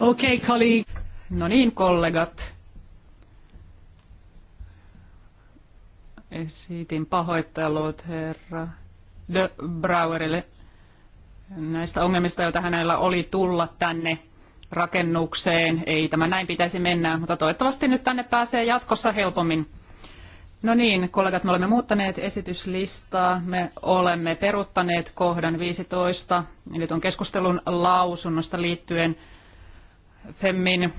Okay, No niin, kollegat. Esitin pahoittelut herra De Brauerille näistä ongelmista, joita hänellä oli tulla tänne rakennukseen. Ei tämä näin pitäisi mennä, mutta toivottavasti nyt tänne pääsee jatkossa helpommin. No niin, kollegat, me olemme muuttaneet esityslistaa. Me olemme peruttaneet kohdan 15. Nyt on keskustelun lausunnosta liittyen FEMMin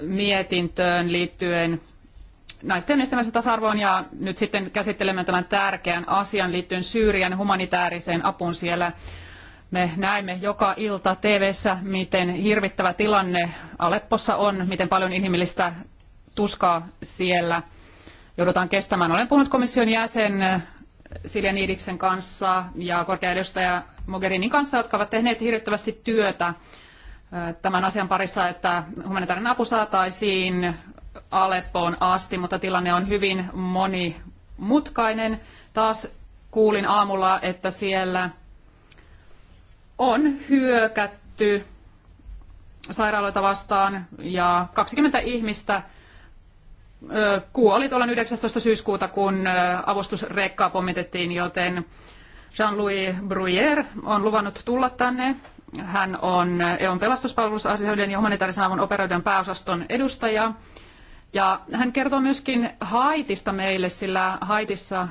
mietintöön liittyen naisten edistämisen tasa-arvoon ja nyt sitten käsittelemme tämän tärkeän asian liittyen Syyrian humanitaariseen apuun siellä. Me näemme joka ilta tv miten hirvittävä tilanne Aleppossa on, miten paljon inhimillistä tuskaa siellä – joudutaan kestämään. Olen puhunut komission jäsen eh, Silja Niidiksen kanssa ja korkea edustaja Mogherinin kanssa, jotka ovat tehneet hirvittävästi työtä eh, tämän asian parissa, että humanitaarinen apu saataisiin Aleppoon asti, mutta tilanne on hyvin monimutkainen. Taas kuulin aamulla, että siellä on hyökätty sairaaloita vastaan ja 20 ihmistä kuoli tuolla 19. syyskuuta, kun avustusrekkaa pommitettiin, joten Jean-Louis Bruyère on luvannut tulla tänne. Hän on EUn pelastuspalvelusasioiden ja humanitaarisen avun operaation pääosaston edustaja. Ja hän kertoo myöskin Haitista meille, sillä haitissa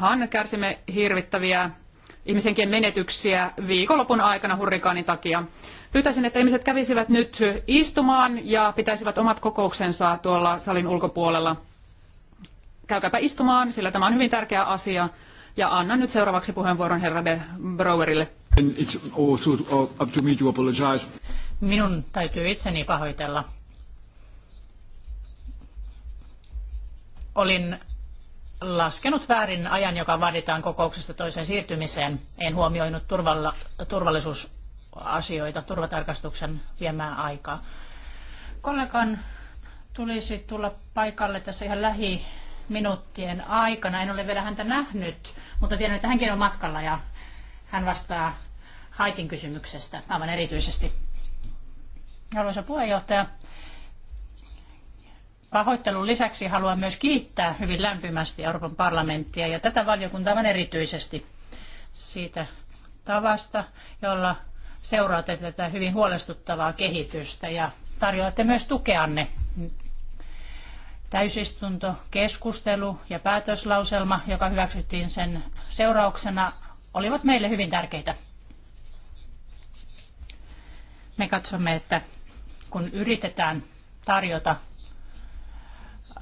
hän kärsimme hirvittäviä ihmisenkin menetyksiä viikonlopun aikana hurrikaanin takia. Pyytäisin, että ihmiset kävisivät nyt istumaan ja pitäisivät omat kokouksensa tuolla salin ulkopuolella. Käykääpä istumaan, sillä tämä on hyvin tärkeä asia. Ja annan nyt seuraavaksi puheenvuoron herra de Brouwerille. Uh, Minun täytyy itseni pahoitella. Olin laskenut väärin ajan, joka vaaditaan kokouksesta toiseen siirtymiseen. En huomioinut turvalla, turvallisuus asioita turvatarkastuksen viemään aikaa. Kollegan tulisi tulla paikalle tässä ihan lähi minuuttien aikana. En ole vielä häntä nähnyt, mutta tiedän, että hänkin on matkalla ja hän vastaa Haitin kysymyksestä aivan erityisesti. Arvoisa puheenjohtaja, pahoittelun lisäksi haluan myös kiittää hyvin lämpimästi Euroopan parlamenttia ja tätä valiokuntaa aivan erityisesti siitä tavasta, jolla seuraatte tätä hyvin huolestuttavaa kehitystä ja tarjoatte myös tukeanne. Täysistunto, keskustelu ja päätöslauselma, joka hyväksyttiin sen seurauksena, olivat meille hyvin tärkeitä. Me katsomme, että kun yritetään tarjota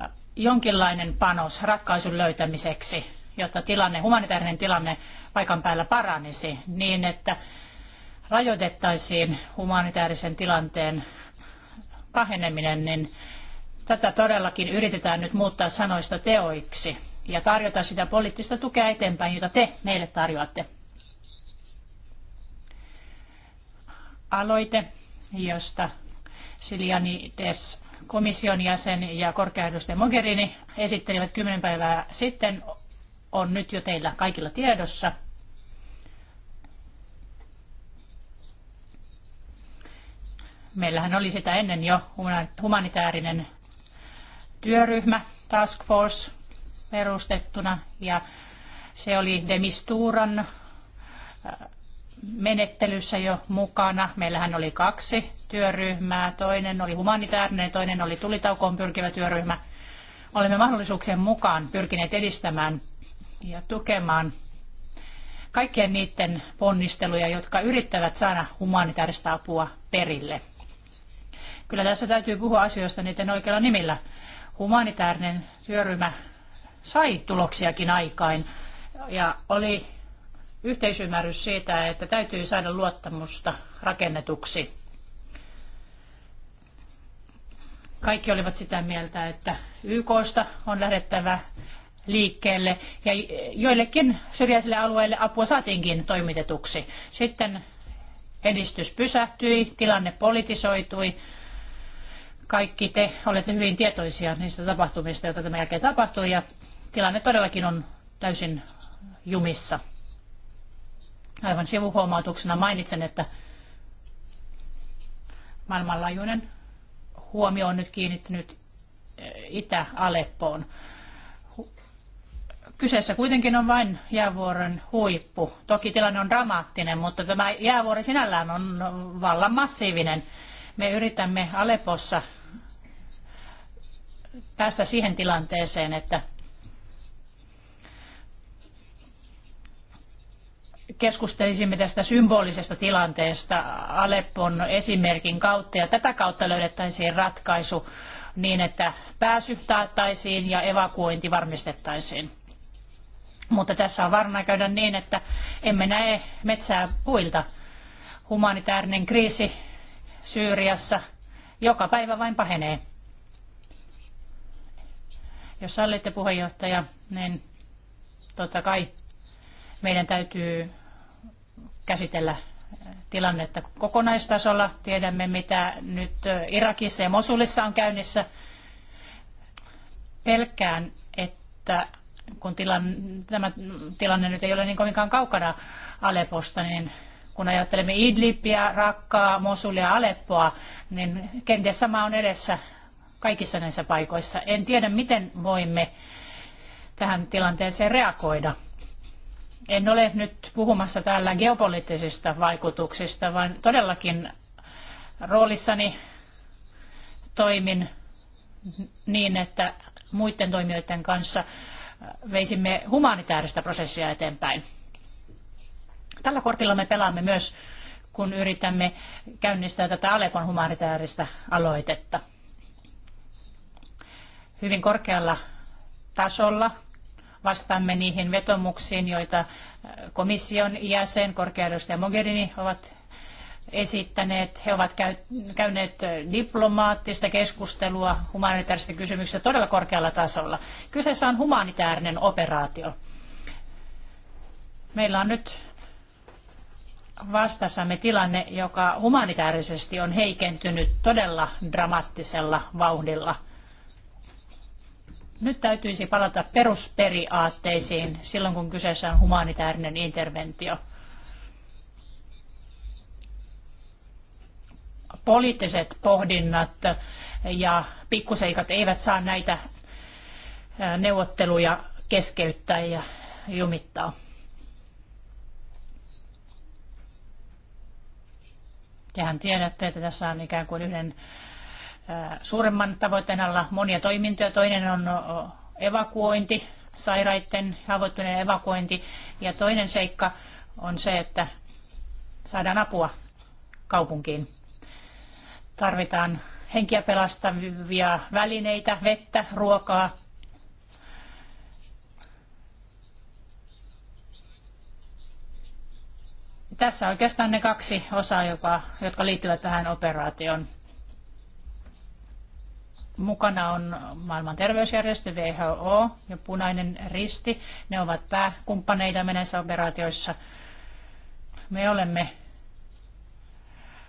äh, jonkinlainen panos ratkaisun löytämiseksi, jotta tilanne, humanitaarinen tilanne paikan päällä paranisi, niin että rajoitettaisiin humanitaarisen tilanteen paheneminen, niin tätä todellakin yritetään nyt muuttaa sanoista teoiksi ja tarjota sitä poliittista tukea eteenpäin, jota te meille tarjoatte. Aloite, josta Silianides komission jäsen ja korkeaedustaja Mogherini esittelivät kymmenen päivää sitten, on nyt jo teillä kaikilla tiedossa – Meillähän oli sitä ennen jo humanitaarinen työryhmä, task force perustettuna ja se oli Demisturan äh, menettelyssä jo mukana. Meillähän oli kaksi työryhmää, toinen oli humanitaarinen ja toinen oli tulitaukoon pyrkivä työryhmä. Olemme mahdollisuuksien mukaan pyrkineet edistämään ja tukemaan kaikkien niiden ponnisteluja, jotka yrittävät saada humanitaarista apua perille. Kyllä tässä täytyy puhua asioista niiden oikealla nimillä. Humanitaarinen työryhmä sai tuloksiakin aikain ja oli yhteisymmärrys siitä, että täytyy saada luottamusta rakennetuksi. Kaikki olivat sitä mieltä, että YKsta on lähdettävä liikkeelle ja joillekin syrjäisille alueille apua saatiinkin toimitetuksi. Sitten edistys pysähtyi, tilanne politisoitui kaikki te olette hyvin tietoisia niistä tapahtumista, joita tämän jälkeen tapahtui, ja tilanne todellakin on täysin jumissa. Aivan sivuhuomautuksena mainitsen, että maailmanlaajuinen huomio on nyt kiinnittynyt eh, Itä-Aleppoon. Kyseessä kuitenkin on vain jäävuoren huippu. Toki tilanne on dramaattinen, mutta tämä jäävuori sinällään on vallan massiivinen. Me yritämme Alepossa päästä siihen tilanteeseen, että keskustelisimme tästä symbolisesta tilanteesta Aleppon esimerkin kautta ja tätä kautta löydettäisiin ratkaisu niin, että pääsy taattaisiin ja evakuointi varmistettaisiin. Mutta tässä on varna käydä niin, että emme näe metsää puilta. Humanitaarinen kriisi Syyriassa joka päivä vain pahenee. Jos sallitte puheenjohtaja, niin totta kai meidän täytyy käsitellä eh, tilannetta kokonaistasolla. Tiedämme, mitä nyt eh, Irakissa ja Mosulissa on käynnissä. Pelkään, että kun tilanne, tämä tilanne nyt ei ole niin kovinkaan kaukana Aleposta, niin kun ajattelemme Idlibiä, Rakkaa, Mosulia, Aleppoa, niin kenties sama on edessä kaikissa näissä paikoissa. En tiedä, miten voimme tähän tilanteeseen reagoida. En ole nyt puhumassa täällä geopoliittisista vaikutuksista, vaan todellakin roolissani toimin niin, että muiden toimijoiden kanssa veisimme humanitaarista prosessia eteenpäin. Tällä kortilla me pelaamme myös, kun yritämme käynnistää tätä Alekon humanitaarista aloitetta. Hyvin korkealla tasolla vastaamme niihin vetomuksiin, joita komission jäsen, ja Mogherini ovat esittäneet. He ovat käyneet diplomaattista keskustelua humanitaarisista kysymyksistä todella korkealla tasolla. Kyseessä on humanitaarinen operaatio. Meillä on nyt vastassamme tilanne, joka humanitaarisesti on heikentynyt todella dramaattisella vauhdilla. Nyt täytyisi palata perusperiaatteisiin silloin, kun kyseessä on humanitaarinen interventio. Poliittiset pohdinnat ja pikkuseikat eivät saa näitä neuvotteluja keskeyttää ja jumittaa. Tehän tiedätte, että tässä on ikään kuin yhden suuremman tavoitteen alla monia toimintoja. Toinen on evakuointi, sairaiden haavoittuneen evakuointi. Ja toinen seikka on se, että saadaan apua kaupunkiin. Tarvitaan henkiä pelastavia välineitä, vettä, ruokaa. Tässä oikeastaan ne kaksi osaa, joka, jotka liittyvät tähän operaatioon. Mukana on maailman terveysjärjestö WHO ja Punainen Risti. Ne ovat pääkumppaneita menessä operaatioissa. Me olemme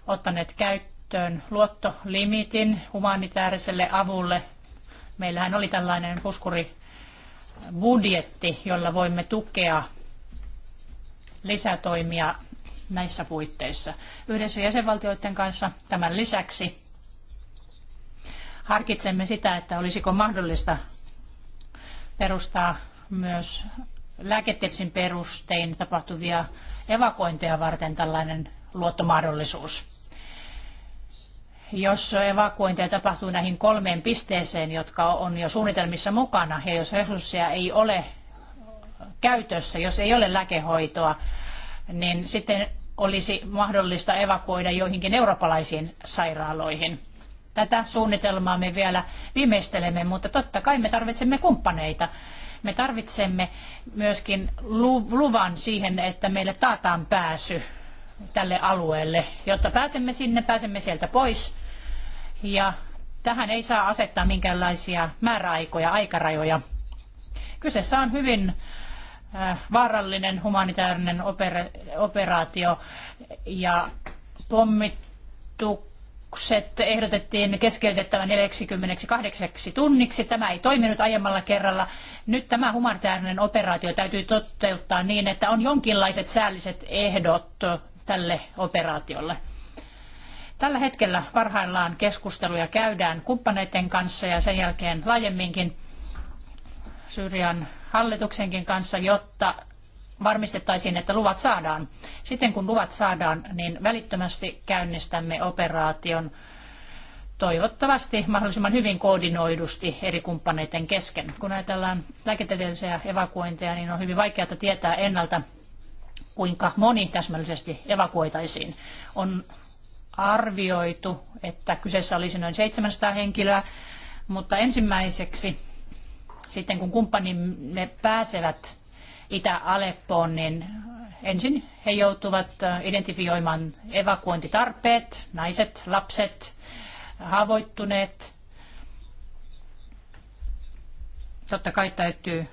ottaneet käyttöön luottolimitin humanitaariselle avulle. Meillähän oli tällainen puskuribudjetti, jolla voimme tukea lisätoimia näissä puitteissa yhdessä jäsenvaltioiden kanssa tämän lisäksi. Harkitsemme sitä, että olisiko mahdollista perustaa myös lääketieteellisin perustein tapahtuvia evakointeja varten tällainen luottomahdollisuus. Jos evakuointeja tapahtuu näihin kolmeen pisteeseen, jotka on jo suunnitelmissa mukana, ja jos resursseja ei ole käytössä, jos ei ole lääkehoitoa, niin sitten olisi mahdollista evakuoida joihinkin eurooppalaisiin sairaaloihin. Tätä suunnitelmaa me vielä viimeistelemme, mutta totta kai me tarvitsemme kumppaneita. Me tarvitsemme myöskin luvan siihen, että meille taataan pääsy tälle alueelle, jotta pääsemme sinne, pääsemme sieltä pois. Ja tähän ei saa asettaa minkäänlaisia määräaikoja, aikarajoja. Kyseessä on hyvin Äh, vaarallinen humanitaarinen operaatio ja pommitukset ehdotettiin keskeytettävän 48 tunniksi. Tämä ei toiminut aiemmalla kerralla. Nyt tämä humanitaarinen operaatio täytyy toteuttaa niin, että on jonkinlaiset säälliset ehdot tälle operaatiolle. Tällä hetkellä parhaillaan keskusteluja käydään kumppaneiden kanssa ja sen jälkeen laajemminkin Syyrian hallituksenkin kanssa, jotta varmistettaisiin, että luvat saadaan. Sitten kun luvat saadaan, niin välittömästi käynnistämme operaation toivottavasti mahdollisimman hyvin koordinoidusti eri kumppaneiden kesken. Kun ajatellaan lääketieteellisiä evakuointeja, niin on hyvin vaikeaa tietää ennalta, kuinka moni täsmällisesti evakuoitaisiin. On arvioitu, että kyseessä olisi noin 700 henkilöä, mutta ensimmäiseksi sitten kun kumppanimme pääsevät Itä-Aleppoon, niin ensin he joutuvat identifioimaan evakuointitarpeet, naiset, lapset, haavoittuneet. Totta kai täytyy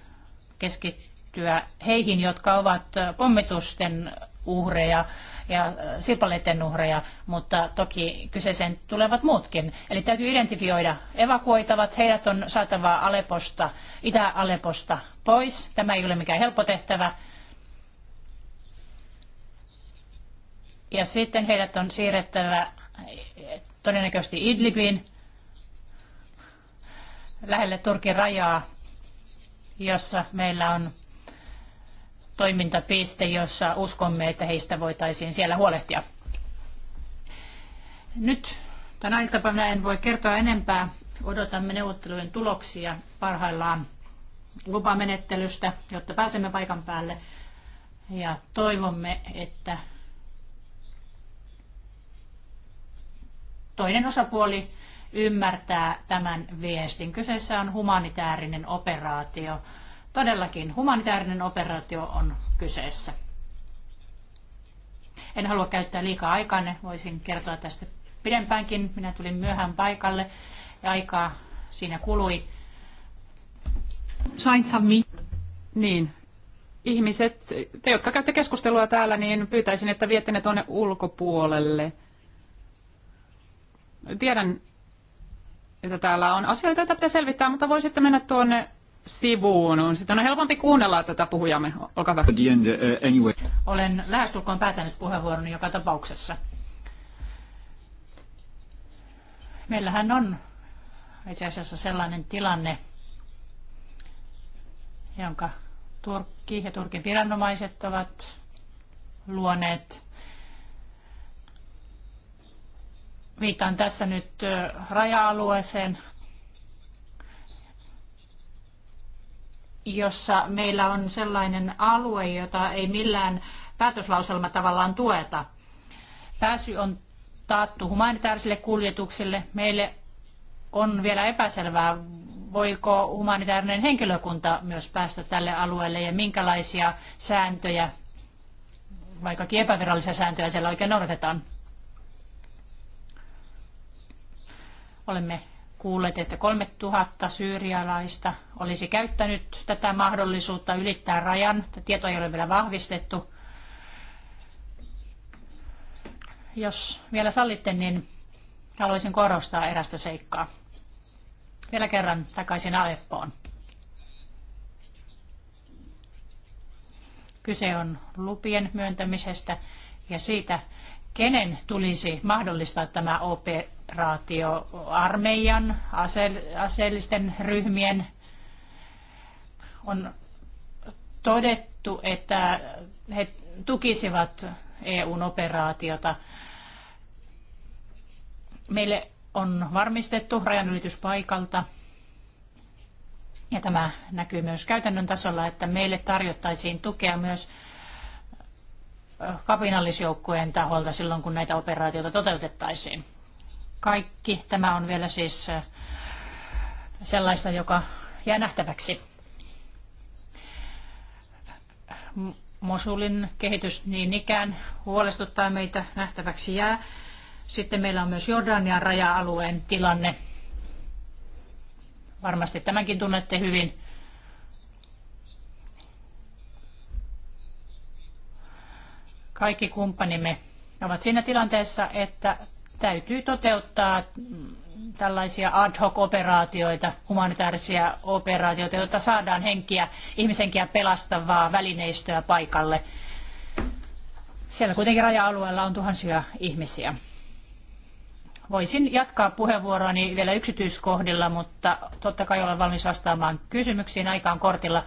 keskittyä heihin, jotka ovat pommitusten uhreja ja äh, sirpaleiden uhreja, mutta toki kyseeseen tulevat muutkin. Eli täytyy identifioida evakuoitavat, heidät on saatava Aleposta, Itä-Aleposta pois. Tämä ei ole mikään helppo tehtävä. Ja sitten heidät on siirrettävä eh, todennäköisesti Idlibiin lähelle Turkin rajaa, jossa meillä on toimintapiste, jossa uskomme, että heistä voitaisiin siellä huolehtia. Nyt tänä iltapäivänä en voi kertoa enempää. Odotamme neuvottelujen tuloksia parhaillaan lupamenettelystä, jotta pääsemme paikan päälle. Ja toivomme, että toinen osapuoli ymmärtää tämän viestin. Kyseessä on humanitaarinen operaatio Todellakin humanitaarinen operaatio on kyseessä. En halua käyttää liikaa aikaa, voisin kertoa tästä pidempäänkin. Minä tulin myöhään paikalle ja aikaa siinä kului. Niin, ihmiset, te jotka käytte keskustelua täällä, niin pyytäisin, että viette ne tuonne ulkopuolelle. Tiedän, että täällä on asioita, joita pitää selvittää, mutta voisitte mennä tuonne sivuun. Sitten on helpompi kuunnella tätä puhujamme. Olkaa hyvä. Uh, anyway. Olen lähestulkoon päätänyt puheenvuoroni joka tapauksessa. Meillähän on itse asiassa sellainen tilanne, jonka Turkki ja Turkin viranomaiset ovat luoneet. Viitaan tässä nyt raja-alueeseen, jossa meillä on sellainen alue, jota ei millään päätöslauselma tavallaan tueta. Pääsy on taattu humanitaariselle kuljetukselle. Meille on vielä epäselvää, voiko humanitaarinen henkilökunta myös päästä tälle alueelle ja minkälaisia sääntöjä, vaikkakin epävirallisia sääntöjä siellä oikein noudatetaan. Olemme kuulleet, että 3000 syyrialaista olisi käyttänyt tätä mahdollisuutta ylittää rajan. Tieto ei ole vielä vahvistettu. Jos vielä sallitte, niin haluaisin korostaa erästä seikkaa. Vielä kerran takaisin Aleppoon. Kyse on lupien myöntämisestä ja siitä, kenen tulisi mahdollistaa tämä operaatio armeijan, ase- aseellisten ryhmien. On todettu, että he tukisivat EUn operaatiota. Meille on varmistettu rajanylityspaikalta ja tämä näkyy myös käytännön tasolla, että meille tarjottaisiin tukea myös kapinallisjoukkojen taholta silloin, kun näitä operaatioita toteutettaisiin. Kaikki tämä on vielä siis sellaista, joka jää nähtäväksi. Mosulin kehitys niin ikään huolestuttaa meitä nähtäväksi jää. Sitten meillä on myös Jordanian raja-alueen tilanne. Varmasti tämänkin tunnette hyvin. kaikki kumppanimme ovat siinä tilanteessa, että täytyy toteuttaa mm, tällaisia ad hoc-operaatioita, humanitaarisia operaatioita, jotta saadaan henkiä, ihmisenkiä pelastavaa välineistöä paikalle. Siellä kuitenkin raja-alueella on tuhansia ihmisiä. Voisin jatkaa puheenvuoroani vielä yksityiskohdilla, mutta totta kai olen valmis vastaamaan kysymyksiin aikaan kortilla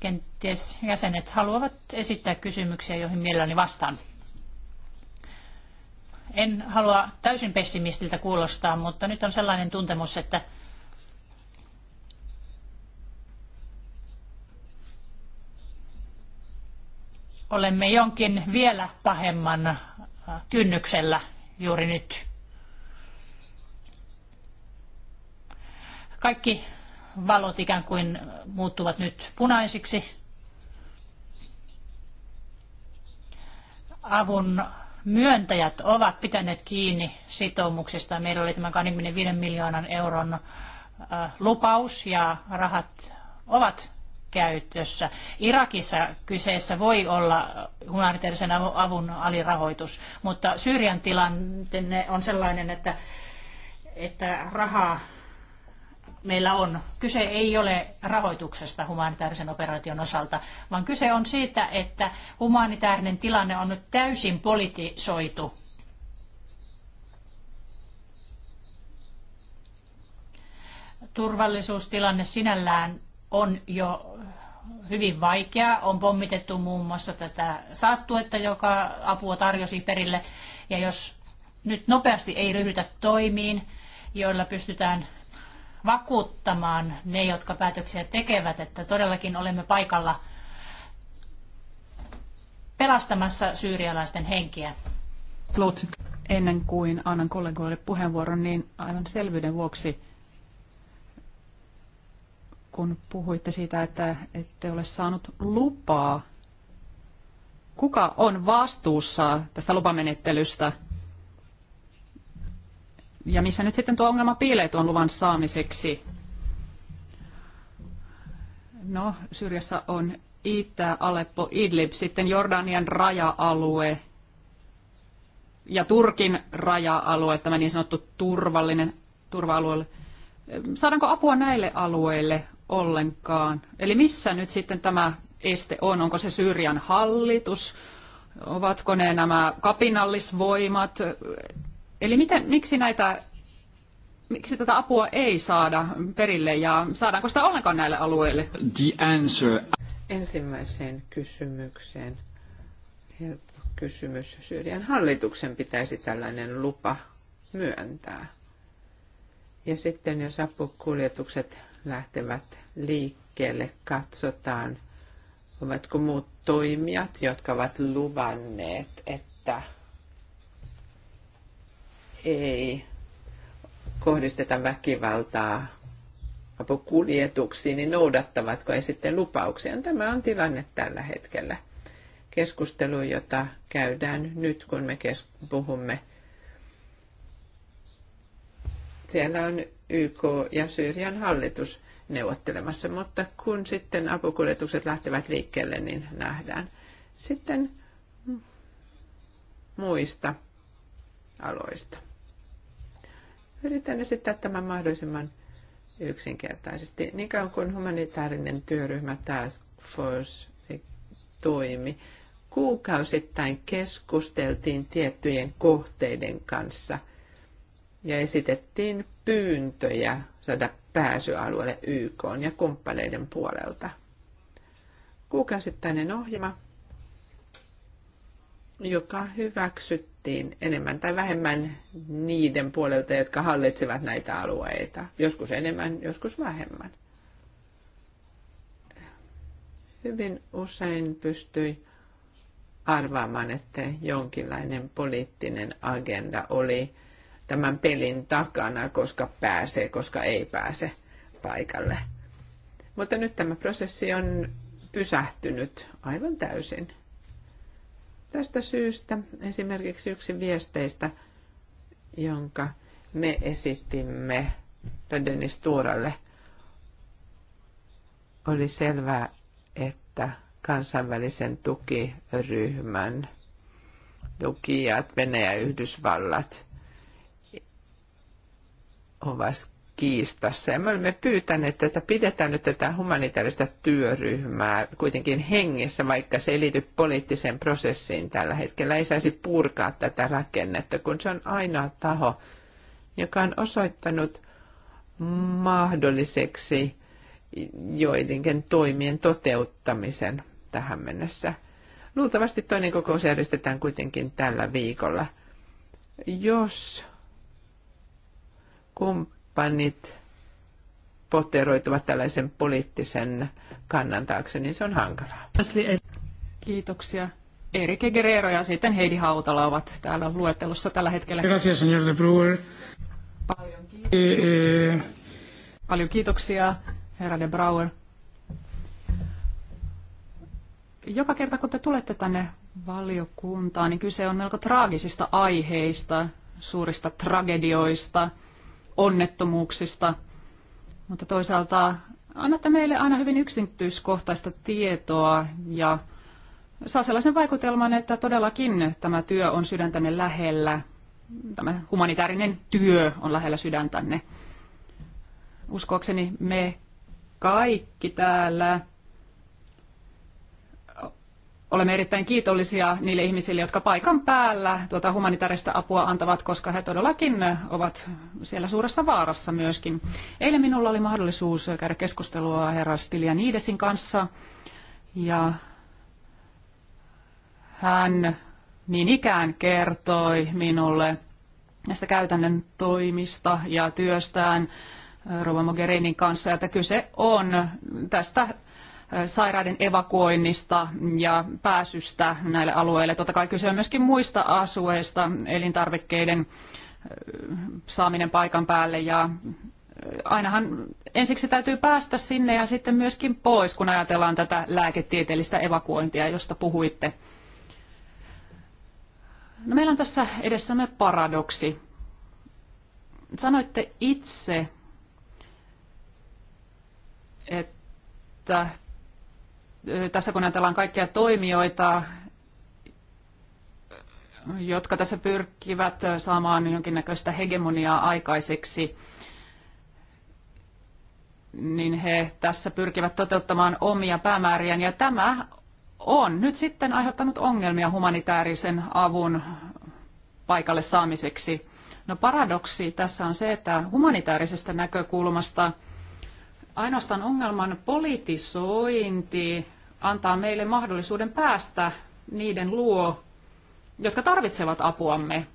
kenties jäsenet haluavat esittää kysymyksiä, joihin mielelläni vastaan. En halua täysin pessimistiltä kuulostaa, mutta nyt on sellainen tuntemus, että olemme jonkin vielä pahemman äh, kynnyksellä juuri nyt. Kaikki valot ikään kuin muuttuvat nyt punaisiksi. Avun myöntäjät ovat pitäneet kiinni sitoumuksista. Meillä oli tämä 25 miljoonan euron äh, lupaus ja rahat ovat käytössä. Irakissa kyseessä voi olla humanitaarisen avun alirahoitus, mutta Syyrian tilanne on sellainen, että, että rahaa meillä on. Kyse ei ole rahoituksesta humanitaarisen operaation osalta, vaan kyse on siitä, että humanitaarinen tilanne on nyt täysin politisoitu. Turvallisuustilanne sinällään on jo hyvin vaikea. On pommitettu muun muassa tätä saattuetta, joka apua tarjosi perille. Ja jos nyt nopeasti ei ryhdytä toimiin, joilla pystytään vakuuttamaan ne, jotka päätöksiä tekevät, että todellakin olemme paikalla pelastamassa syyrialaisten henkiä. Ennen kuin annan kollegoille puheenvuoron, niin aivan selvyyden vuoksi, kun puhuitte siitä, että ette ole saanut lupaa, kuka on vastuussa tästä lupamenettelystä – ja missä nyt sitten tuo ongelma piilee tuon luvan saamiseksi? No, Syyriassa on Itä, Aleppo, Idlib, sitten Jordanian raja-alue ja Turkin raja-alue, tämä niin sanottu turvallinen turva-alue. Saadaanko apua näille alueille ollenkaan? Eli missä nyt sitten tämä este on? Onko se Syyrian hallitus? Ovatko ne nämä kapinallisvoimat? Eli miten, miksi, näitä, miksi tätä apua ei saada perille ja saadaanko sitä ollenkaan näille alueille? The answer. Ensimmäiseen kysymykseen. Helppo kysymys. Syyrian hallituksen pitäisi tällainen lupa myöntää. Ja sitten jos apukuljetukset lähtevät liikkeelle, katsotaan, ovatko muut toimijat, jotka ovat luvanneet, että ei kohdisteta väkivaltaa apukuljetuksiin, niin noudattavatko he sitten lupauksia? Tämä on tilanne tällä hetkellä. Keskustelu, jota käydään nyt, kun me kes- puhumme. Siellä on YK ja Syyrian hallitus neuvottelemassa, mutta kun sitten apukuljetukset lähtevät liikkeelle, niin nähdään. Sitten muista aloista. Yritän esittää tämän mahdollisimman yksinkertaisesti. Niin kauan kuin humanitaarinen työryhmä Task Force toimi, kuukausittain keskusteltiin tiettyjen kohteiden kanssa ja esitettiin pyyntöjä saada pääsyalueelle YK ja kumppaneiden puolelta. Kuukausittainen ohjelma joka hyväksyttiin enemmän tai vähemmän niiden puolelta, jotka hallitsevat näitä alueita. Joskus enemmän, joskus vähemmän. Hyvin usein pystyi arvaamaan, että jonkinlainen poliittinen agenda oli tämän pelin takana, koska pääsee, koska ei pääse paikalle. Mutta nyt tämä prosessi on pysähtynyt aivan täysin. Tästä syystä esimerkiksi yksi viesteistä, jonka me esitimme Dennis Tuuralle, oli selvää, että kansainvälisen tukiryhmän tukijat, Venäjä ja Yhdysvallat, ovat kiistassa. Ja me olemme pyytäneet, että pidetään nyt tätä humanitaarista työryhmää kuitenkin hengissä, vaikka se ei liity poliittiseen prosessiin tällä hetkellä. Ei saisi purkaa tätä rakennetta, kun se on ainoa taho, joka on osoittanut mahdolliseksi joidenkin toimien toteuttamisen tähän mennessä. Luultavasti toinen kokous järjestetään kuitenkin tällä viikolla. Jos kun kumppanit poteroituvat tällaisen poliittisen kannan taakse, niin se on hankalaa. Kiitoksia. Erik Guerrero ja sitten Heidi Hautala ovat täällä luettelossa tällä hetkellä. Gracias, señor de Brewer. Paljon kiitoksia. Eh, eh. Paljon kiitoksia, herra de Brouwer. Joka kerta, kun te tulette tänne valiokuntaan, niin kyse on melko traagisista aiheista, suurista tragedioista – onnettomuuksista, mutta toisaalta annatte meille aina hyvin yksityiskohtaista tietoa ja saa sellaisen vaikutelman, että todellakin tämä työ on sydäntänne lähellä. Tämä humanitaarinen työ on lähellä sydäntänne. Uskoakseni me kaikki täällä olemme erittäin kiitollisia niille ihmisille, jotka paikan päällä tuota humanitaarista apua antavat, koska he todellakin ovat siellä suuressa vaarassa myöskin. Eilen minulla oli mahdollisuus käydä keskustelua herra Stiljanidesin kanssa ja hän niin ikään kertoi minulle näistä käytännön toimista ja työstään Rova Mogherinin kanssa, että kyse on tästä sairaiden evakuoinnista ja pääsystä näille alueille. Totta kai kyse on myöskin muista asueista, elintarvikkeiden saaminen paikan päälle ja ainahan ensiksi täytyy päästä sinne ja sitten myöskin pois, kun ajatellaan tätä lääketieteellistä evakuointia, josta puhuitte. No meillä on tässä edessämme paradoksi. Sanoitte itse, että tässä kun ajatellaan kaikkia toimijoita, jotka tässä pyrkivät saamaan jonkinnäköistä hegemoniaa aikaiseksi, niin he tässä pyrkivät toteuttamaan omia päämääriään. Ja tämä on nyt sitten aiheuttanut ongelmia humanitaarisen avun paikalle saamiseksi. No paradoksi tässä on se, että humanitaarisesta näkökulmasta ainoastaan ongelman politisointi antaa meille mahdollisuuden päästä niiden luo, jotka tarvitsevat apuamme.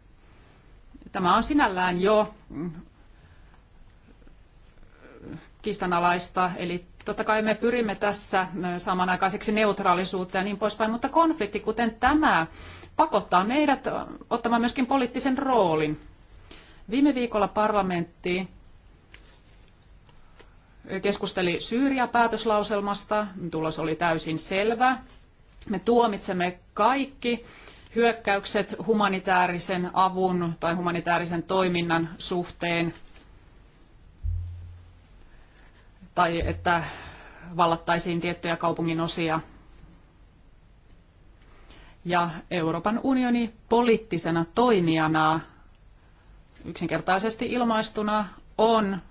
Tämä on sinällään jo mm, kistanalaista, eli totta kai me pyrimme tässä mm, samanaikaiseksi neutraalisuutta ja niin poispäin, mutta konflikti kuten tämä pakottaa meidät ottamaan myöskin poliittisen roolin. Viime viikolla parlamentti keskusteli Syyria-päätöslauselmasta. Tulos oli täysin selvä. Me tuomitsemme kaikki hyökkäykset humanitaarisen avun tai humanitaarisen toiminnan suhteen tai että vallattaisiin tiettyjä kaupungin osia. Ja Euroopan unioni poliittisena toimijana yksinkertaisesti ilmaistuna on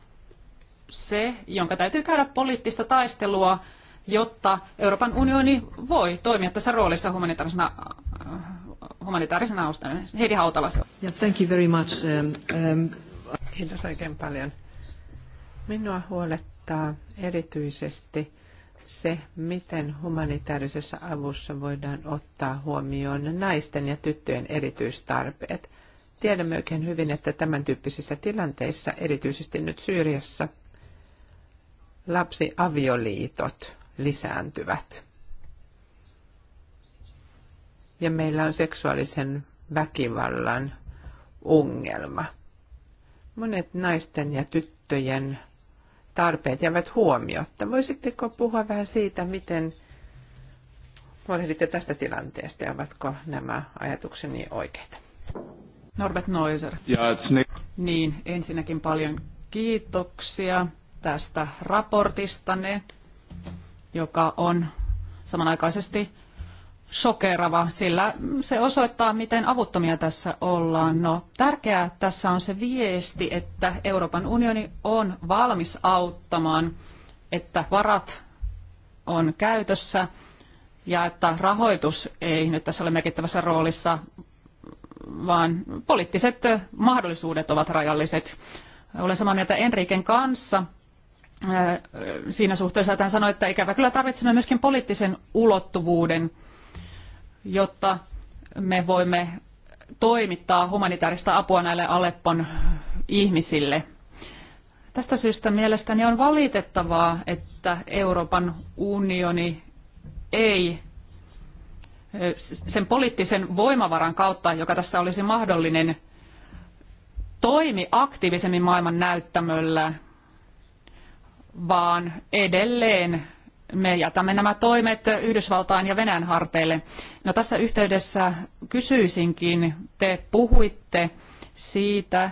se, jonka täytyy käydä poliittista taistelua, jotta Euroopan unioni voi toimia tässä roolissa humanitaarisena, äh, humanitaarisena avustajana. Heidi Hautala. Yeah, thank you very much. Um, um... Kiitos oikein paljon. Minua huolettaa erityisesti se, miten humanitaarisessa avussa voidaan ottaa huomioon naisten ja tyttöjen erityistarpeet. Tiedämme oikein hyvin, että tämän tyyppisissä tilanteissa, erityisesti nyt Syyriassa, lapsiavioliitot lisääntyvät. Ja meillä on seksuaalisen väkivallan ongelma. Monet naisten ja tyttöjen tarpeet jäävät huomiotta. Voisitteko puhua vähän siitä, miten huolehditte tästä tilanteesta ja ovatko nämä ajatukseni oikeita? Norbert Noiser. Ja, Niin, ensinnäkin paljon kiitoksia tästä raportistanne, joka on samanaikaisesti shokerava, sillä se osoittaa, miten avuttomia tässä ollaan. No, tärkeää tässä on se viesti, että Euroopan unioni on valmis auttamaan, että varat on käytössä ja että rahoitus ei nyt tässä ole merkittävässä roolissa, vaan poliittiset mahdollisuudet ovat rajalliset. Olen samaa mieltä Enriken kanssa siinä suhteessa tämän sanoa, että ikävä kyllä tarvitsemme myöskin poliittisen ulottuvuuden, jotta me voimme toimittaa humanitaarista apua näille Aleppon ihmisille. Tästä syystä mielestäni on valitettavaa, että Euroopan unioni ei sen poliittisen voimavaran kautta, joka tässä olisi mahdollinen, toimi aktiivisemmin maailman näyttämöllä – vaan edelleen me jätämme nämä toimet Yhdysvaltain ja Venäjän harteille. No tässä yhteydessä kysyisinkin, te puhuitte siitä,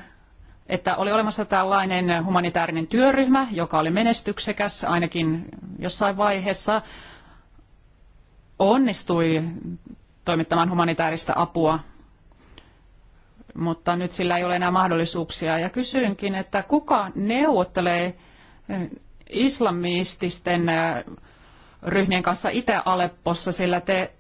että oli olemassa tällainen humanitaarinen työryhmä, joka oli menestyksekäs ainakin jossain vaiheessa, onnistui toimittamaan humanitaarista apua, mutta nyt sillä ei ole enää mahdollisuuksia. Ja kysyinkin, että kuka neuvottelee islamististen äh, ryhmien kanssa Itä-Aleppossa, sillä te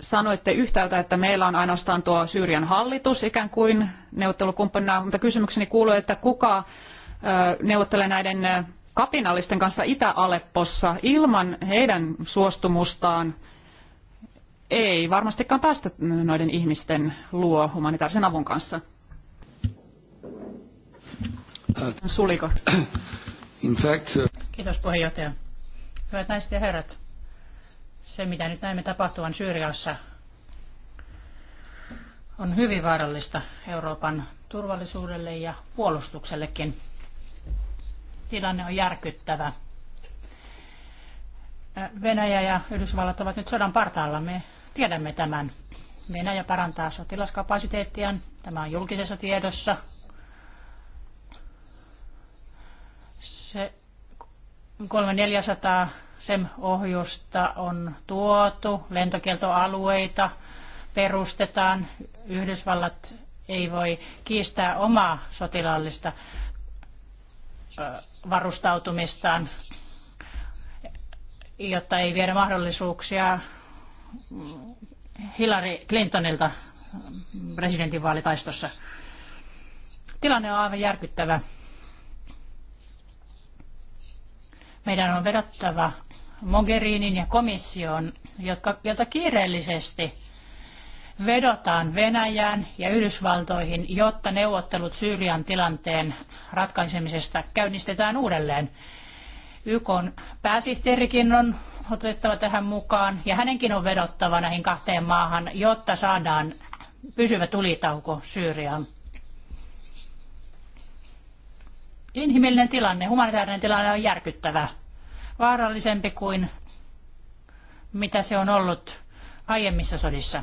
sanoitte yhtäältä, että meillä on ainoastaan tuo Syyrian hallitus ikään kuin neuvottelukumppanina, mutta kysymykseni kuuluu, että kuka äh, neuvottelee näiden äh, kapinallisten kanssa Itä-Aleppossa ilman heidän suostumustaan ei varmastikaan päästä noiden ihmisten luo humanitaarisen avun kanssa. Suliko? In fact, uh, Kiitos puheenjohtaja. Hyvät naiset ja herrat, se mitä nyt näemme tapahtuvan Syyriassa on hyvin vaarallista Euroopan turvallisuudelle ja puolustuksellekin. Tilanne on järkyttävä. Venäjä ja Yhdysvallat ovat nyt sodan partaalla. Me tiedämme tämän. Venäjä parantaa sotilaskapasiteettiaan. Tämä on julkisessa tiedossa. Se 3400 sem ohjusta on tuotu, lentokieltoalueita perustetaan. Yhdysvallat ei voi kiistää omaa sotilaallista varustautumistaan, jotta ei viedä mahdollisuuksia Hillary Clintonilta presidentinvaalitaistossa. Tilanne on aivan järkyttävä. Meidän on vedottava Mogherinin ja komission, jotka, jota kiireellisesti vedotaan Venäjään ja Yhdysvaltoihin, jotta neuvottelut Syyrian tilanteen ratkaisemisesta käynnistetään uudelleen. YK on pääsihteerikin on otettava tähän mukaan ja hänenkin on vedottava näihin kahteen maahan, jotta saadaan pysyvä tulitauko Syyriaan. Inhimillinen tilanne, humanitaarinen tilanne on järkyttävä vaarallisempi kuin mitä se on ollut aiemmissa sodissa.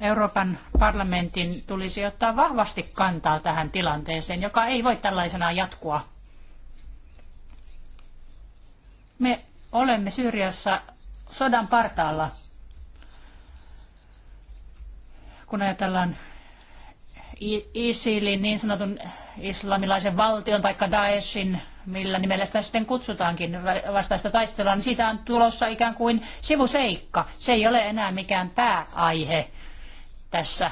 Euroopan parlamentin tulisi ottaa vahvasti kantaa tähän tilanteeseen, joka ei voi tällaisenaan jatkua. Me olemme Syyriassa sodan partaalla. Kun ajatellaan ISILin, niin sanotun islamilaisen valtion tai Daeshin millä nimellä sitä sitten kutsutaankin vastaista taistelua, niin siitä on tulossa ikään kuin sivuseikka. Se ei ole enää mikään pääaihe tässä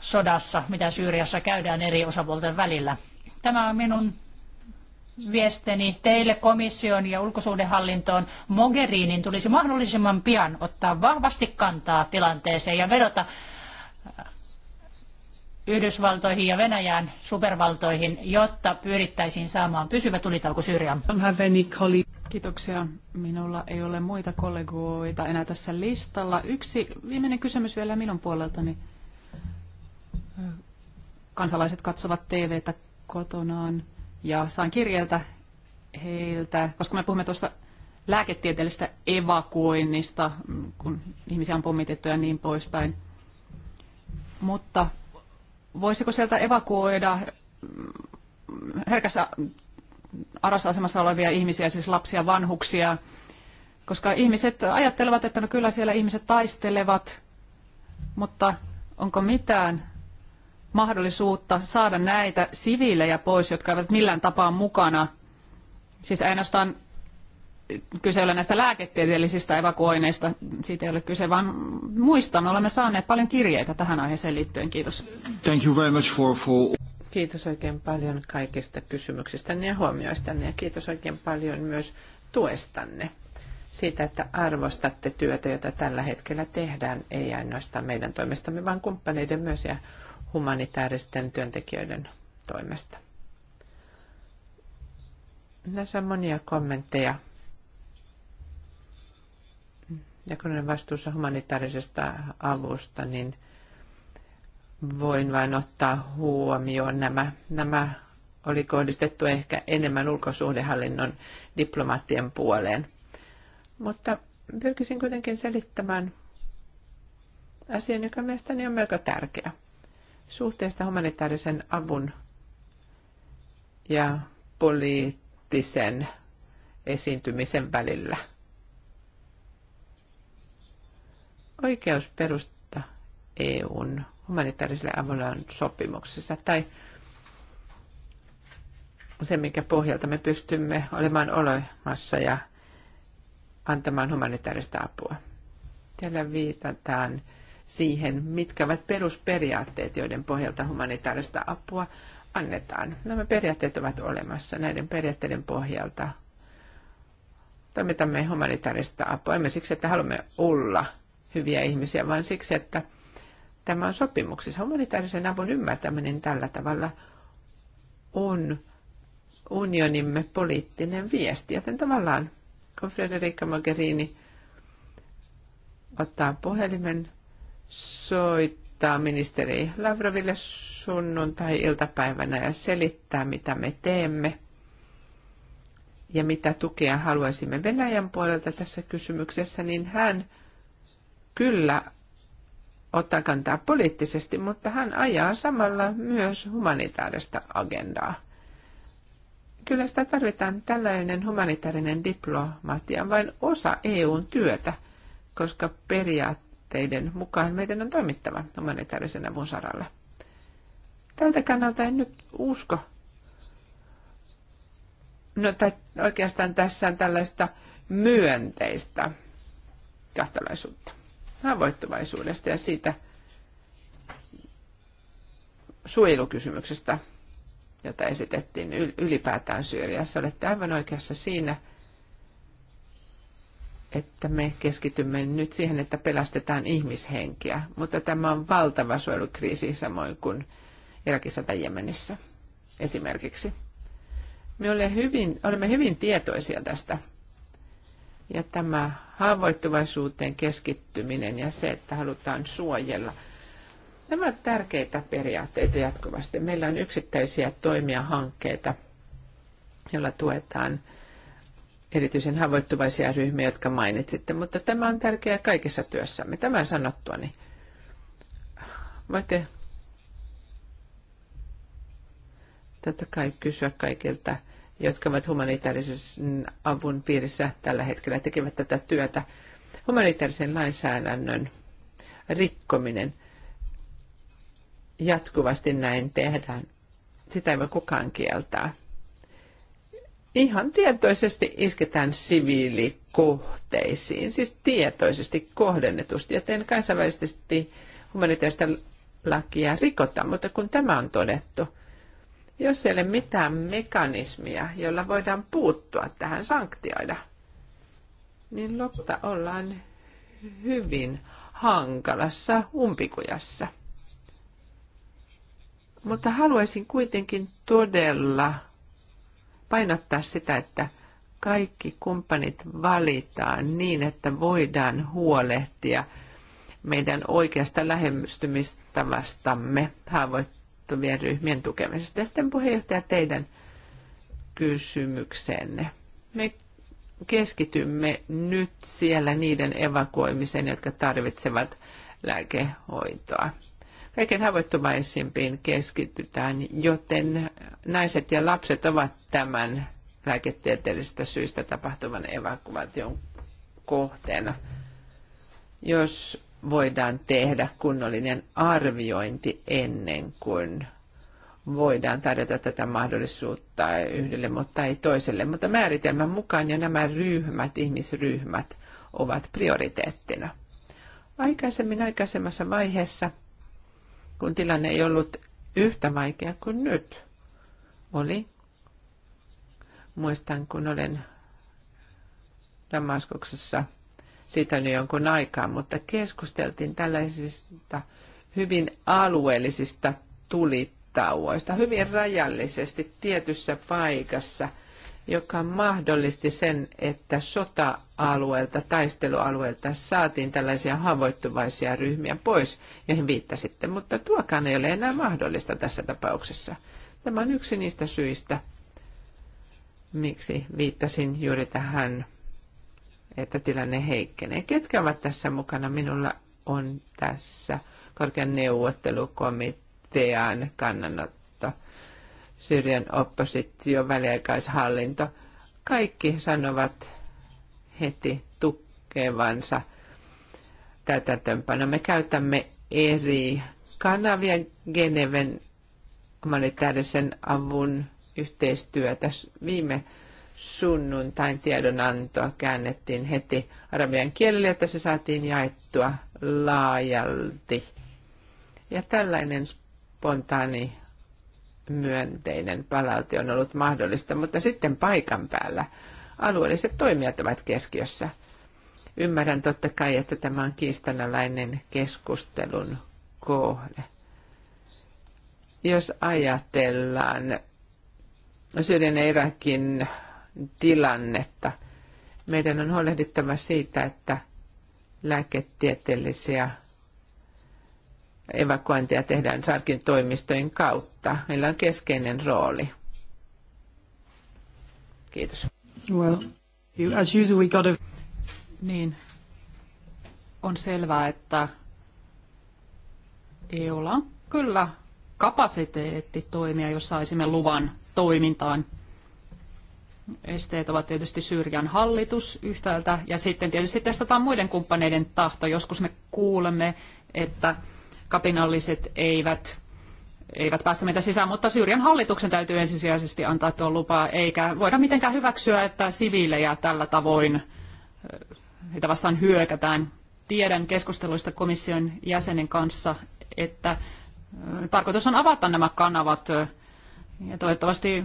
sodassa, mitä Syyriassa käydään eri osapuolten välillä. Tämä on minun viesteni teille komission ja ulkosuhdehallintoon. Mogherinin tulisi mahdollisimman pian ottaa vahvasti kantaa tilanteeseen ja vedota Yhdysvaltoihin ja Venäjään supervaltoihin, jotta pyrittäisiin saamaan pysyvä tulitauko Syyriaan. Kiitoksia. Minulla ei ole muita kollegoita enää tässä listalla. Yksi viimeinen kysymys vielä minun puoleltani. Kansalaiset katsovat TVtä kotonaan ja saan kirjeltä heiltä, koska me puhumme tuosta lääketieteellisestä evakuoinnista, kun ihmisiä on pommitettu ja niin poispäin. Mutta voisiko sieltä evakuoida mm, herkässä arassa asemassa olevia ihmisiä, siis lapsia, vanhuksia, koska ihmiset ajattelevat, että no kyllä siellä ihmiset taistelevat, mutta onko mitään mahdollisuutta saada näitä siviilejä pois, jotka eivät millään tapaa mukana, siis ainoastaan kyse ole näistä lääketieteellisistä evakuoineista, siitä ei ole kyse, vaan muista. Me olemme saaneet paljon kirjeitä tähän aiheeseen liittyen. Kiitos. Thank you very much for, for... Kiitos oikein paljon kaikista kysymyksistänne ja huomioistanne ja kiitos oikein paljon myös tuestanne siitä, että arvostatte työtä, jota tällä hetkellä tehdään, ei ainoastaan meidän toimestamme, vaan kumppaneiden myös ja humanitaaristen työntekijöiden toimesta. Tässä on monia kommentteja ja kun olen vastuussa humanitaarisesta avusta, niin voin vain ottaa huomioon nämä, nämä oli kohdistettu ehkä enemmän ulkosuhdehallinnon diplomaattien puoleen. Mutta pyrkisin kuitenkin selittämään asian, joka mielestäni on melko tärkeä. Suhteesta humanitaarisen avun ja poliittisen esiintymisen välillä – oikeusperusta EUn humanitaariselle avulle on sopimuksessa tai se, minkä pohjalta me pystymme olemaan olemassa ja antamaan humanitaarista apua. Siellä viitataan siihen, mitkä ovat perusperiaatteet, joiden pohjalta humanitaarista apua annetaan. Nämä periaatteet ovat olemassa. Näiden periaatteiden pohjalta toimitamme humanitaarista apua. Emme siksi, että haluamme olla hyviä ihmisiä, vaan siksi, että tämä on sopimuksissa. Humanitaarisen avun ymmärtäminen tällä tavalla on unionimme poliittinen viesti, joten tavallaan kun Frederica Mogherini ottaa puhelimen, soittaa ministeri Lavroville sunnuntai-iltapäivänä ja selittää, mitä me teemme ja mitä tukea haluaisimme Venäjän puolelta tässä kysymyksessä, niin hän – kyllä ottaa kantaa poliittisesti, mutta hän ajaa samalla myös humanitaarista agendaa. Kyllä sitä tarvitaan. Tällainen humanitaarinen diplomatia vain osa EUn työtä, koska periaatteiden mukaan meidän on toimittava humanitaarisen avun saralla. Tältä kannalta en nyt usko. No, tai oikeastaan tässä on tällaista myönteistä kahtalaisuutta haavoittuvaisuudesta ja siitä suojelukysymyksestä, jota esitettiin ylipäätään Syyriassa. Olette aivan oikeassa siinä, että me keskitymme nyt siihen, että pelastetaan ihmishenkiä, mutta tämä on valtava suojelukriisi samoin kuin Irakissa tai Jemenissä esimerkiksi. Me olemme hyvin, olemme hyvin tietoisia tästä ja tämä haavoittuvaisuuteen keskittyminen ja se, että halutaan suojella. Nämä ovat tärkeitä periaatteita jatkuvasti. Meillä on yksittäisiä toimia, hankkeita, joilla tuetaan erityisen haavoittuvaisia ryhmiä, jotka mainitsitte, mutta tämä on tärkeää kaikessa työssämme. Tämän sanottua, niin voitte totta kai kysyä kaikilta jotka ovat humanitaarisen avun piirissä tällä hetkellä, tekevät tätä työtä. Humanitaarisen lainsäädännön rikkominen jatkuvasti näin tehdään. Sitä ei voi kukaan kieltää. Ihan tietoisesti isketään siviilikohteisiin, siis tietoisesti kohdennetusti, joten kansainvälisesti humanitaarista lakia rikotaan, mutta kun tämä on todettu – jos ei ole mitään mekanismia, jolla voidaan puuttua tähän sanktioida, niin lopulta ollaan hyvin hankalassa umpikujassa. Mutta haluaisin kuitenkin todella painottaa sitä, että kaikki kumppanit valitaan niin, että voidaan huolehtia meidän oikeasta lähestymistavastamme haavoittaa osallistuvien ryhmien tukemisesta. Ja sitten puheenjohtaja teidän kysymyksenne. Me keskitymme nyt siellä niiden evakuoimiseen, jotka tarvitsevat lääkehoitoa. Kaiken haavoittuvaisimpiin keskitytään, joten naiset ja lapset ovat tämän lääketieteellisestä syystä tapahtuvan evakuaation kohteena. Jos voidaan tehdä kunnollinen arviointi ennen kuin voidaan tarjota tätä mahdollisuutta yhdelle, mutta ei toiselle. Mutta määritelmän mukaan jo nämä ryhmät, ihmisryhmät, ovat prioriteettina. Aikaisemmin aikaisemmassa vaiheessa, kun tilanne ei ollut yhtä vaikea kuin nyt, oli, muistan kun olen Damaskuksessa siitä on jo jonkun aikaa, mutta keskusteltiin tällaisista hyvin alueellisista tulitauoista, hyvin rajallisesti tietyssä paikassa, joka mahdollisti sen, että sota-alueelta, taistelualueelta saatiin tällaisia haavoittuvaisia ryhmiä pois, joihin viittasitte, mutta tuokaan ei ole enää mahdollista tässä tapauksessa. Tämä on yksi niistä syistä, miksi viittasin juuri tähän että tilanne heikkenee. Ketkä ovat tässä mukana? Minulla on tässä korkean neuvottelukomitean kannanotto, Syyrian oppositio, väliaikaishallinto. Kaikki sanovat heti tukevansa täytäntöönpano. Me käytämme eri kanavia Geneven humanitaarisen avun yhteistyötä. Viime sunnuntain tiedonantoa käännettiin heti arabian kielelle, että se saatiin jaettua laajalti. Ja tällainen spontaani myönteinen palaute on ollut mahdollista, mutta sitten paikan päällä alueelliset toimijat ovat keskiössä. Ymmärrän totta kai, että tämä on kiistanalainen keskustelun kohde. Jos ajatellaan Syyrian ja Irakin tilannetta. Meidän on huolehdittava siitä, että lääketieteellisiä evakuointia tehdään Sarkin toimistojen kautta. Meillä on keskeinen rooli. Kiitos. Well, as usual we got a... Niin. On selvää, että EUlla on kyllä kapasiteetti toimia, jos saisimme luvan toimintaan Esteet ovat tietysti Syyrian hallitus yhtäältä ja sitten tietysti testataan muiden kumppaneiden tahto. Joskus me kuulemme, että kapinalliset eivät, eivät päästä meitä sisään, mutta Syyrian hallituksen täytyy ensisijaisesti antaa tuo lupa, eikä voida mitenkään hyväksyä, että siviilejä tällä tavoin eh, heitä vastaan hyökätään. Tiedän keskusteluista komission jäsenen kanssa, että eh, tarkoitus on avata nämä kanavat eh, ja toivottavasti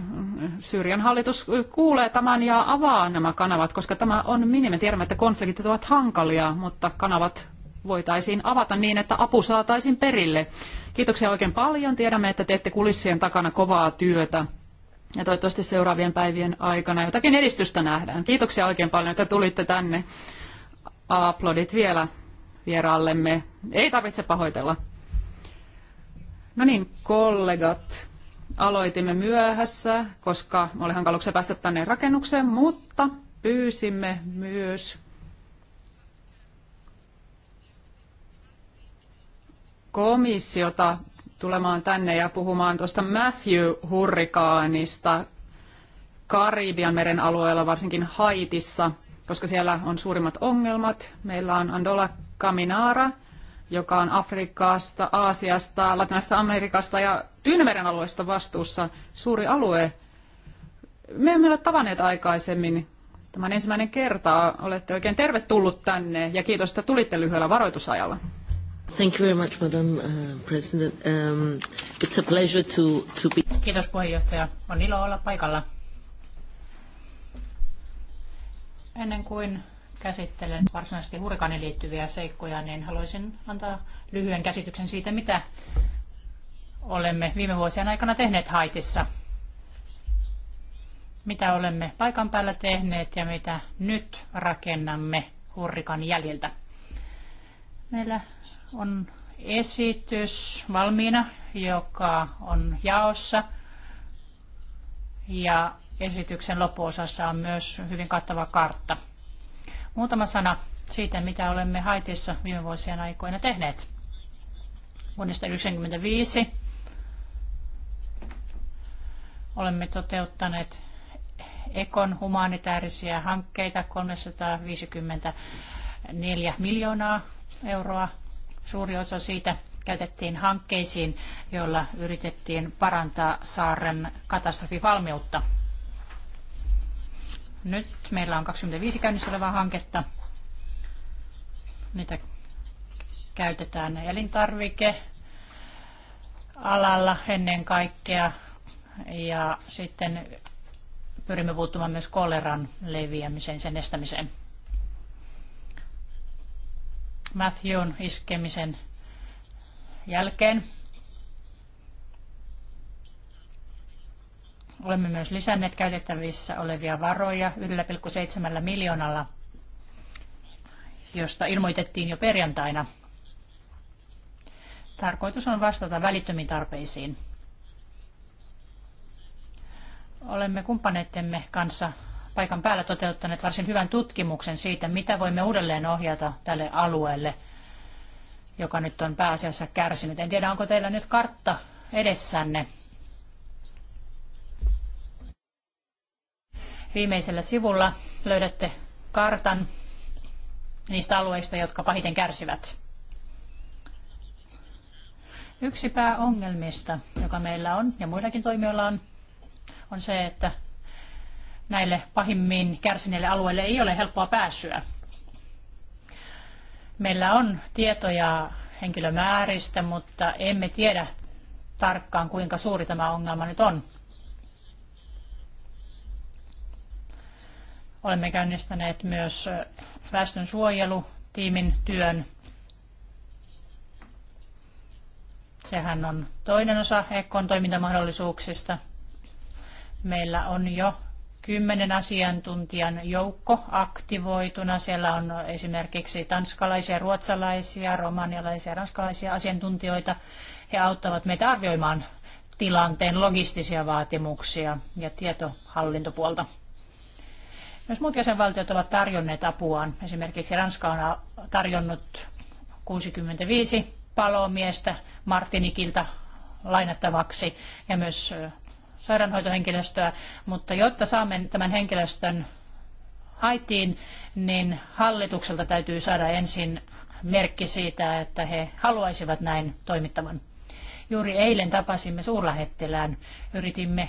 Syyrian hallitus kuulee tämän ja avaa nämä kanavat, koska tämä on minimi. tiedämme, että konfliktit ovat hankalia, mutta kanavat voitaisiin avata niin, että apu saataisiin perille. Kiitoksia oikein paljon. Tiedämme, että teette kulissien takana kovaa työtä. Ja toivottavasti seuraavien päivien aikana jotakin edistystä nähdään. Kiitoksia oikein paljon, että tulitte tänne. Aplodit vielä vieraallemme. Ei tarvitse pahoitella. No niin, kollegat aloitimme myöhässä, koska oli hankaluuksia päästä tänne rakennukseen, mutta pyysimme myös komissiota tulemaan tänne ja puhumaan tuosta Matthew-hurrikaanista Karibian meren alueella, varsinkin Haitissa, koska siellä on suurimmat ongelmat. Meillä on Andola Caminara, joka on Afrikasta, Aasiasta, Latinasta Amerikasta ja Tyynemeren alueesta vastuussa, suuri alue. Me emme ole tavanneet aikaisemmin. Tämä on ensimmäinen kerta. Olette oikein tervetullut tänne ja kiitos, että tulitte lyhyellä varoitusajalla. Thank you very much, Madam uh, President. Um, it's a pleasure to, to be... Kiitos puheenjohtaja. On ilo olla paikalla. Ennen kuin käsittelen varsinaisesti hurrikaaniin liittyviä seikkoja, niin haluaisin antaa lyhyen käsityksen siitä, mitä olemme viime vuosien aikana tehneet Haitissa. Mitä olemme paikan päällä tehneet ja mitä nyt rakennamme hurrikan jäljiltä. Meillä on esitys valmiina, joka on jaossa. Ja esityksen loppuosassa on myös hyvin kattava kartta Muutama sana siitä, mitä olemme Haitissa viime vuosien aikoina tehneet. Vuodesta 1995 olemme toteuttaneet Ekon humanitaarisia hankkeita 354 miljoonaa euroa. Suuri osa siitä käytettiin hankkeisiin, joilla yritettiin parantaa saaren katastrofivalmiutta. Nyt meillä on 25 käynnissä olevaa hanketta. mitä käytetään elintarvike alalla ennen kaikkea. Ja sitten pyrimme puuttumaan myös koleran leviämiseen, sen estämiseen. Matthewn iskemisen jälkeen Olemme myös lisänneet käytettävissä olevia varoja 1,7 miljoonalla, josta ilmoitettiin jo perjantaina. Tarkoitus on vastata välittömiin tarpeisiin. Olemme kumppaneittemme kanssa paikan päällä toteuttaneet varsin hyvän tutkimuksen siitä, mitä voimme uudelleen ohjata tälle alueelle, joka nyt on pääasiassa kärsinyt. En tiedä, onko teillä nyt kartta edessänne viimeisellä sivulla löydätte kartan niistä alueista, jotka pahiten kärsivät. Yksi pääongelmista, joka meillä on ja muillakin toimijoilla on, on se, että näille pahimmin kärsineille alueille ei ole helppoa pääsyä. Meillä on tietoja henkilömääristä, mutta emme tiedä tarkkaan, kuinka suuri tämä ongelma nyt on. Olemme käynnistäneet myös väestön työn. Sehän on toinen osa Ekkon toimintamahdollisuuksista. Meillä on jo kymmenen asiantuntijan joukko aktivoituna. Siellä on esimerkiksi tanskalaisia, ruotsalaisia, romanialaisia, ranskalaisia asiantuntijoita. He auttavat meitä arvioimaan tilanteen logistisia vaatimuksia ja tietohallintopuolta. Myös muut jäsenvaltiot ovat tarjonneet apuaan. Esimerkiksi Ranska on tarjonnut 65 palomiestä Martinikilta lainattavaksi ja myös sairaanhoitohenkilöstöä, mutta jotta saamme tämän henkilöstön Haitiin, niin hallitukselta täytyy saada ensin merkki siitä, että he haluaisivat näin toimittavan. Juuri eilen tapasimme suurlähettilään. Yritimme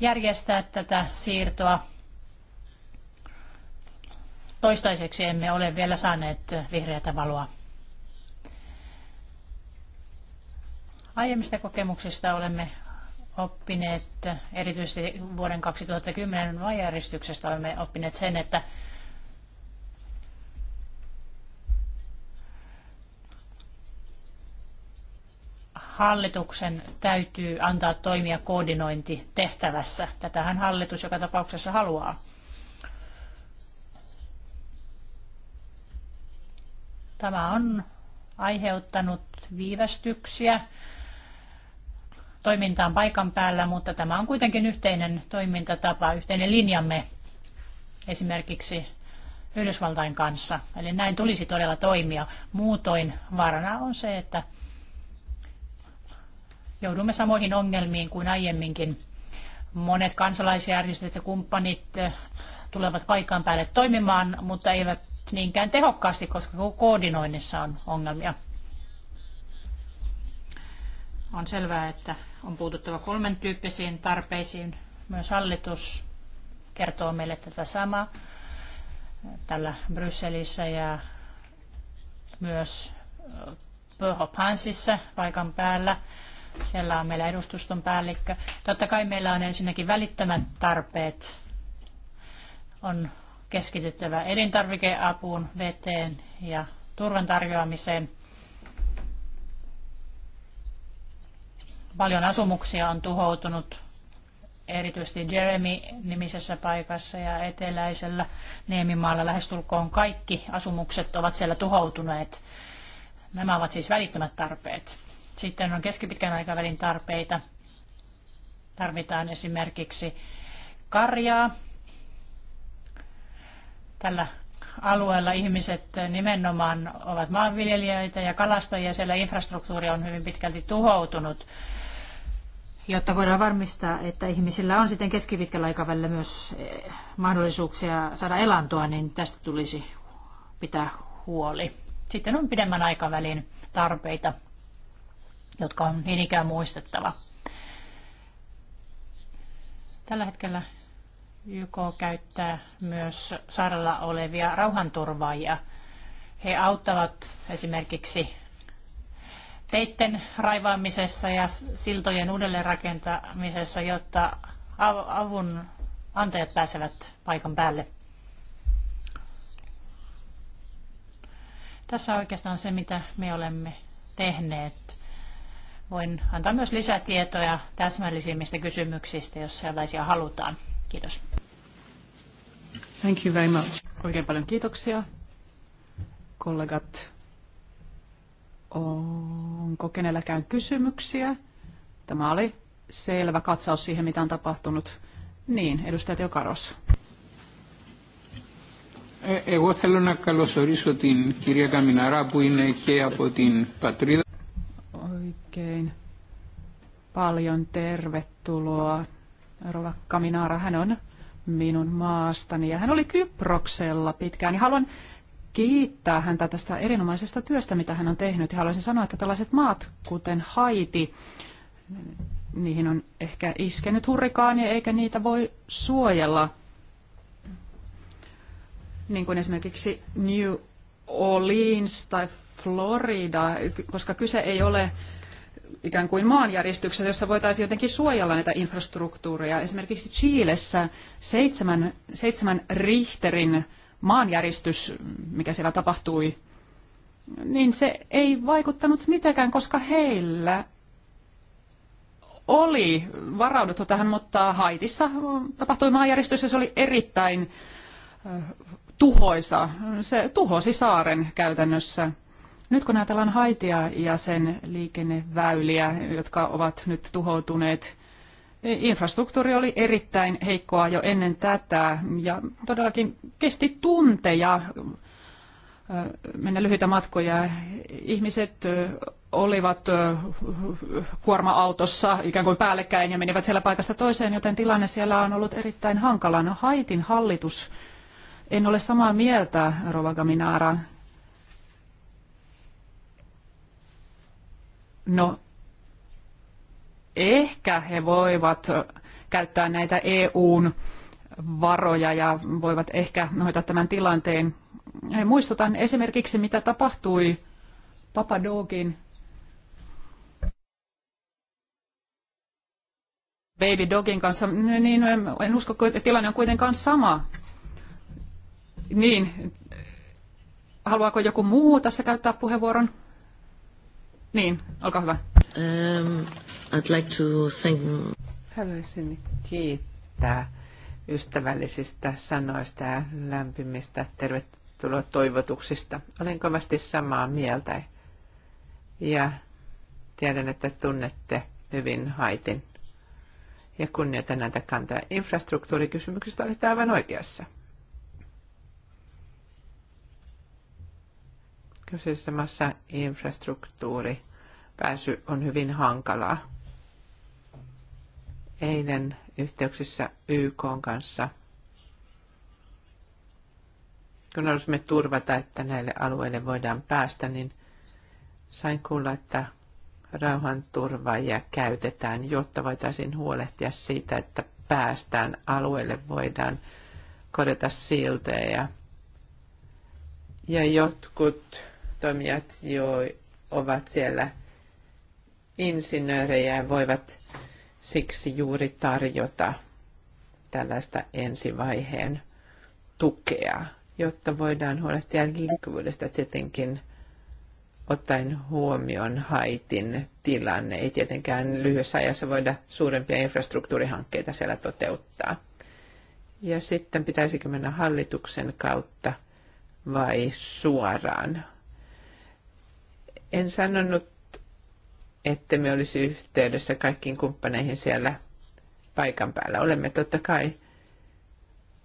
järjestää tätä siirtoa Toistaiseksi emme ole vielä saaneet vihreätä valoa. Aiemmista kokemuksista olemme oppineet, erityisesti vuoden 2010 vaijäristyksestä olemme oppineet sen, että hallituksen täytyy antaa toimia koordinointi tehtävässä. Tätähän hallitus joka tapauksessa haluaa. Tämä on aiheuttanut viivästyksiä toimintaan paikan päällä, mutta tämä on kuitenkin yhteinen toimintatapa, yhteinen linjamme esimerkiksi Yhdysvaltain kanssa. Eli näin tulisi todella toimia. Muutoin vaarana on se, että joudumme samoihin ongelmiin kuin aiemminkin. Monet kansalaisjärjestöt ja kumppanit tulevat paikan päälle toimimaan, mutta eivät niinkään tehokkaasti, koska koordinoinnissa on ongelmia. On selvää, että on puututtava kolmen tyyppisiin tarpeisiin. Myös hallitus kertoo meille tätä samaa tällä Brysselissä ja myös Pöhopansissa paikan päällä. Siellä on meillä edustuston päällikkö. Totta kai meillä on ensinnäkin välittämät tarpeet. On keskityttävä elintarvikeapuun, veteen ja turvan tarjoamiseen. Paljon asumuksia on tuhoutunut, erityisesti Jeremy-nimisessä paikassa ja eteläisellä Niemimaalla lähestulkoon kaikki asumukset ovat siellä tuhoutuneet. Nämä ovat siis välittömät tarpeet. Sitten on keskipitkän aikavälin tarpeita. Tarvitaan esimerkiksi karjaa, Tällä alueella ihmiset nimenomaan ovat maanviljelijöitä ja kalastajia. Siellä infrastruktuuri on hyvin pitkälti tuhoutunut, jotta voidaan varmistaa, että ihmisillä on sitten keskipitkällä aikavälillä myös eh, mahdollisuuksia saada elantoa, niin tästä tulisi pitää huoli. Sitten on pidemmän aikavälin tarpeita, jotka on niin ikään muistettava. Tällä hetkellä YK käyttää myös saarella olevia rauhanturvaajia. He auttavat esimerkiksi teitten raivaamisessa ja siltojen uudelleenrakentamisessa, jotta avun antajat pääsevät paikan päälle. Tässä on oikeastaan se, mitä me olemme tehneet. Voin antaa myös lisätietoja täsmällisimmistä kysymyksistä, jos sellaisia halutaan. Kiitos. Thank you very much. Oikein paljon kiitoksia. Kollegat, onko kenelläkään kysymyksiä? Tämä oli selvä katsaus siihen, mitä on tapahtunut. Niin, edustaja Teokaros. Εγώ θέλω να καλωσορίσω την κυρία Καμιναρά που είναι και από την πατρίδα. Oikein paljon tervetuloa Rova Kaminaara, hän on minun maastani ja hän oli Kyproksella pitkään. Ja haluan kiittää häntä tästä erinomaisesta työstä, mitä hän on tehnyt. Ja haluaisin sanoa, että tällaiset maat, kuten Haiti, niihin on ehkä iskenyt hurrikaani eikä niitä voi suojella. Niin kuin esimerkiksi New Orleans tai Florida, koska kyse ei ole ikään kuin maanjäristyksessä, jossa voitaisiin jotenkin suojella näitä infrastruktuureja. Esimerkiksi Chiilessä seitsemän, seitsemän Richterin maanjäristys, mikä siellä tapahtui, niin se ei vaikuttanut mitenkään, koska heillä oli varauduttu tähän, mutta Haitissa tapahtui maanjäristys ja se oli erittäin tuhoisa. Se tuhosi saaren käytännössä. Nyt kun ajatellaan Haitia ja sen liikenneväyliä, jotka ovat nyt tuhoutuneet, e, infrastruktuuri oli erittäin heikkoa jo ennen tätä ja todellakin kesti tunteja mennä lyhyitä matkoja. Ihmiset olivat kuorma-autossa ikään kuin päällekkäin ja menivät siellä paikasta toiseen, joten tilanne siellä on ollut erittäin hankala. No Haitin hallitus, en ole samaa mieltä, Rova Gaminara, No, ehkä he voivat käyttää näitä EUn varoja ja voivat ehkä hoitaa tämän tilanteen. He muistutan esimerkiksi, mitä tapahtui Papadogin Baby Dogin kanssa, niin en usko, että tilanne on kuitenkaan sama. Niin, haluaako joku muu tässä käyttää puheenvuoron? Niin, olkaa hyvä. Um, I'd like to thank... Haluaisin kiittää ystävällisistä sanoista ja lämpimistä tervetuloa toivotuksista. Olen kovasti samaa mieltä ja tiedän, että tunnette hyvin haitin ja kunnioitan näitä kantaa. Infrastruktuurikysymyksistä olette aivan oikeassa – kyseisessä maassa infrastruktuuri pääsy on hyvin hankalaa. Eilen yhteyksissä YK kanssa, kun halusimme turvata, että näille alueille voidaan päästä, niin sain kuulla, että rauhanturvaajia käytetään, jotta voitaisiin huolehtia siitä, että päästään alueelle, voidaan korjata siltejä. Ja jotkut toimijat, jo ovat siellä insinöörejä ja voivat siksi juuri tarjota tällaista ensivaiheen tukea, jotta voidaan huolehtia liikkuvuudesta tietenkin ottaen huomioon haitin tilanne. Ei tietenkään lyhyessä ajassa voida suurempia infrastruktuurihankkeita siellä toteuttaa. Ja sitten pitäisikö mennä hallituksen kautta vai suoraan en sanonut, että me olisi yhteydessä kaikkiin kumppaneihin siellä paikan päällä. Olemme totta kai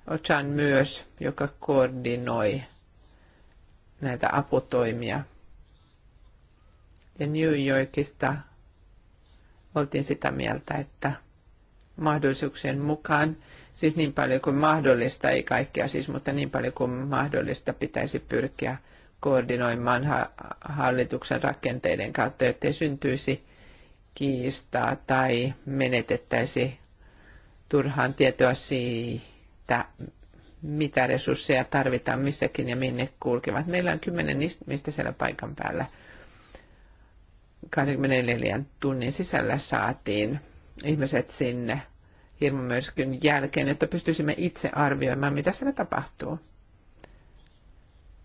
Ochan myös, joka koordinoi näitä aputoimia. Ja New Yorkista oltiin sitä mieltä, että mahdollisuuksien mukaan, siis niin paljon kuin mahdollista, ei kaikkea siis, mutta niin paljon kuin mahdollista pitäisi pyrkiä koordinoimaan hallituksen rakenteiden kautta, ettei syntyisi kiistaa tai menetettäisi turhaan tietoa siitä, mitä resursseja tarvitaan missäkin ja minne kulkevat. Meillä on kymmenen mistä siellä paikan päällä 24 tunnin sisällä saatiin ihmiset sinne hirmumyrskyn jälkeen, että pystyisimme itse arvioimaan, mitä siellä tapahtuu.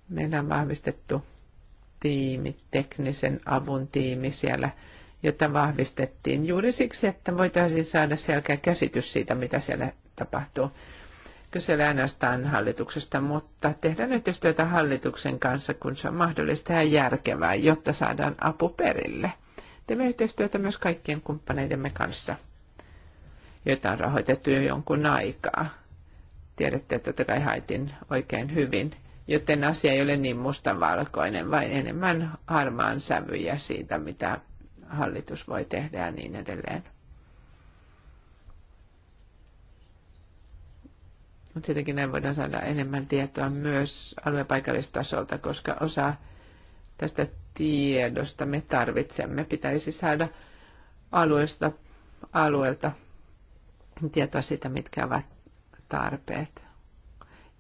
Meillä on vahvistettu tiimi, teknisen avun tiimi siellä, jota vahvistettiin juuri siksi, että voitaisiin saada selkeä käsitys siitä, mitä siellä tapahtuu. Kysellä ainoastaan hallituksesta, mutta tehdään yhteistyötä hallituksen kanssa, kun se on mahdollista ja järkevää, jotta saadaan apu perille. Teemme yhteistyötä myös kaikkien kumppaneidemme kanssa, joita on rahoitettu jo jonkun aikaa. Tiedätte, että totta kai haitin oikein hyvin – joten asia ei ole niin mustavalkoinen, vaan enemmän harmaan sävyjä siitä, mitä hallitus voi tehdä ja niin edelleen. Mutta Tietenkin näin voidaan saada enemmän tietoa myös aluepaikallistasolta, koska osa tästä tiedosta me tarvitsemme. Pitäisi saada alueelta tietoa siitä, mitkä ovat tarpeet.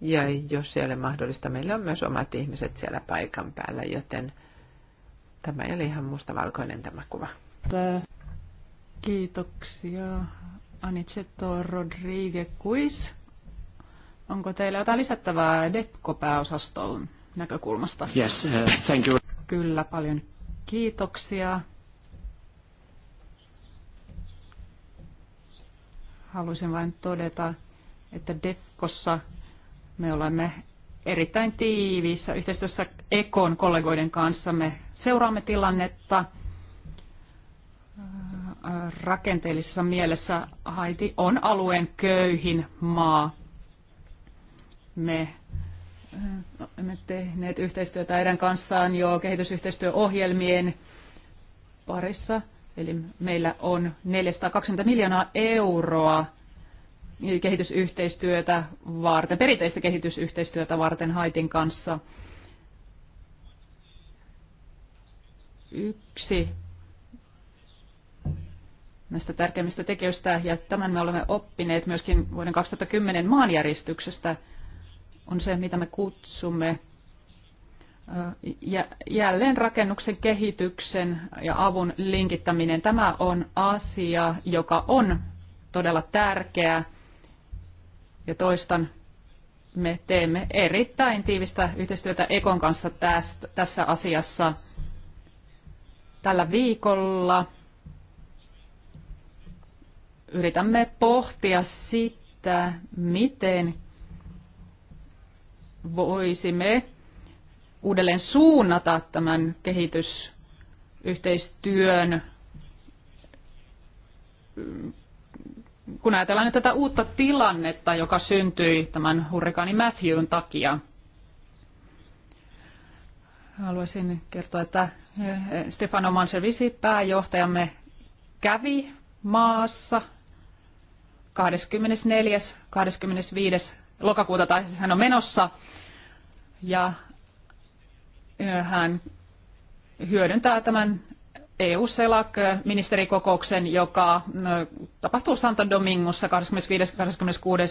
Ja jos ei ole mahdollista, meillä on myös omat ihmiset siellä paikan päällä, joten tämä ei ole ihan mustavalkoinen tämä kuva. Kiitoksia. Aniceto Rodrigue Onko teillä jotain lisättävää DEPCO-pääosaston näkökulmasta? Yes, uh, thank you. Kyllä, paljon kiitoksia. Haluaisin vain todeta, että DEFCOssa – me olemme erittäin tiiviissä yhteistyössä Ekon kollegoiden kanssa. Me seuraamme tilannetta äh, rakenteellisessa mielessä Haiti on alueen köyhin maa. Me olemme äh, tehneet yhteistyötä heidän kanssaan jo kehitysyhteistyöohjelmien parissa. Eli meillä on 420 miljoonaa euroa kehitysyhteistyötä varten, perinteistä kehitysyhteistyötä varten Haitin kanssa. Yksi näistä tärkeimmistä tekijöistä, ja tämän me olemme oppineet myöskin vuoden 2010 maanjäristyksestä, on se, mitä me kutsumme ja jälleen rakennuksen kehityksen ja avun linkittäminen. Tämä on asia, joka on todella tärkeä ja toistan, me teemme erittäin tiivistä yhteistyötä Ekon kanssa tästä, tässä asiassa. Tällä viikolla yritämme pohtia sitä, miten voisimme uudelleen suunnata tämän kehitysyhteistyön kun ajatellaan nyt tätä uutta tilannetta, joka syntyi tämän hurrikaani Matthewn takia, haluaisin kertoa, että eh, Stefano Manservisi, pääjohtajamme, kävi maassa 24. 25. lokakuuta, tai siis hän on menossa, ja eh, hän hyödyntää tämän eu celac ministerikokouksen joka mm, tapahtuu Santo Domingossa 25.–26.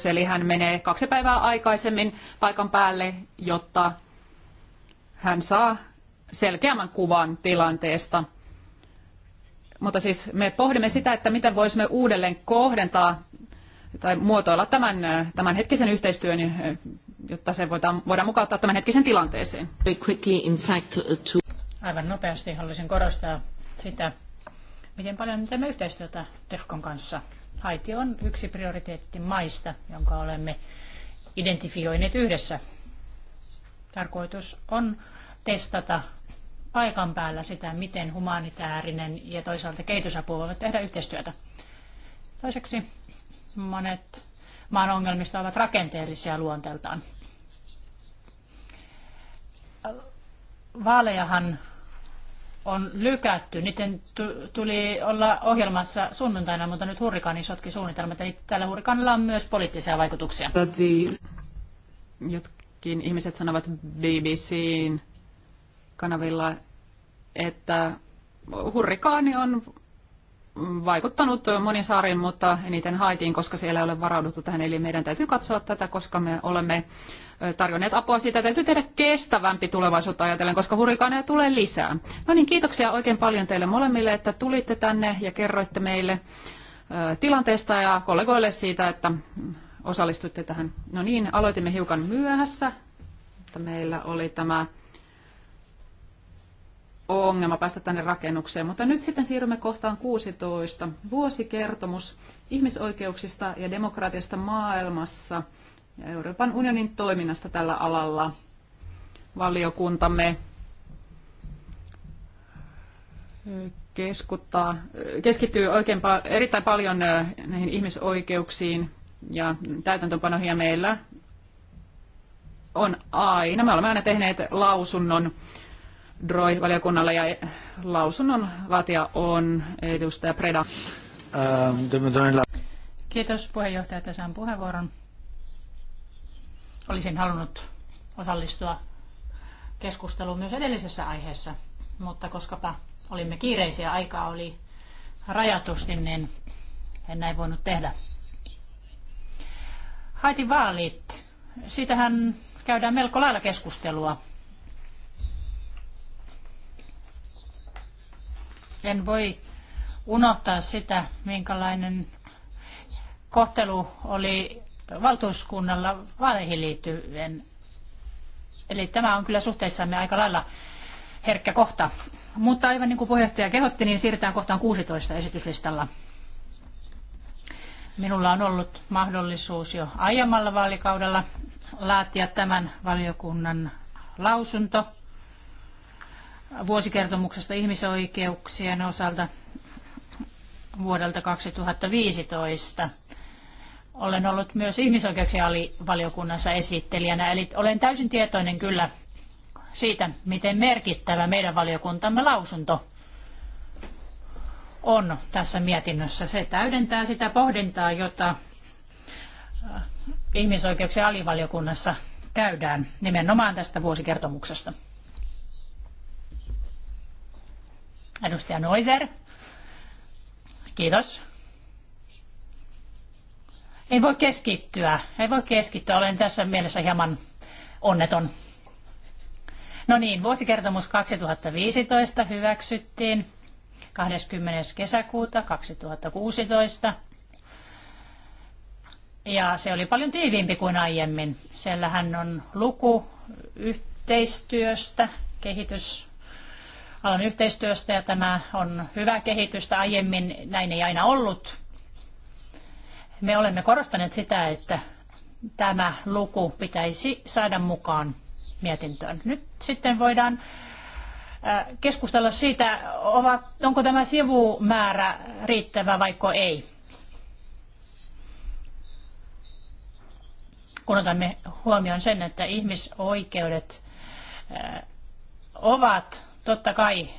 Eli hän menee kaksi päivää aikaisemmin paikan päälle, jotta hän saa selkeämmän kuvan tilanteesta. Mutta siis me pohdimme sitä, että miten voisimme uudelleen kohdentaa tai muotoilla tämän, tämän hetkisen yhteistyön, jotta se voidaan, voidaan mukauttaa tämän hetkisen tilanteeseen. Aivan nopeasti haluaisin korostaa sitä, miten paljon teemme yhteistyötä DEFCON kanssa. Haiti on yksi prioriteetti maista, jonka olemme identifioineet yhdessä. Tarkoitus on testata paikan päällä sitä, miten humanitaarinen ja toisaalta kehitysapu voivat tehdä yhteistyötä. Toiseksi monet maan ongelmista ovat rakenteellisia luonteeltaan. Vaalejahan on lykätty. Niiden tuli olla ohjelmassa sunnuntaina, mutta nyt hurrikaani sotki suunnitelmat. Eli tällä hurrikaanilla on myös poliittisia vaikutuksia. Jotkin ihmiset sanovat BBCn kanavilla, että hurrikaani on vaikuttanut moniin saariin, mutta eniten haitiin, koska siellä ei ole varauduttu tähän. Eli meidän täytyy katsoa tätä, koska me olemme tarjonneet apua. Siitä täytyy tehdä kestävämpi tulevaisuutta ajatellen, koska hurrikaaneja tulee lisää. No niin, kiitoksia oikein paljon teille molemmille, että tulitte tänne ja kerroitte meille tilanteesta ja kollegoille siitä, että osallistuitte tähän. No niin, aloitimme hiukan myöhässä, mutta meillä oli tämä ongelma päästä tänne rakennukseen. Mutta nyt sitten siirrymme kohtaan 16. Vuosikertomus ihmisoikeuksista ja demokratiasta maailmassa – Euroopan unionin toiminnasta tällä alalla. Valiokuntamme keskuttaa, keskittyy oikein, erittäin paljon näihin ihmisoikeuksiin ja täytäntöpanoihin meillä on aina, me olemme aina tehneet lausunnon DROI-valiokunnalle ja lausunnon vaatia on edustaja Preda. Ähm, Kiitos puheenjohtaja, että saan puheenvuoron. Olisin halunnut osallistua keskusteluun myös edellisessä aiheessa, mutta koskapa olimme kiireisiä, aikaa oli rajatusti, niin en näin voinut tehdä. Haitin vaalit. Siitähän käydään melko lailla keskustelua. En voi unohtaa sitä, minkälainen kohtelu oli valtuuskunnalla vaaleihin liittyen. Eli tämä on kyllä suhteissamme aika lailla herkkä kohta. Mutta aivan niin kuin puheenjohtaja kehotti, niin siirrytään kohtaan 16 esityslistalla. Minulla on ollut mahdollisuus jo aiemmalla vaalikaudella laatia tämän valiokunnan lausunto vuosikertomuksesta ihmisoikeuksien osalta vuodelta 2015. Olen ollut myös ihmisoikeuksien valiokunnassa esittelijänä, eli olen täysin tietoinen kyllä siitä, miten merkittävä meidän valiokuntamme lausunto on tässä mietinnössä. Se täydentää sitä pohdintaa, jota äh, ihmisoikeuksien alivaliokunnassa käydään nimenomaan tästä vuosikertomuksesta. Edustaja Noiser, kiitos. Ei voi keskittyä. Ei voi keskittyä. Olen tässä mielessä hieman onneton. No niin, vuosikertomus 2015 hyväksyttiin 20. kesäkuuta 2016. Ja se oli paljon tiiviimpi kuin aiemmin. Siellähän on luku yhteistyöstä, kehitysalan yhteistyöstä ja tämä on hyvä kehitystä. Aiemmin näin ei aina ollut. Me olemme korostaneet sitä, että tämä luku pitäisi saada mukaan mietintöön. Nyt sitten voidaan keskustella siitä, onko tämä sivumäärä riittävä vaiko ei. Kun otamme huomioon sen, että ihmisoikeudet ovat totta kai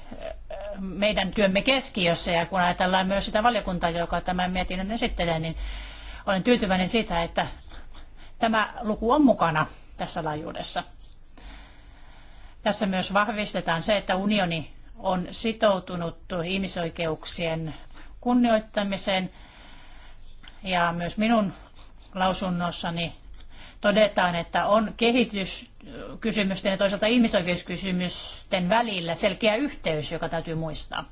meidän työmme keskiössä ja kun ajatellaan myös sitä valiokuntaa, joka tämän mietinnön esittelee, niin olen tyytyväinen siitä, että tämä luku on mukana tässä laajuudessa. Tässä myös vahvistetaan se, että unioni on sitoutunut ihmisoikeuksien kunnioittamiseen. Ja myös minun lausunnossani todetaan, että on kehityskysymysten ja toisaalta ihmisoikeuskysymysten välillä selkeä yhteys, joka täytyy muistaa.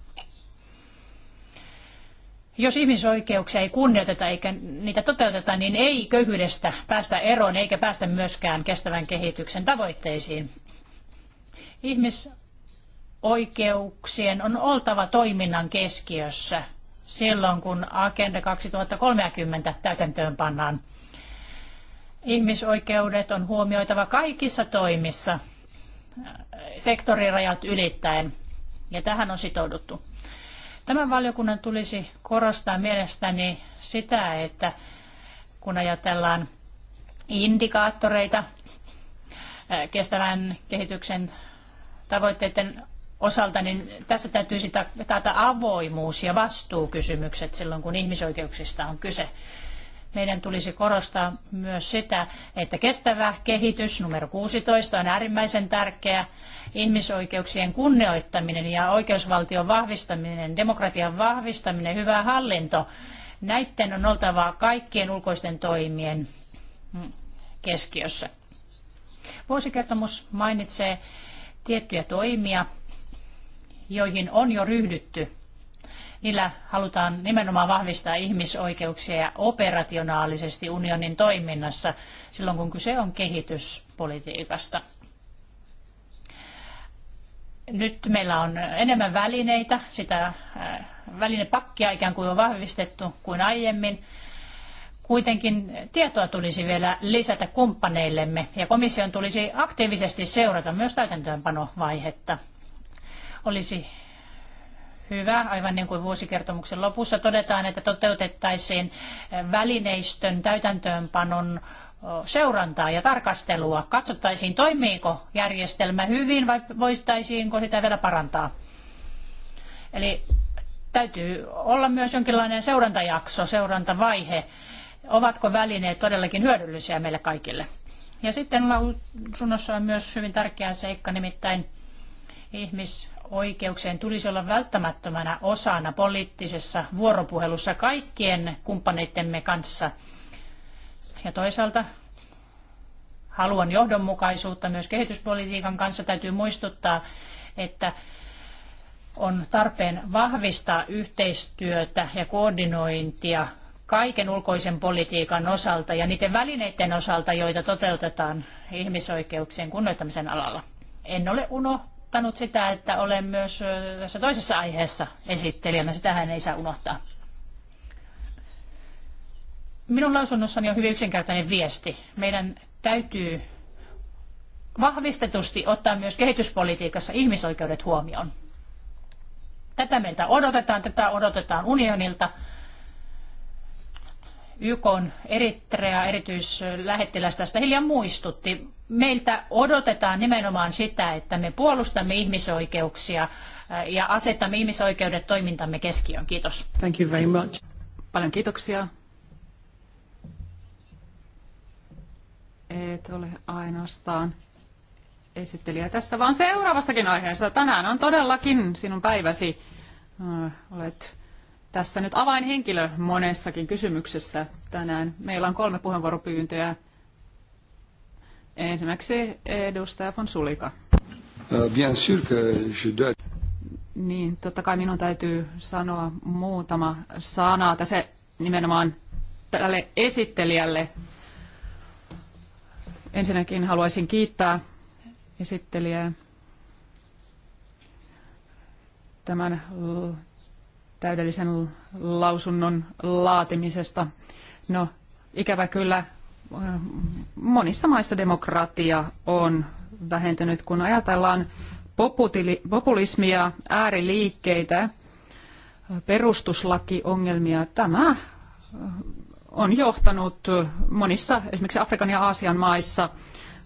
Jos ihmisoikeuksia ei kunnioiteta eikä niitä toteuteta, niin ei köyhyydestä päästä eroon eikä päästä myöskään kestävän kehityksen tavoitteisiin. Ihmisoikeuksien on oltava toiminnan keskiössä silloin, kun Agenda 2030 täytäntöön pannaan. Ihmisoikeudet on huomioitava kaikissa toimissa sektorirajat ylittäen, ja tähän on sitouduttu. Tämän valiokunnan tulisi korostaa mielestäni sitä, että kun ajatellaan indikaattoreita kestävän kehityksen tavoitteiden osalta, niin tässä täytyisi taata avoimuus ja vastuukysymykset silloin, kun ihmisoikeuksista on kyse meidän tulisi korostaa myös sitä, että kestävä kehitys numero 16 on äärimmäisen tärkeä. Ihmisoikeuksien kunnioittaminen ja oikeusvaltion vahvistaminen, demokratian vahvistaminen, hyvä hallinto, näiden on oltava kaikkien ulkoisten toimien keskiössä. Vuosikertomus mainitsee tiettyjä toimia, joihin on jo ryhdytty Niillä halutaan nimenomaan vahvistaa ihmisoikeuksia operationaalisesti unionin toiminnassa silloin, kun kyse on kehityspolitiikasta. Nyt meillä on enemmän välineitä, sitä äh, välinepakkia ikään kuin on vahvistettu kuin aiemmin. Kuitenkin tietoa tulisi vielä lisätä kumppaneillemme ja komission tulisi aktiivisesti seurata myös täytäntöönpanovaihetta. Olisi hyvä, aivan niin kuin vuosikertomuksen lopussa todetaan, että toteutettaisiin välineistön täytäntöönpanon seurantaa ja tarkastelua. Katsottaisiin, toimiiko järjestelmä hyvin vai voistaisiinko sitä vielä parantaa. Eli täytyy olla myös jonkinlainen seurantajakso, seurantavaihe. Ovatko välineet todellakin hyödyllisiä meille kaikille? Ja sitten lausunnossa on myös hyvin tärkeä seikka, nimittäin ihmis oikeuksien tulisi olla välttämättömänä osana poliittisessa vuoropuhelussa kaikkien kumppaneittemme kanssa. Ja toisaalta haluan johdonmukaisuutta myös kehityspolitiikan kanssa. Täytyy muistuttaa, että on tarpeen vahvistaa yhteistyötä ja koordinointia kaiken ulkoisen politiikan osalta ja niiden välineiden osalta, joita toteutetaan ihmisoikeuksien kunnioittamisen alalla. En ole uno, tarkoittanut sitä, että olen myös tässä toisessa aiheessa esittelijänä. Sitähän ei saa unohtaa. Minun lausunnossani on hyvin yksinkertainen viesti. Meidän täytyy vahvistetusti ottaa myös kehityspolitiikassa ihmisoikeudet huomioon. Tätä meiltä odotetaan, tätä odotetaan unionilta. YK on Eritrea erityislähettiläs tästä hiljan muistutti meiltä odotetaan nimenomaan sitä, että me puolustamme ihmisoikeuksia äh, ja asetamme ihmisoikeudet toimintamme keskiöön. Kiitos. Thank you very much. Paljon kiitoksia. Et ole ainoastaan esittelijä tässä, vaan seuraavassakin aiheessa. Tänään on todellakin sinun päiväsi. Äh, olet tässä nyt avainhenkilö monessakin kysymyksessä tänään. Meillä on kolme puheenvuoropyyntöä Ensimmäiseksi edustaja von Sulika. Euh, bien sûr que je dois... Niin, totta kai minun täytyy sanoa muutama sana tässä nimenomaan tälle esittelijälle. Ensinnäkin haluaisin kiittää esittelijää tämän täydellisen lausunnon laatimisesta. No, ikävä kyllä Äh, monissa maissa demokratia on vähentynyt, kun ajatellaan populismia, ääriliikkeitä, perustuslakiongelmia. Tämä äh, on johtanut monissa, esimerkiksi Afrikan ja Aasian maissa,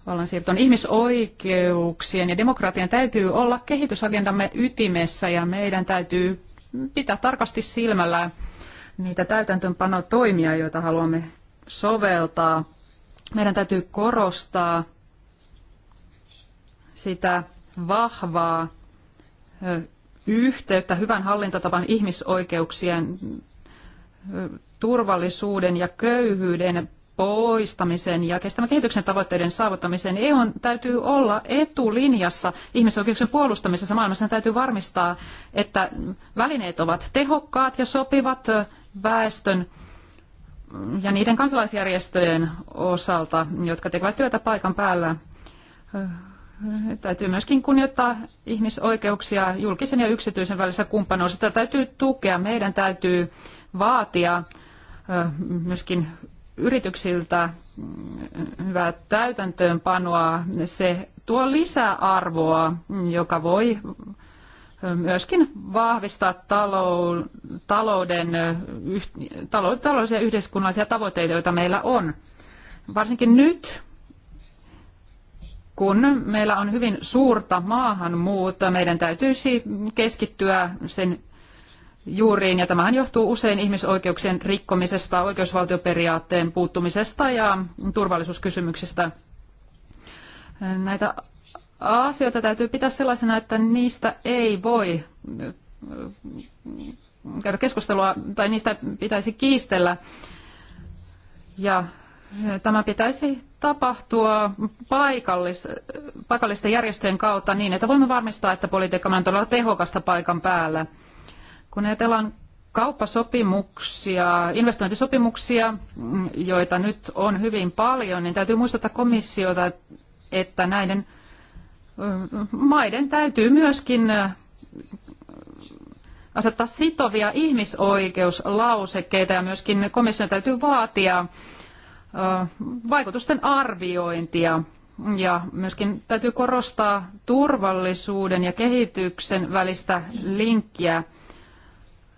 vallansiirtoon. Ihmisoikeuksien ja demokratian täytyy olla kehitysagendamme ytimessä ja meidän täytyy pitää tarkasti silmällä niitä täytäntöönpanotoimia, joita haluamme soveltaa. Meidän täytyy korostaa sitä vahvaa yhteyttä hyvän hallintotavan ihmisoikeuksien turvallisuuden ja köyhyyden poistamisen ja kestävän kehityksen tavoitteiden saavuttamisen. EU täytyy olla etulinjassa ihmisoikeuksien puolustamisessa maailmassa. täytyy varmistaa, että välineet ovat tehokkaat ja sopivat väestön ja niiden kansalaisjärjestöjen osalta, jotka tekevät työtä paikan päällä. Täytyy myöskin kunnioittaa ihmisoikeuksia julkisen ja yksityisen välisessä kumppanuudessa. Tätä täytyy tukea. Meidän täytyy vaatia myöskin yrityksiltä mm, hyvää täytäntöönpanoa. Se tuo lisäarvoa, joka voi myöskin vahvistaa talouden, taloudellisia ja yhteiskunnallisia tavoitteita, joita meillä on. Varsinkin nyt, kun meillä on hyvin suurta maahanmuuttoa, meidän täytyisi keskittyä sen juuriin, ja tämähän johtuu usein ihmisoikeuksien rikkomisesta, oikeusvaltioperiaatteen puuttumisesta ja turvallisuuskysymyksistä. Näitä asioita täytyy pitää sellaisena, että niistä ei voi äh, käydä keskustelua tai niistä pitäisi kiistellä. Ja äh, tämä pitäisi tapahtua paikallis, paikallisten järjestöjen kautta niin, että voimme varmistaa, että politiikka on todella tehokasta paikan päällä. Kun ajatellaan kauppasopimuksia, investointisopimuksia, mm, joita nyt on hyvin paljon, niin täytyy muistuttaa komissiota, että näiden maiden täytyy myöskin asettaa sitovia ihmisoikeuslausekkeita ja myöskin komission täytyy vaatia vaikutusten arviointia ja myöskin täytyy korostaa turvallisuuden ja kehityksen välistä linkkiä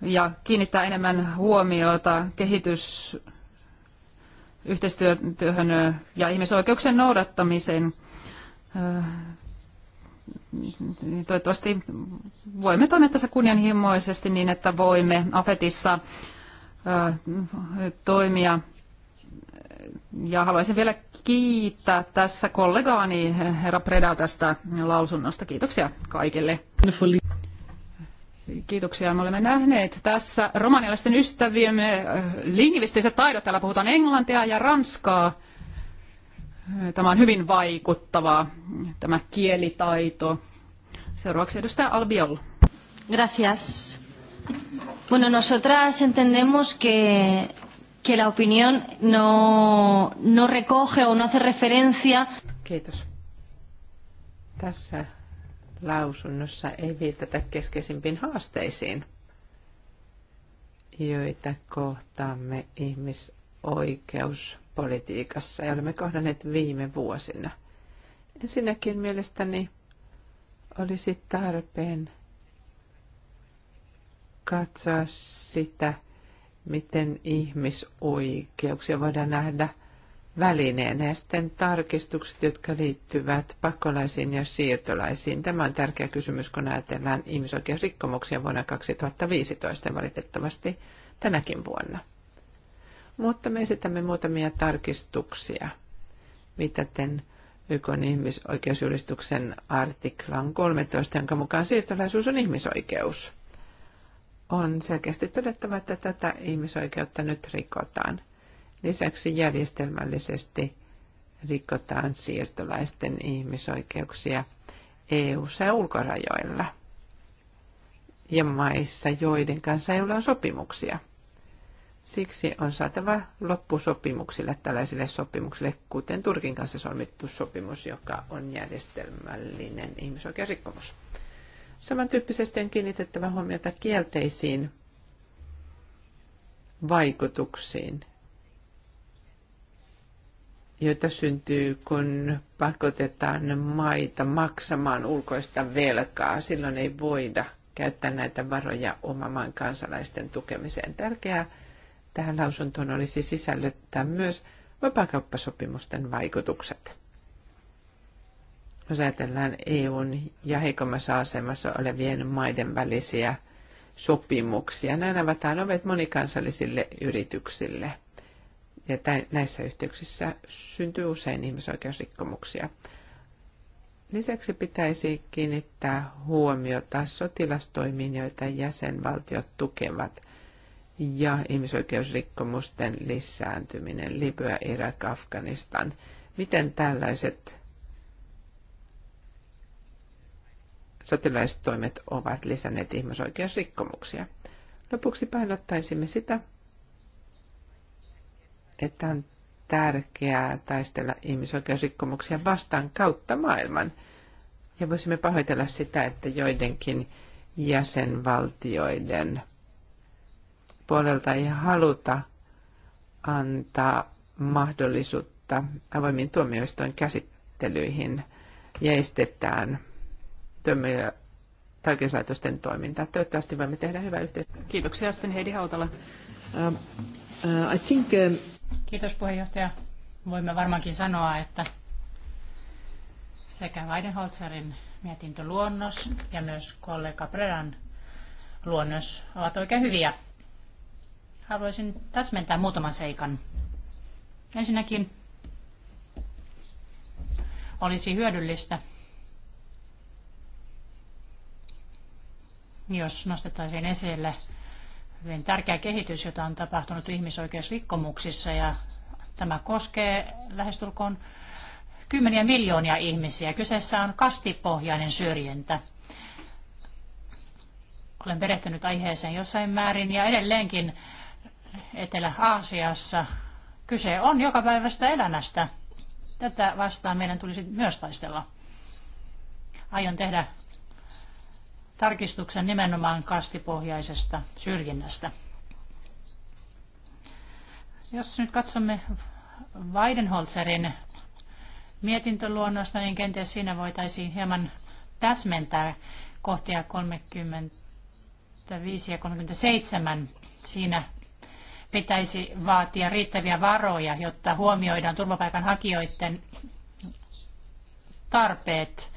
ja kiinnittää enemmän huomiota kehitysyhteistyöhön ja ihmisoikeuksien noudattamiseen toivottavasti voimme toimia tässä kunnianhimoisesti niin, että voimme AFETissa toimia. Ja haluaisin vielä kiittää tässä kollegaani herra Preda tästä lausunnosta. Kiitoksia kaikille. Kiitoksia. Me olemme nähneet tässä romanialaisten ystäviemme lingvistiset taidot. Täällä puhutaan englantia ja ranskaa. Tämä on hyvin vaikuttavaa, tämä kielitaito. Seuraavaksi edustaja Albiol. Gracias. Bueno, nosotras entendemos que, que la opinión no, no recoge o no hace referencia. Kiitos. Tässä lausunnossa ei viitata keskeisimpiin haasteisiin, joita kohtaamme ihmisoikeus politiikassa ja olemme kohdanneet viime vuosina. Ensinnäkin mielestäni olisi tarpeen katsoa sitä, miten ihmisoikeuksia voidaan nähdä välineenä ja sitten tarkistukset, jotka liittyvät pakolaisiin ja siirtolaisiin. Tämä on tärkeä kysymys, kun ajatellaan ihmisoikeusrikkomuksia vuonna 2015 valitettavasti tänäkin vuonna. Mutta me esitämme muutamia tarkistuksia, viitaten YK ihmisoikeusjulistuksen artiklan 13, jonka mukaan siirtolaisuus on ihmisoikeus. On selkeästi todettava, että tätä ihmisoikeutta nyt rikotaan. Lisäksi järjestelmällisesti rikotaan siirtolaisten ihmisoikeuksia EU-ssa ja ulkorajoilla ja maissa, joiden kanssa ei ole sopimuksia – Siksi on saatava loppusopimuksille, tällaisille sopimuksille, kuten Turkin kanssa solmittu sopimus, joka on järjestelmällinen ihmisoikeusrikkomus. Samantyyppisesti on kiinnitettävä huomiota kielteisiin vaikutuksiin, joita syntyy, kun pakotetaan maita maksamaan ulkoista velkaa. Silloin ei voida käyttää näitä varoja oman maan kansalaisten tukemiseen. Tärkeää tähän lausuntoon olisi sisällyttää myös vapaakauppasopimusten vaikutukset. Jos ajatellaan EUn ja heikommassa asemassa olevien maiden välisiä sopimuksia, nämä avataan ovet monikansallisille yrityksille. Ja näissä yhteyksissä syntyy usein ihmisoikeusrikkomuksia. Lisäksi pitäisi kiinnittää huomiota sotilastoimiin, joita jäsenvaltiot tukevat – ja ihmisoikeusrikkomusten lisääntyminen, Libya, Irak, Afganistan. Miten tällaiset sotilaistoimet ovat lisänneet ihmisoikeusrikkomuksia? Lopuksi painottaisimme sitä, että on tärkeää taistella ihmisoikeusrikkomuksia vastaan kautta maailman. Ja voisimme pahoitella sitä, että joidenkin jäsenvaltioiden – puolelta ei haluta antaa mahdollisuutta avoimiin tuomioistuin käsittelyihin ja estetään tuomio- oikeuslaitosten toimintaa. Toivottavasti voimme tehdä hyvää yhteistyötä. Kiitoksia sitten Heidi Hautala. Uh, uh, I think, uh... Kiitos puheenjohtaja. Voimme varmaankin sanoa, että sekä Weidenholzerin mietintöluonnos ja myös kollega Predan luonnos ovat oikein hyviä haluaisin täsmentää muutaman seikan. Ensinnäkin olisi hyödyllistä, jos nostettaisiin esille hyvin tärkeä kehitys, jota on tapahtunut ihmisoikeusrikkomuksissa ja tämä koskee lähestulkoon kymmeniä miljoonia ihmisiä. Kyseessä on kastipohjainen syrjintä. Olen perehtynyt aiheeseen jossain määrin ja edelleenkin Etelä-Aasiassa. Kyse on jokapäiväistä elämästä. Tätä vastaan meidän tulisi myös taistella. Aion tehdä tarkistuksen nimenomaan kastipohjaisesta syrjinnästä. Jos nyt katsomme Weidenholzerin mietintöluonnosta, niin kenties siinä voitaisiin hieman täsmentää kohtia 35 ja 37. Siinä pitäisi vaatia riittäviä varoja, jotta huomioidaan turvapaikanhakijoiden tarpeet.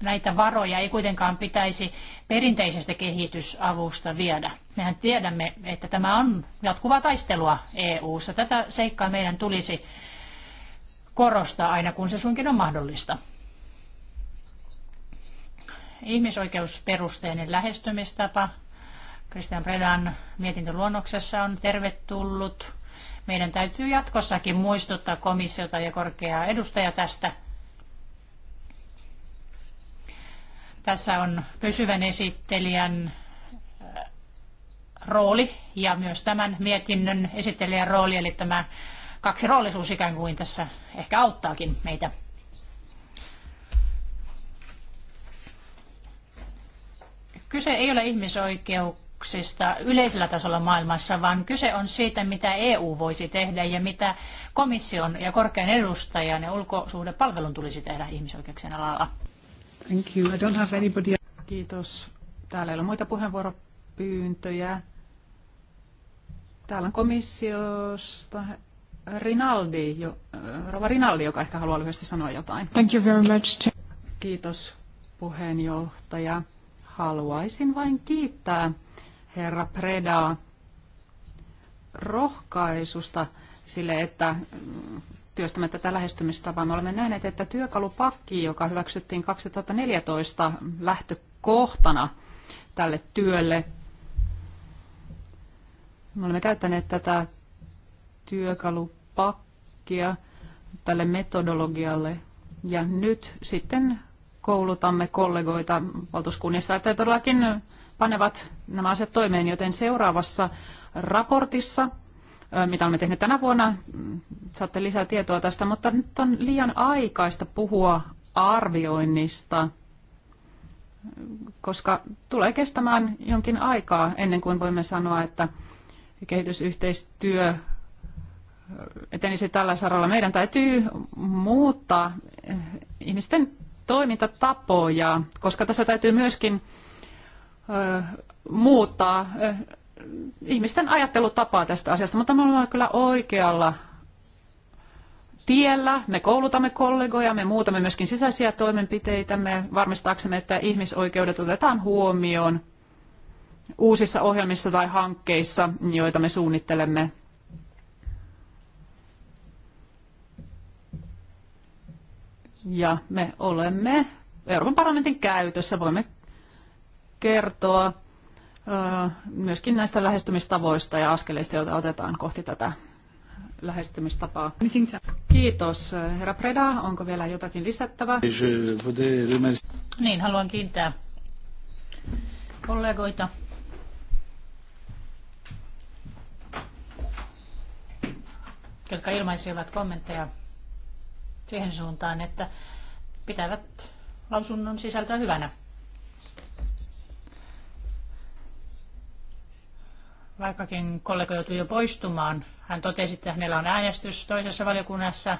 Näitä varoja ei kuitenkaan pitäisi perinteisestä kehitysavusta viedä. Mehän tiedämme, että tämä on jatkuvaa taistelua EU-ssa. Tätä seikkaa meidän tulisi korostaa aina, kun se suinkin on mahdollista. Ihmisoikeusperusteinen lähestymistapa Christian Predan mietintöluonnoksessa on tervetullut. Meidän täytyy jatkossakin muistuttaa komissiota ja korkeaa edustajaa tästä. Tässä on pysyvän esittelijän äh, rooli ja myös tämän mietinnön esittelijän rooli, eli tämä kaksi roolisuus ikään kuin tässä ehkä auttaakin meitä. Kyse ei ole ihmisoikeuksia sopimuksista yleisellä tasolla maailmassa, vaan kyse on siitä, mitä EU voisi tehdä ja mitä komission ja korkean edustajan ja ulkosuhdepalvelun tulisi tehdä ihmisoikeuksien alalla. Thank you. I don't have anybody... Kiitos. Täällä ei ole muita puheenvuoropyyntöjä. Täällä on komissiosta Rinaldi, jo, äh, Rova Rinaldi, joka ehkä haluaa lyhyesti sanoa jotain. Thank you very much. Kiitos puheenjohtaja. Haluaisin vain kiittää herra Predaa rohkaisusta sille, että mm, työstämme tätä lähestymistapaa. Me olemme nähneet, että työkalupakki, joka hyväksyttiin 2014 lähtökohtana tälle työlle, me olemme käyttäneet tätä työkalupakkia tälle metodologialle ja nyt sitten koulutamme kollegoita valtuuskunnissa, että todellakin panevat nämä asiat toimeen, joten seuraavassa raportissa, mitä olemme tehneet tänä vuonna, mm, saatte lisää tietoa tästä, mutta nyt on liian aikaista puhua arvioinnista, koska tulee kestämään jonkin aikaa ennen kuin voimme sanoa, että kehitysyhteistyö etenisi tällä saralla. Meidän täytyy muuttaa ihmisten toimintatapoja, koska tässä täytyy myöskin muuttaa ihmisten ajattelutapaa tästä asiasta, mutta me olemme kyllä oikealla tiellä. Me koulutamme kollegoja, me muutamme myöskin sisäisiä toimenpiteitämme varmistaaksemme, että ihmisoikeudet otetaan huomioon uusissa ohjelmissa tai hankkeissa, joita me suunnittelemme. Ja me olemme Euroopan parlamentin käytössä, voimme kertoa myöskin näistä lähestymistavoista ja askeleista, joita otetaan kohti tätä lähestymistapaa. Kiitos. Herra Preda, onko vielä jotakin lisättävää? Niin, haluan kiittää kollegoita. jotka ilmaisivat kommentteja siihen suuntaan, että pitävät lausunnon sisältöä hyvänä. Vaikkakin kollega joutui jo poistumaan, hän totesi, että hänellä on äänestys toisessa valiokunnassa,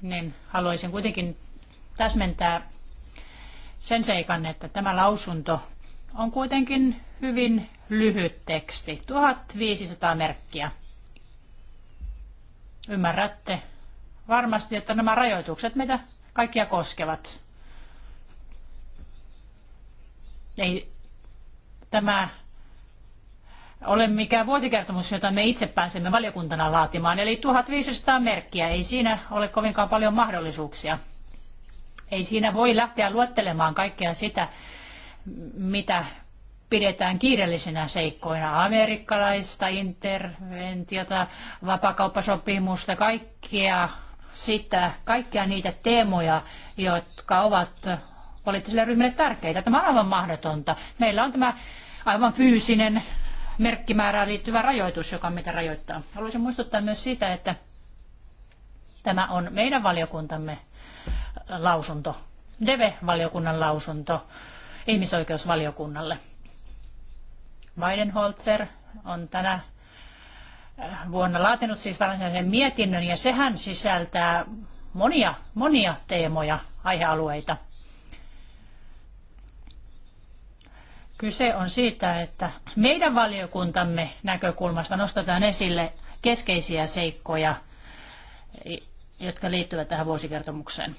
niin haluaisin kuitenkin täsmentää sen seikan, että tämä lausunto on kuitenkin hyvin lyhyt teksti, 1500 merkkiä. Ymmärrätte varmasti, että nämä rajoitukset meitä kaikkia koskevat. Ei tämä ole mikään vuosikertomus, jota me itse pääsemme valiokuntana laatimaan. Eli 1500 merkkiä, ei siinä ole kovinkaan paljon mahdollisuuksia. Ei siinä voi lähteä luettelemaan kaikkea sitä, mitä pidetään kiireellisinä seikkoina. Amerikkalaista interventiota, vapakauppasopimusta, kaikkea sitä, kaikkia niitä teemoja, jotka ovat poliittisille ryhmille tärkeitä. Tämä on aivan mahdotonta. Meillä on tämä aivan fyysinen merkkimäärään liittyvä rajoitus, joka meitä rajoittaa. Haluaisin muistuttaa myös siitä, että tämä on meidän valiokuntamme lausunto, DEVE-valiokunnan lausunto ihmisoikeusvaliokunnalle. Weidenholzer on tänä äh, vuonna laatinut siis varsinaisen mietinnön ja sehän sisältää monia, monia teemoja, aihealueita – Kyse on siitä, että meidän valiokuntamme näkökulmasta nostetaan esille keskeisiä seikkoja, jotka liittyvät tähän vuosikertomukseen.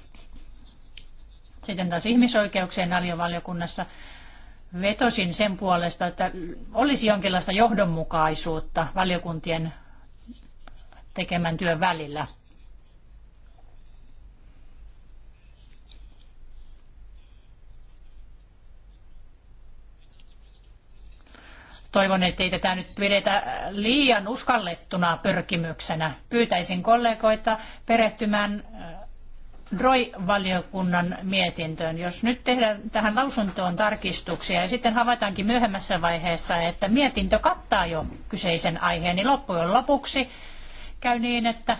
Sitten taas ihmisoikeuksien arjovaliokunnassa vetosin sen puolesta, että olisi jonkinlaista johdonmukaisuutta valiokuntien tekemän työn välillä – Toivon, ettei tätä nyt pidetä liian uskallettuna pyrkimyksenä. Pyytäisin kollegoita perehtymään DROI-valiokunnan äh, mietintöön. Jos nyt tehdään tähän lausuntoon tarkistuksia ja sitten havaitaankin myöhemmässä vaiheessa, että mietintö kattaa jo kyseisen aiheen, niin loppujen lopuksi käy niin, että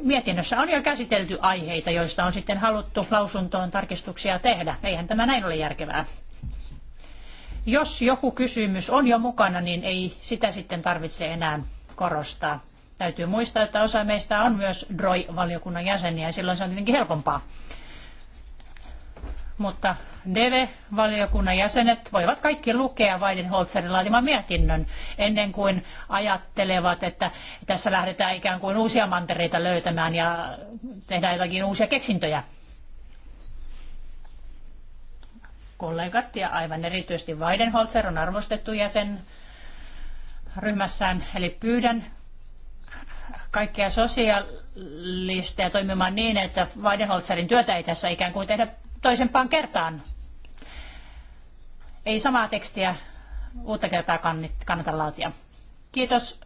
mietinnössä on jo käsitelty aiheita, joista on sitten haluttu lausuntoon tarkistuksia tehdä. Eihän tämä näin ole järkevää. Jos joku kysymys on jo mukana, niin ei sitä sitten tarvitse enää korostaa. Täytyy muistaa, että osa meistä on myös DROI-valiokunnan jäseniä ja silloin se on tietenkin helpompaa. Mutta DEVE-valiokunnan jäsenet voivat kaikki lukea Weidenholzerin laatiman mietinnön ennen kuin ajattelevat, että tässä lähdetään ikään kuin uusia mantereita löytämään ja tehdään jotakin uusia keksintöjä. kollegat ja aivan erityisesti Weidenholzer on arvostettu jäsen ryhmässään, eli pyydän kaikkia sosialisteja toimimaan niin, että Weidenholzerin työtä ei tässä ikään kuin tehdä toisempaan kertaan. Ei samaa tekstiä uutta kertaa kannata laatia. Kiitos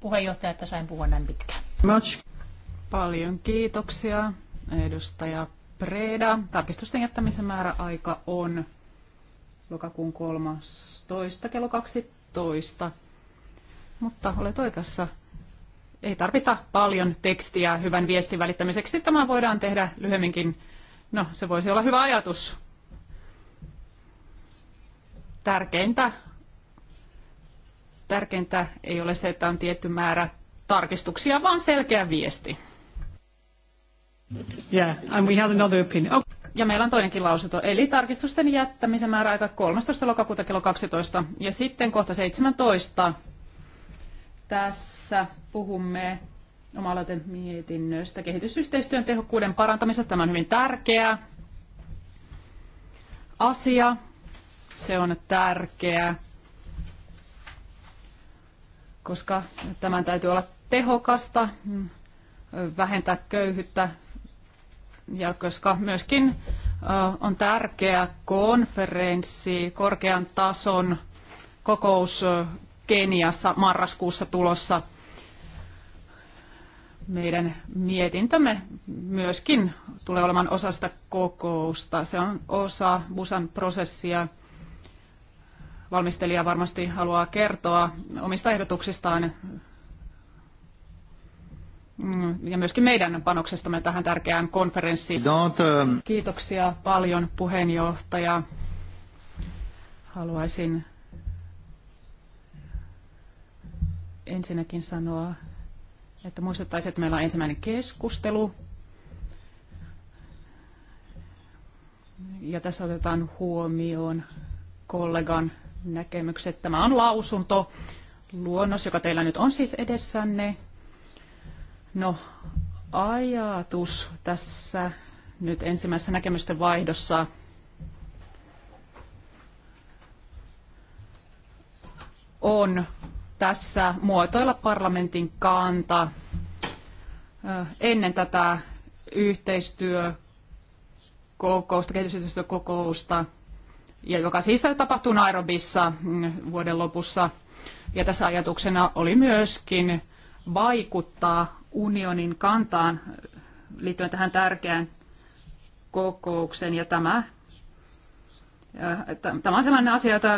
puheenjohtaja, että sain puhua näin pitkään. Much. Paljon kiitoksia edustaja Preda. Tarkistusten jättämisen määräaika on lokakuun 13. kello 12. Mutta olet oikeassa. Ei tarvita paljon tekstiä hyvän viestin välittämiseksi. Tämä voidaan tehdä lyhyemminkin. No, se voisi olla hyvä ajatus. Tärkeintä, tärkeintä ei ole se, että on tietty määrä tarkistuksia, vaan selkeä viesti. Yeah, and we have another opinion. Oh. Ja meillä on toinenkin lausunto, eli tarkistusten jättämisen määräaika 13. lokakuuta kello 12. Ja sitten kohta 17. Tässä puhumme oma mietinnöstä kehitysyhteistyön tehokkuuden parantamisesta. Tämä on hyvin tärkeä asia. Se on tärkeä, koska tämän täytyy olla tehokasta, mm, vähentää köyhyyttä, ja koska myöskin on tärkeä konferenssi, korkean tason kokous Keniassa marraskuussa tulossa. Meidän mietintämme myöskin tulee olemaan osa sitä kokousta. Se on osa Busan prosessia. Valmistelija varmasti haluaa kertoa omista ehdotuksistaan Mm, ja myöskin meidän panoksestamme tähän tärkeään konferenssiin. Kiitoksia paljon puheenjohtaja. Haluaisin ensinnäkin sanoa, että muistettaisiin, että meillä on ensimmäinen keskustelu. Ja tässä otetaan huomioon kollegan näkemykset. Tämä on lausunto, luonnos, joka teillä nyt on siis edessänne. No, ajatus tässä nyt ensimmäisessä näkemysten vaihdossa on tässä muotoilla parlamentin kanta ennen tätä yhteistyökokousta, kehitysyhteistyökokousta, ja joka siis tapahtuu Nairobissa mm, vuoden lopussa. Ja tässä ajatuksena oli myöskin vaikuttaa unionin kantaan liittyen tähän tärkeään kokoukseen. Ja tämä, äh, tämä on sellainen asia, jota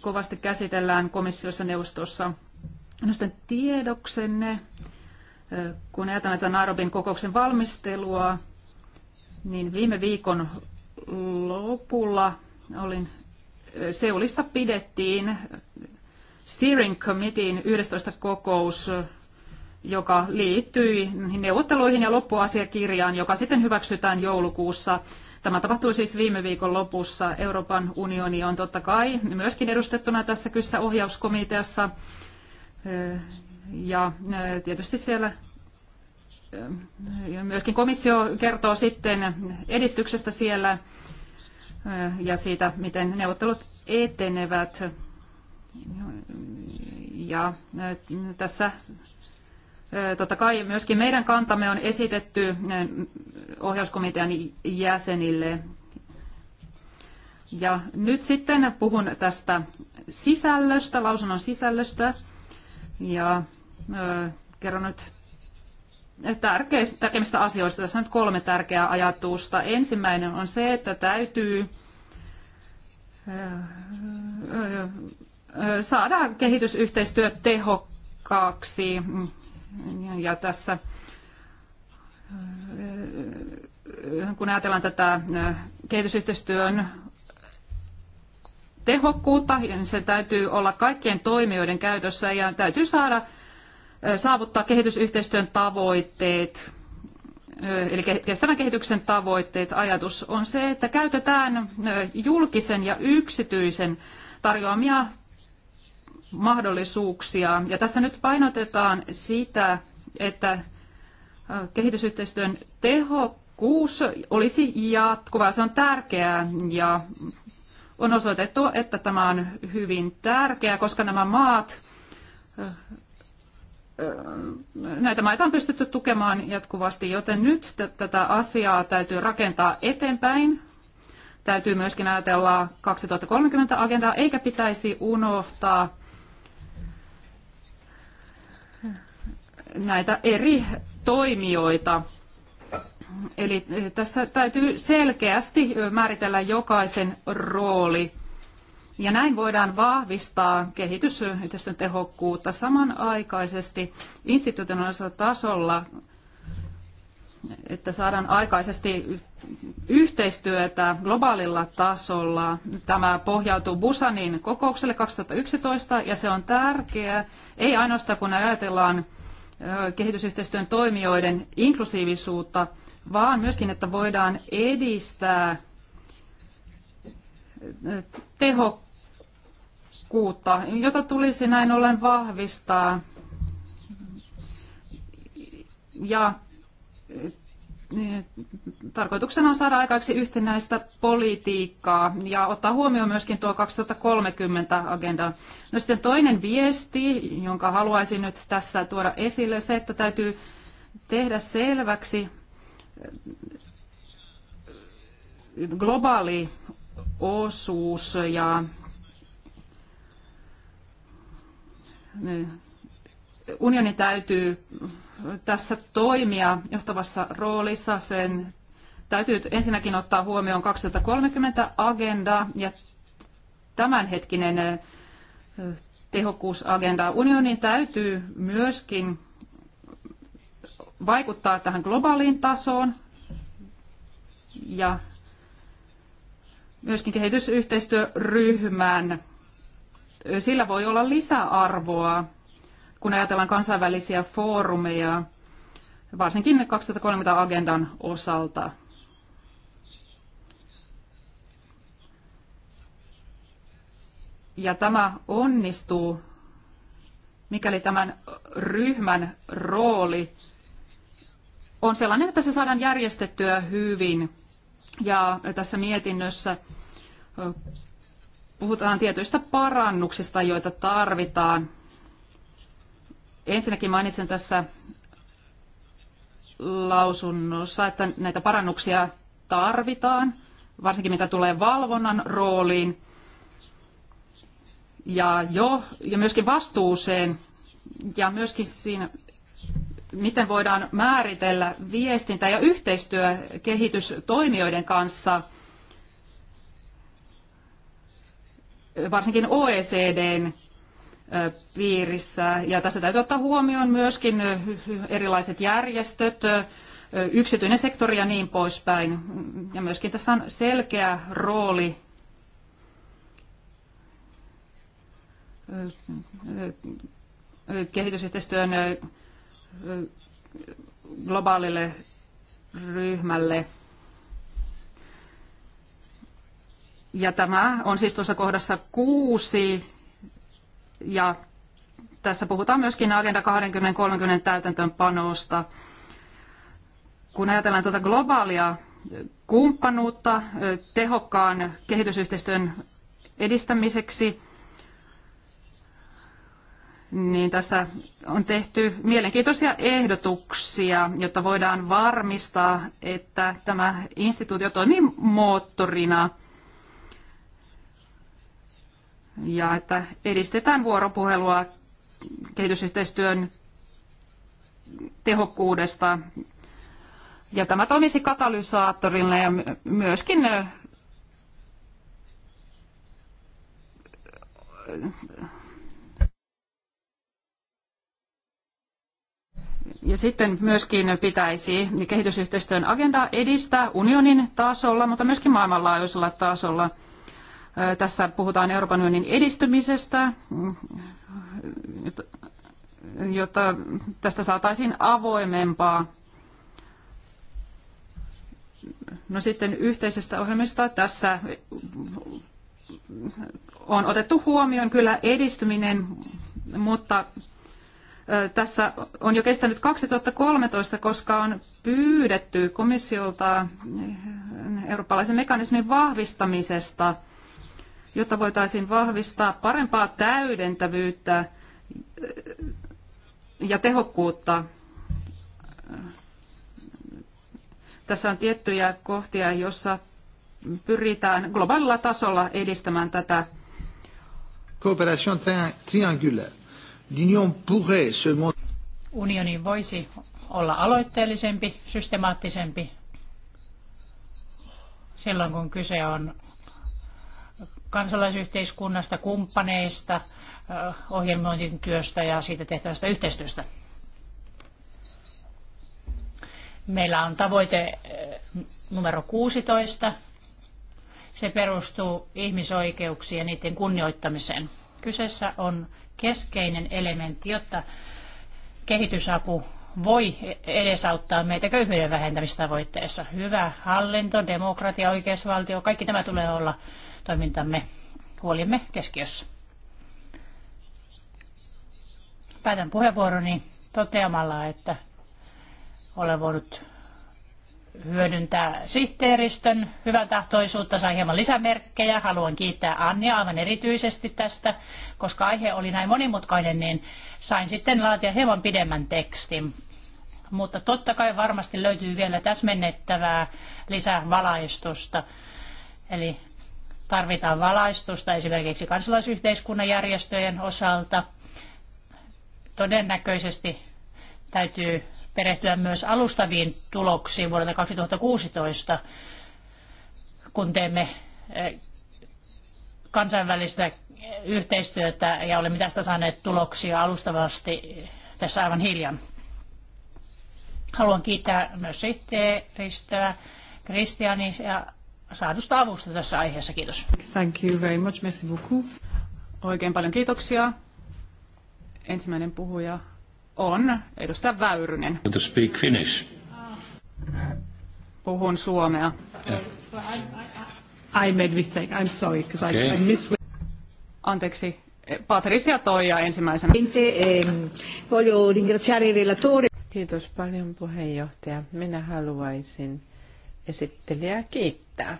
kovasti käsitellään komissiossa neuvostossa. No sitten tiedoksenne, äh, kun ajatellaan tämän Nairobin kokouksen valmistelua, niin viime viikon lopulla olin äh, Seulissa pidettiin Steering Committeein 11. kokous joka liittyi neuvotteluihin ja loppuasiakirjaan, joka sitten hyväksytään joulukuussa. Tämä tapahtui siis viime viikon lopussa. Euroopan unioni on totta kai myöskin edustettuna tässä kyssä ohjauskomiteassa. Ja tietysti siellä myöskin komissio kertoo sitten edistyksestä siellä ja siitä, miten neuvottelut etenevät. Ja tässä Totta kai myöskin meidän kantamme on esitetty ohjauskomitean jäsenille. Ja nyt sitten puhun tästä sisällöstä, lausunnon sisällöstä. Ja ö, kerron nyt tärkeistä, tärkeimmistä asioista. Tässä on nyt kolme tärkeää ajatusta. Ensimmäinen on se, että täytyy saada kehitysyhteistyö tehokkaaksi ja tässä kun ajatellaan tätä äh, kehitysyhteistyön tehokkuutta, niin se täytyy olla kaikkien toimijoiden käytössä ja täytyy saada äh, saavuttaa kehitysyhteistyön tavoitteet, äh, eli kestävän kehityksen tavoitteet. Ajatus on se, että käytetään julkisen ja yksityisen tarjoamia mahdollisuuksia. Ja tässä nyt painotetaan sitä, että äh, kehitysyhteistyön tehokkuus olisi jatkuvaa. Se on tärkeää ja on osoitettu, että tämä on hyvin tärkeää, koska nämä maat, äh, äh, näitä maita on pystytty tukemaan jatkuvasti, joten nyt tätä asiaa täytyy rakentaa eteenpäin. Täytyy myöskin ajatella 2030 agendaa, eikä pitäisi unohtaa näitä eri toimijoita. Eli eh, tässä täytyy selkeästi määritellä jokaisen rooli. Ja näin voidaan vahvistaa kehitysyhteistyön tehokkuutta samanaikaisesti institutionaalisella tasolla, että saadaan aikaisesti yhteistyötä globaalilla tasolla. Tämä pohjautuu Busanin kokoukselle 2011 ja se on tärkeää, ei ainoastaan kun ajatellaan kehitysyhteistyön toimijoiden inklusiivisuutta, vaan myöskin, että voidaan edistää tehokkuutta, jota tulisi näin ollen vahvistaa. Ja Tarkoituksena on saada aikaiseksi yhtenäistä politiikkaa ja ottaa huomioon myöskin tuo 2030-agenda. No sitten toinen viesti, jonka haluaisin nyt tässä tuoda esille, se, että täytyy tehdä selväksi äh, globaali osuus ja äh, unioni täytyy tässä toimia johtavassa roolissa. Sen täytyy ensinnäkin ottaa huomioon 2030 agenda ja tämänhetkinen tehokkuusagenda. Unionin täytyy myöskin vaikuttaa tähän globaaliin tasoon ja myöskin kehitysyhteistyöryhmään. Sillä voi olla lisäarvoa kun ajatellaan kansainvälisiä foorumeja, varsinkin 2030 agendan osalta. Ja tämä onnistuu, mikäli tämän ryhmän rooli on sellainen, että se saadaan järjestettyä hyvin. Ja tässä mietinnössä puhutaan tietyistä parannuksista, joita tarvitaan Ensinnäkin mainitsen tässä lausunnossa, että näitä parannuksia tarvitaan, varsinkin mitä tulee valvonnan rooliin ja, jo, ja myöskin vastuuseen ja myöskin siinä, miten voidaan määritellä viestintä ja yhteistyö kehitystoimijoiden kanssa, varsinkin OECDn piirissä. Ja tässä täytyy ottaa huomioon myöskin erilaiset järjestöt, yksityinen sektori ja niin poispäin. Ja myöskin tässä on selkeä rooli kehitysyhteistyön globaalille ryhmälle. Ja tämä on siis tuossa kohdassa kuusi ja tässä puhutaan myöskin Agenda 2030 täytäntöönpanosta. Kun ajatellaan tuota globaalia kumppanuutta tehokkaan kehitysyhteistyön edistämiseksi, niin tässä on tehty mielenkiintoisia ehdotuksia, jotta voidaan varmistaa, että tämä instituutio toimii moottorina – ja että edistetään vuoropuhelua kehitysyhteistyön tehokkuudesta. Ja tämä toimisi katalysaattorille ja myöskin Ja sitten myöskin pitäisi kehitysyhteistyön agenda edistää unionin tasolla, mutta myöskin maailmanlaajuisella tasolla – tässä puhutaan Euroopan unionin edistymisestä, jotta tästä saataisiin avoimempaa. No sitten yhteisestä ohjelmista tässä on otettu huomioon kyllä edistyminen, mutta tässä on jo kestänyt 2013, koska on pyydetty komissiolta eurooppalaisen mekanismin vahvistamisesta – jotta voitaisiin vahvistaa parempaa täydentävyyttä äh, ja tehokkuutta. Tässä on tiettyjä kohtia, joissa pyritään globaalilla tasolla edistämään tätä. triangulaire. L'Union pourrait se Unioni voisi olla aloitteellisempi, systemaattisempi silloin, kun kyse on kansalaisyhteiskunnasta, kumppaneista, ohjelmointin työstä ja siitä tehtävästä yhteistyöstä. Meillä on tavoite numero 16. Se perustuu ihmisoikeuksiin ja niiden kunnioittamiseen. Kyseessä on keskeinen elementti, jotta kehitysapu voi edesauttaa meitä köyhyyden vähentämistavoitteessa. Hyvä hallinto, demokratia, oikeusvaltio, kaikki tämä tulee olla toimintamme huolimme keskiössä. Päätän puheenvuoroni toteamalla, että olen voinut hyödyntää sihteeristön hyvän tahtoisuutta, sai hieman lisämerkkejä. Haluan kiittää Annia aivan erityisesti tästä, koska aihe oli näin monimutkainen, niin sain sitten laatia hieman pidemmän tekstin. Mutta totta kai varmasti löytyy vielä täsmennettävää lisävalaistusta. Eli Tarvitaan valaistusta esimerkiksi kansalaisyhteiskunnan järjestöjen osalta. Todennäköisesti täytyy perehtyä myös alustaviin tuloksiin vuodelta 2016, kun teemme eh, kansainvälistä yhteistyötä ja olemme tästä saaneet tuloksia alustavasti tässä aivan hiljan. Haluan kiittää myös sihteeristöä, Kristianisia saadusta avusta tässä aiheessa. Kiitos. Thank you very much. Merci beaucoup. Oikein paljon kiitoksia. Ensimmäinen puhuja on edustaja Väyrynen. To speak Finnish. Puhun suomea. Yeah. I made mistake. I'm sorry, okay. I, I missed... Anteeksi. Patricia Toija ensimmäisenä. Ehm, Kiitos paljon puheenjohtaja. Minä haluaisin esittelijää kiittää kiittää.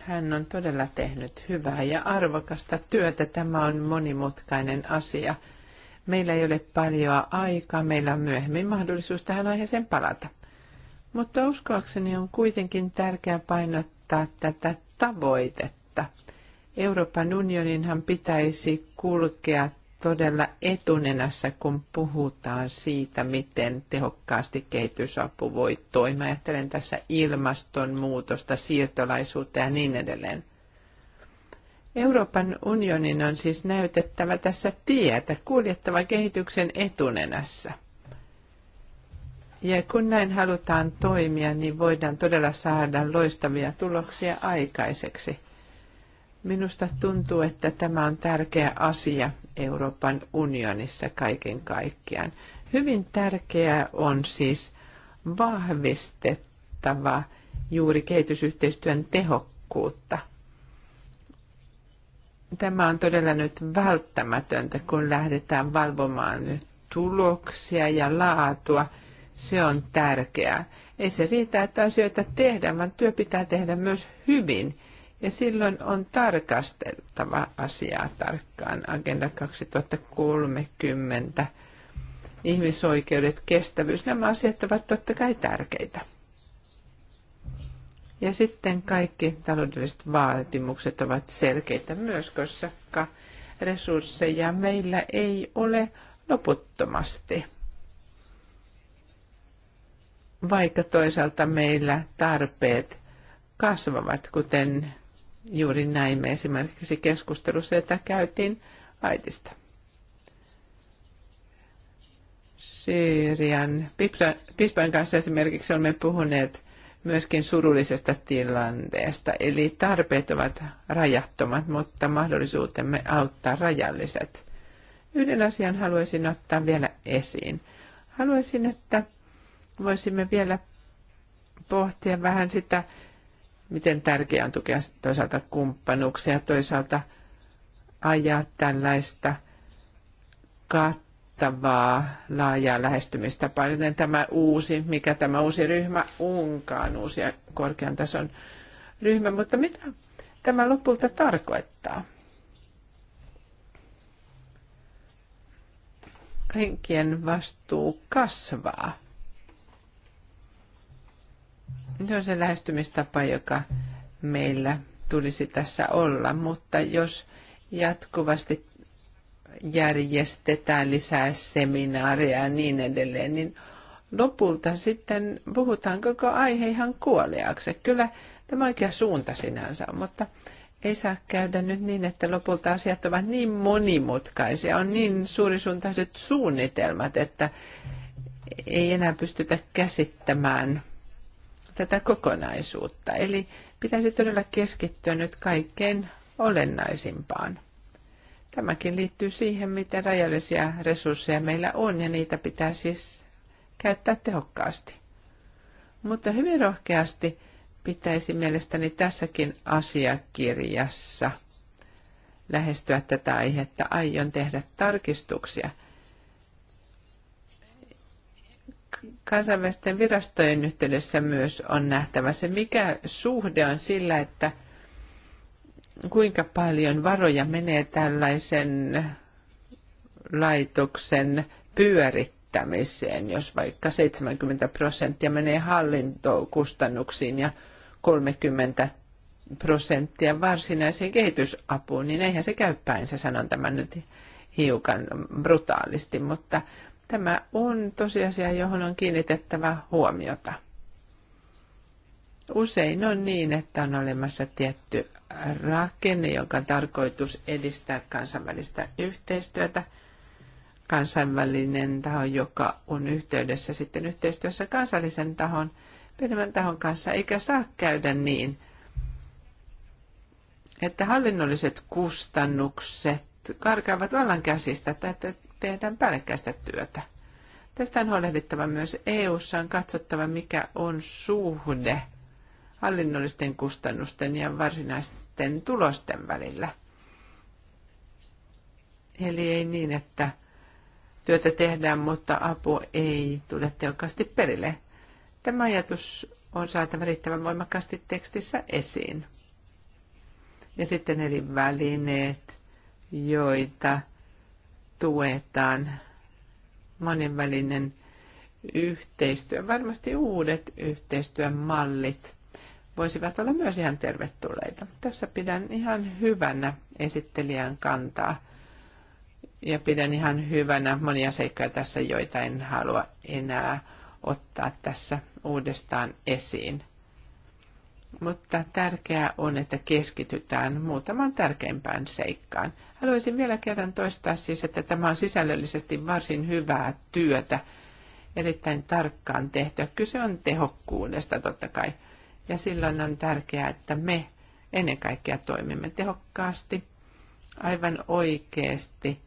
Hän on todella tehnyt hyvää ja arvokasta työtä. Tämä on monimutkainen asia. Meillä ei ole paljon aikaa, meillä on myöhemmin mahdollisuus tähän aiheeseen palata. Mutta uskoakseni on kuitenkin tärkeää painottaa tätä tavoitetta. Euroopan unioninhan pitäisi kulkea todella etunenässä, kun puhutaan siitä, miten tehokkaasti kehitysapu voi toimia. Ajattelen tässä ilmastonmuutosta, siirtolaisuutta ja niin edelleen. Euroopan unionin on siis näytettävä tässä tietä, kuljettava kehityksen etunenässä. Ja kun näin halutaan toimia, niin voidaan todella saada loistavia tuloksia aikaiseksi – Minusta tuntuu, että tämä on tärkeä asia Euroopan unionissa kaiken kaikkiaan. Hyvin tärkeää on siis vahvistettava juuri kehitysyhteistyön tehokkuutta. Tämä on todella nyt välttämätöntä, kun lähdetään valvomaan nyt tuloksia ja laatua. Se on tärkeää. Ei se riitä, että asioita tehdään, vaan työ pitää tehdä myös hyvin – ja silloin on tarkasteltava asiaa tarkkaan. Agenda 2030, ihmisoikeudet, kestävyys, nämä asiat ovat totta kai tärkeitä. Ja sitten kaikki taloudelliset vaatimukset ovat selkeitä myös, koska resursseja meillä ei ole loputtomasti. Vaikka toisaalta meillä tarpeet kasvavat, kuten Juuri me esimerkiksi keskustelussa, jota käytiin äitistä. Syyrian piispan kanssa esimerkiksi olemme puhuneet myöskin surullisesta tilanteesta, eli tarpeet ovat rajattomat, mutta mahdollisuutemme auttaa rajalliset. Yhden asian haluaisin ottaa vielä esiin. Haluaisin, että voisimme vielä pohtia vähän sitä miten tärkeää on tukea toisaalta kumppanuuksia ja toisaalta ajaa tällaista kattavaa, laajaa lähestymistapaa, joten tämä uusi, mikä tämä uusi ryhmä onkaan, uusi ja korkean tason ryhmä, mutta mitä tämä lopulta tarkoittaa? Kaikkien vastuu kasvaa se on se lähestymistapa, joka meillä tulisi tässä olla, mutta jos jatkuvasti järjestetään lisää seminaareja ja niin edelleen, niin lopulta sitten puhutaan koko aihe ihan kuoleaksi. Kyllä tämä oikea suunta sinänsä on, mutta ei saa käydä nyt niin, että lopulta asiat ovat niin monimutkaisia, on niin suurisuuntaiset suunnitelmat, että ei enää pystytä käsittämään – tätä kokonaisuutta. Eli pitäisi todella keskittyä nyt kaikkein olennaisimpaan. Tämäkin liittyy siihen, miten rajallisia resursseja meillä on ja niitä pitää siis käyttää tehokkaasti. Mutta hyvin rohkeasti pitäisi mielestäni tässäkin asiakirjassa lähestyä tätä aihetta. Aion tehdä tarkistuksia – kansainvälisten virastojen yhteydessä myös on nähtävä se, mikä suhde on sillä, että kuinka paljon varoja menee tällaisen laitoksen pyörittämiseen, jos vaikka 70 prosenttia menee hallintokustannuksiin ja 30 prosenttia varsinaiseen kehitysapuun, niin eihän se käy päinsä, sanon tämän nyt hiukan brutaalisti, mutta Tämä on tosiasia, johon on kiinnitettävä huomiota. Usein on niin, että on olemassa tietty rakenne, jonka tarkoitus edistää kansainvälistä yhteistyötä. Kansainvälinen taho, joka on yhteydessä sitten yhteistyössä kansallisen tahon, pienemmän tahon kanssa, eikä saa käydä niin, että hallinnolliset kustannukset karkaavat vallan käsistä, tai että tehdään päällekkäistä työtä. Tästä on huolehdittava myös EU:ssa on katsottava, mikä on suhde hallinnollisten kustannusten ja varsinaisten tulosten välillä. Eli ei niin, että työtä tehdään, mutta apu ei tule tehokkaasti perille. Tämä ajatus on saatava riittävän voimakkaasti tekstissä esiin. Ja sitten eri välineet, joita tuetaan monenvälinen yhteistyö. Varmasti uudet yhteistyön mallit voisivat olla myös ihan tervetulleita. Tässä pidän ihan hyvänä esittelijän kantaa ja pidän ihan hyvänä monia seikkoja tässä, joita en halua enää ottaa tässä uudestaan esiin mutta tärkeää on, että keskitytään muutaman tärkeimpään seikkaan. Haluaisin vielä kerran toistaa siis, että tämä on sisällöllisesti varsin hyvää työtä, erittäin tarkkaan tehtyä. Kyse on tehokkuudesta totta kai, ja silloin on tärkeää, että me ennen kaikkea toimimme tehokkaasti, aivan oikeasti.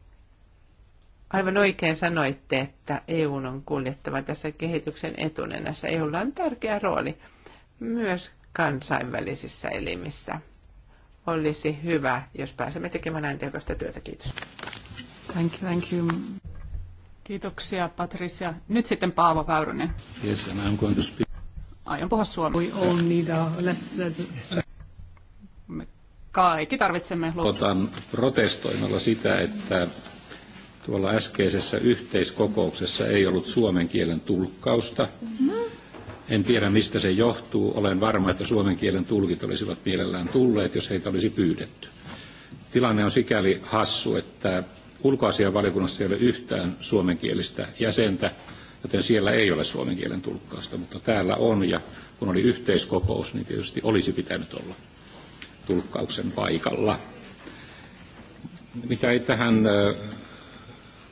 Aivan oikein sanoitte, että EU on kuljettava tässä kehityksen etunenässä. EUlla on tärkeä rooli myös kansainvälisissä elimissä. Olisi hyvä, jos pääsemme tekemään näin tehokasta työtä. Kiitos. Thank you, thank you. Kiitoksia Patricia. Nyt sitten Paavo Väyrynen. Yes, and I'm going to speak. Aion puhua suomea. We all need our lessons. Me kaikki tarvitsemme luotua. Otan protestoimalla sitä, että tuolla äskeisessä yhteiskokouksessa ei ollut suomen kielen tulkkausta. Mm. En tiedä, mistä se johtuu. Olen varma, että suomen kielen tulkit olisivat mielellään tulleet, jos heitä olisi pyydetty. Tilanne on sikäli hassu, että ulkoasianvaliokunnassa ei ole yhtään suomenkielistä jäsentä, joten siellä ei ole suomen kielen tulkkausta, mutta täällä on, ja kun oli yhteiskokous, niin tietysti olisi pitänyt olla tulkkauksen paikalla. Mitä ei tähän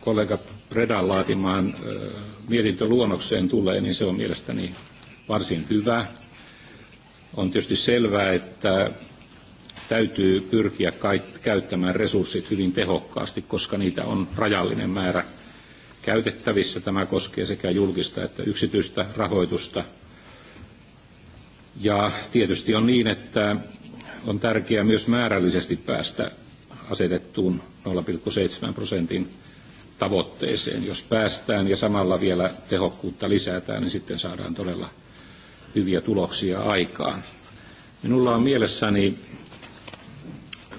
kollega Predan laatimaan mietintöluonnokseen tulee, niin se on mielestäni varsin hyvä. On tietysti selvää, että täytyy pyrkiä käyttämään resurssit hyvin tehokkaasti, koska niitä on rajallinen määrä käytettävissä. Tämä koskee sekä julkista että yksityistä rahoitusta. Ja tietysti on niin, että on tärkeää myös määrällisesti päästä asetettuun 0,7 prosentin tavoitteeseen. Jos päästään ja samalla vielä tehokkuutta lisätään, niin sitten saadaan todella hyviä tuloksia aikaan. Minulla on mielessäni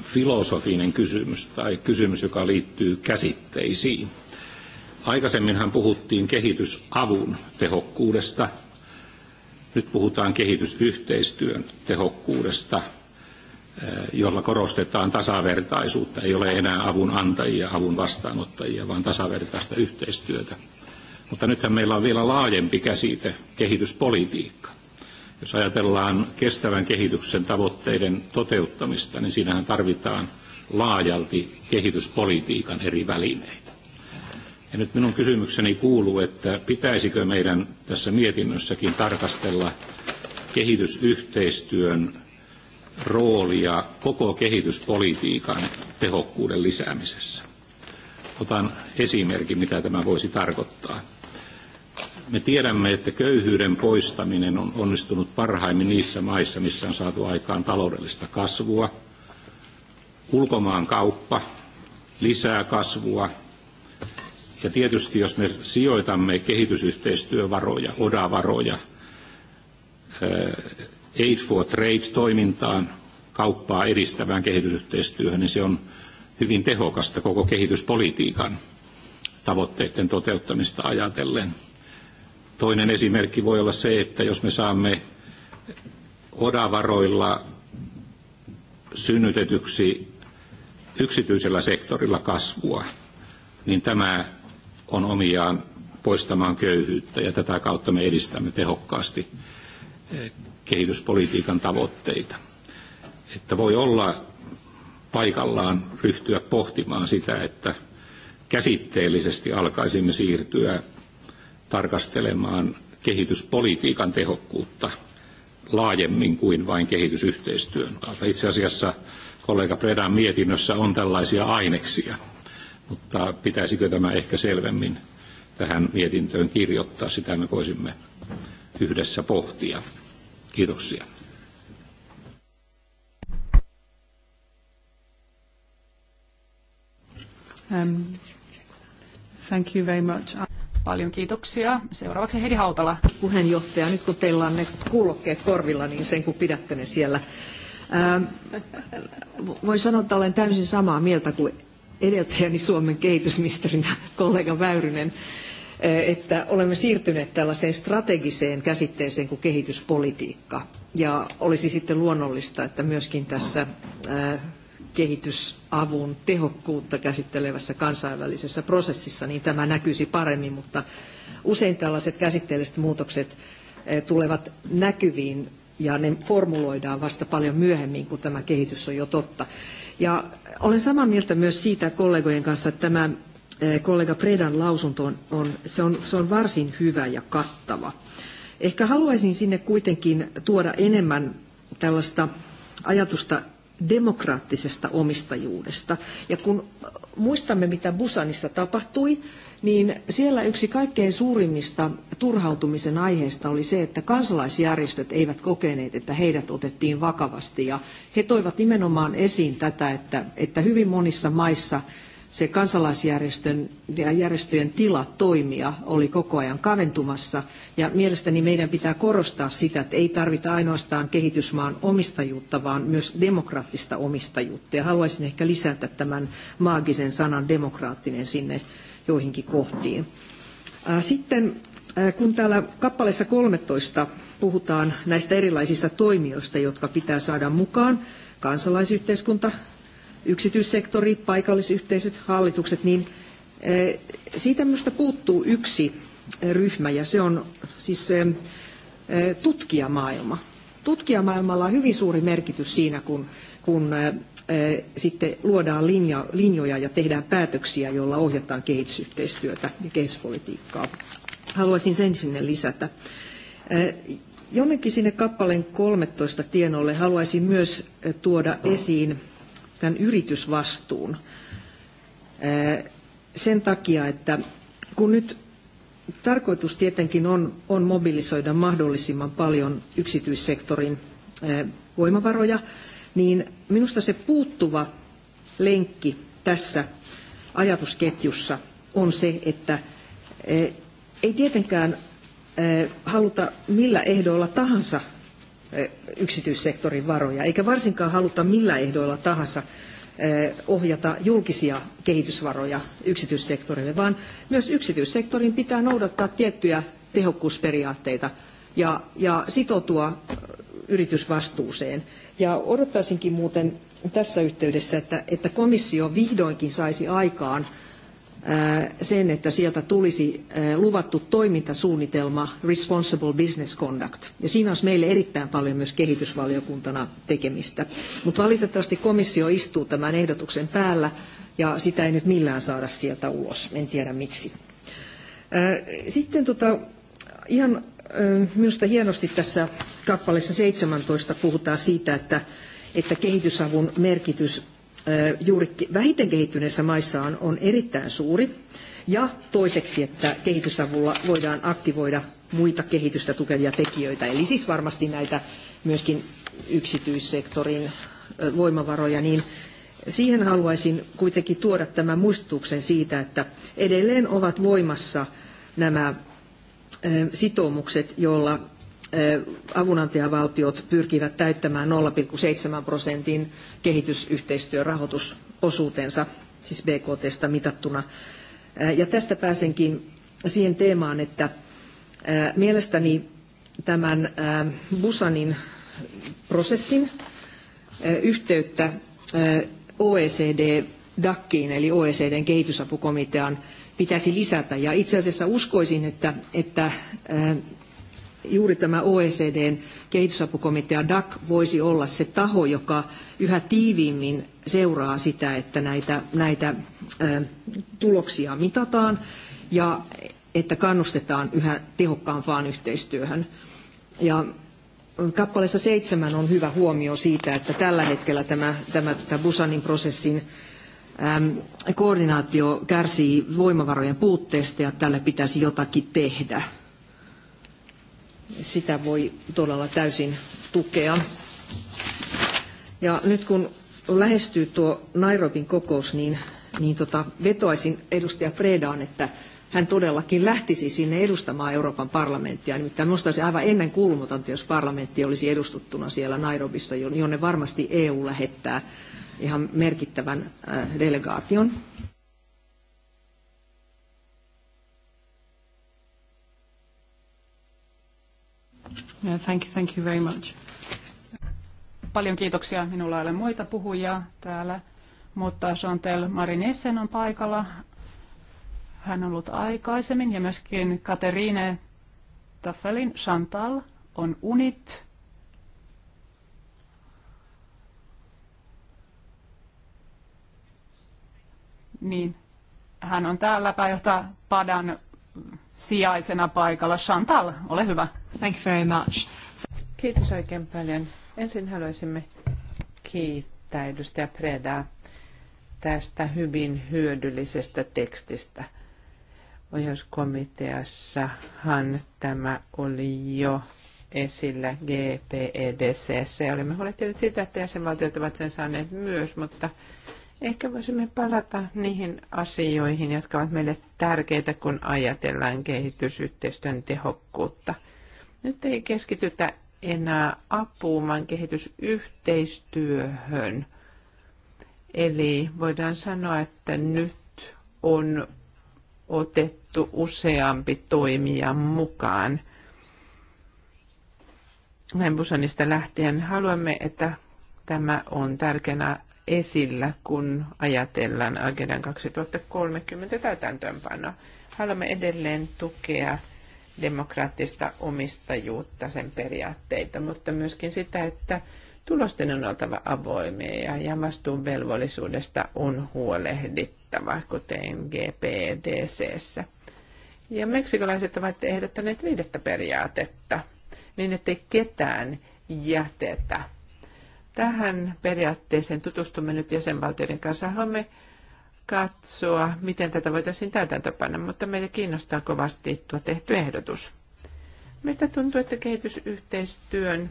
filosofinen kysymys tai kysymys, joka liittyy käsitteisiin. Aikaisemminhan puhuttiin kehitysavun tehokkuudesta. Nyt puhutaan kehitysyhteistyön tehokkuudesta, eh, jolla korostetaan tasavertaisuutta. Ei ole enää avun antajia, avun vastaanottajia, vaan tasavertaista yhteistyötä. Mutta nythän meillä on vielä laajempi käsite, kehityspolitiikka. Jos ajatellaan kestävän kehityksen tavoitteiden toteuttamista, niin siinähän tarvitaan laajalti kehityspolitiikan eri välineitä. Ja nyt minun kysymykseni kuuluu, että pitäisikö meidän tässä mietinnössäkin tarkastella kehitysyhteistyön roolia koko kehityspolitiikan tehokkuuden lisäämisessä. Otan esimerkin, mitä tämä voisi tarkoittaa. Me tiedämme, että köyhyyden poistaminen on onnistunut parhaimmin niissä maissa, missä on saatu aikaan taloudellista kasvua. Ulkomaan kauppa lisää kasvua. Ja tietysti jos me sijoitamme kehitysyhteistyövaroja, odavaroja, eh, Aid for Trade-toimintaan, kauppaa edistävään kehitysyhteistyöhön, niin se on hyvin tehokasta koko kehityspolitiikan tavoitteiden toteuttamista ajatellen – Toinen esimerkki voi olla se, että jos me saamme odavaroilla synnytetyksi yksityisellä sektorilla kasvua, niin tämä on omiaan poistamaan köyhyyttä ja tätä kautta me edistämme tehokkaasti eh, kehityspolitiikan tavoitteita. Että voi olla paikallaan ryhtyä pohtimaan sitä, että käsitteellisesti alkaisimme siirtyä tarkastelemaan kehityspolitiikan tehokkuutta laajemmin kuin vain kehitysyhteistyön kautta. Itse asiassa kollega Predan mietinnössä on tällaisia aineksia, mutta pitäisikö tämä ehkä selvemmin tähän mietintöön kirjoittaa, sitä me voisimme yhdessä pohtia. Kiitoksia. Um, thank you very much. Paljon kiitoksia. Seuraavaksi Heidi Hautala. Puheenjohtaja, nyt kun teillä on ne kuulokkeet korvilla, niin sen kun pidätte ne siellä. Ähm, voi sanoa, että olen täysin samaa mieltä kuin edeltäjäni Suomen kehitysministerinä kollega Väyrynen, eh, että olemme siirtyneet tällaiseen strategiseen käsitteeseen kuin kehityspolitiikka. Ja olisi sitten luonnollista, että myöskin tässä eh, kehitysavun tehokkuutta käsittelevässä kansainvälisessä prosessissa, niin tämä näkyisi paremmin, mutta usein tällaiset käsitteelliset muutokset eh, tulevat näkyviin ja ne formuloidaan vasta paljon myöhemmin, kun tämä kehitys on jo totta. Ja olen samaa mieltä myös siitä kollegojen kanssa, että tämä eh, kollega Predan lausunto on, on, se on, se on varsin hyvä ja kattava. Ehkä haluaisin sinne kuitenkin tuoda enemmän tällaista ajatusta demokraattisesta omistajuudesta. Ja kun muistamme, mitä Busanissa tapahtui, niin siellä yksi kaikkein suurimmista turhautumisen aiheista oli se, että kansalaisjärjestöt eivät kokeneet, että heidät otettiin vakavasti. Ja he toivat nimenomaan esiin tätä, että, että hyvin monissa maissa se kansalaisjärjestön ja järjestöjen tila toimia oli koko ajan kaventumassa. Ja mielestäni meidän pitää korostaa sitä, että ei tarvita ainoastaan kehitysmaan omistajuutta, vaan myös demokraattista omistajuutta. Ja haluaisin ehkä lisätä tämän maagisen sanan demokraattinen sinne joihinkin kohtiin. Sitten kun täällä kappaleessa 13 puhutaan näistä erilaisista toimijoista, jotka pitää saada mukaan, kansalaisyhteiskunta, yksityissektori, paikallisyhteisöt, hallitukset, niin eh, siitä minusta puuttuu yksi eh, ryhmä ja se on siis eh, tutkijamaailma. Tutkijamaailmalla on hyvin suuri merkitys siinä, kun, kun sitten luodaan linjoja ja tehdään päätöksiä, joilla ohjataan kehitysyhteistyötä ja kehityspolitiikkaa. Haluaisin sen sinne lisätä. Jonnekin sinne kappaleen 13 tienoille haluaisin myös tuoda esiin tämän yritysvastuun sen takia, että kun nyt tarkoitus tietenkin on, on mobilisoida mahdollisimman paljon yksityissektorin voimavaroja, niin minusta se puuttuva lenkki tässä ajatusketjussa on se, että ei tietenkään haluta millä ehdoilla tahansa Eh, yksityissektorin varoja, eikä varsinkaan haluta millä ehdoilla tahansa eh, ohjata julkisia kehitysvaroja yksityissektorille, vaan myös yksityissektorin pitää noudattaa tiettyjä tehokkuusperiaatteita ja, ja sitoutua yritysvastuuseen. Ja odottaisinkin muuten tässä yhteydessä, että, että komissio vihdoinkin saisi aikaan sen, että sieltä tulisi luvattu toimintasuunnitelma Responsible Business Conduct. Ja siinä olisi meille erittäin paljon myös kehitysvaliokuntana tekemistä. Mutta valitettavasti komissio istuu tämän ehdotuksen päällä ja sitä ei nyt millään saada sieltä ulos. En tiedä miksi. Sitten tota, ihan minusta hienosti tässä kappaleessa 17 puhutaan siitä, että, että kehitysavun merkitys juuri vähiten kehittyneissä maissa on, on erittäin suuri. Ja toiseksi, että kehitysavulla voidaan aktivoida muita kehitystä tukevia tekijöitä, eli siis varmasti näitä myöskin yksityissektorin voimavaroja, niin siihen haluaisin kuitenkin tuoda tämän muistutuksen siitä, että edelleen ovat voimassa nämä sitoumukset, joilla avunantajavaltiot pyrkivät täyttämään 0,7 prosentin kehitysyhteistyörahoitusosuutensa, siis BKTstä mitattuna. Ja tästä pääsenkin siihen teemaan, että mielestäni tämän Busanin prosessin yhteyttä OECD DACkiin eli OECDn kehitysapukomitean pitäisi lisätä. Ja itse asiassa uskoisin, että, että juuri tämä OECDn kehitysapukomitea DAC voisi olla se taho, joka yhä tiiviimmin seuraa sitä, että näitä, näitä ä, tuloksia mitataan ja että kannustetaan yhä tehokkaampaan yhteistyöhön. Ja kappaleessa seitsemän on hyvä huomio siitä, että tällä hetkellä tämä, tämä, tämä Busanin prosessin koordinaatio kärsii voimavarojen puutteesta ja tälle pitäisi jotakin tehdä sitä voi todella täysin tukea. Ja nyt kun lähestyy tuo Nairobin kokous, niin, niin tota, vetoaisin edustaja Predaan, että hän todellakin lähtisi sinne edustamaan Euroopan parlamenttia. Nimittäin minusta olisi aivan ennen kuulumatonta, jos parlamentti olisi edustuttuna siellä Nairobissa, jonne varmasti EU lähettää ihan merkittävän äh, delegaation. Thank you, thank you very much. Paljon kiitoksia. Minulla ei ole muita puhujia täällä, mutta Chantel Marinessen on paikalla. Hän on ollut aikaisemmin ja myöskin Katerine Taffelin Chantal on unit. Niin, hän on täällä pääjohtaja Padan sijaisena paikalla. Chantal, ole hyvä. Thank you very much. Kiitos oikein paljon. Ensin haluaisimme kiittää edustaja Predaa tästä hyvin hyödyllisestä tekstistä. Ohjauskomiteassahan tämä oli jo esillä GPEDCC. Olemme huolehtineet siitä, että jäsenvaltiot ovat sen saaneet myös, mutta ehkä voisimme palata niihin asioihin, jotka ovat meille tärkeitä, kun ajatellaan kehitysyhteistyön tehokkuutta. Nyt ei keskitytä enää apuun, vaan kehitysyhteistyöhön. Eli voidaan sanoa, että nyt on otettu useampi toimija mukaan. Näin Busanista lähtien haluamme, että tämä on tärkeänä esillä, kun ajatellaan Agendan 2030 täytäntöönpanoa. Haluamme edelleen tukea demokraattista omistajuutta, sen periaatteita, mutta myöskin sitä, että tulosten on oltava avoimia ja vastuun velvollisuudesta on huolehdittava, kuten GPDCssä. Ja meksikolaiset ovat ehdottaneet viidettä periaatetta, niin ettei ketään jätetä Tähän periaatteeseen tutustumme nyt jäsenvaltioiden kanssa. Haluamme katsoa, miten tätä voitaisiin täytäntöpanna, mutta meitä kiinnostaa kovasti tuo tehty ehdotus. Meistä tuntuu, että kehitysyhteistyön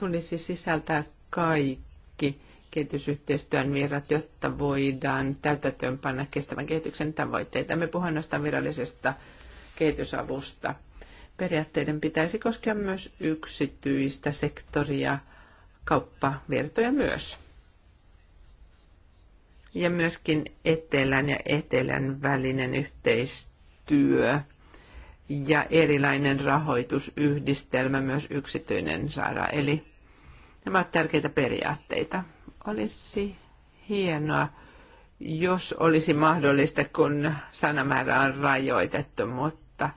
tulisi sisältää kaikki kehitysyhteistyön virrat, jotta voidaan täytäntöönpanna kestävän kehityksen tavoitteita. Me puhumme noista virallisesta kehitysavusta. Periaatteiden pitäisi koskea myös yksityistä sektoria – kauppavirtoja myös. Ja myöskin etelän ja etelän välinen yhteistyö ja erilainen rahoitusyhdistelmä myös yksityinen saada. Eli nämä ovat tärkeitä periaatteita. Olisi hienoa, jos olisi mahdollista, kun sanamäärä on rajoitettu, mutta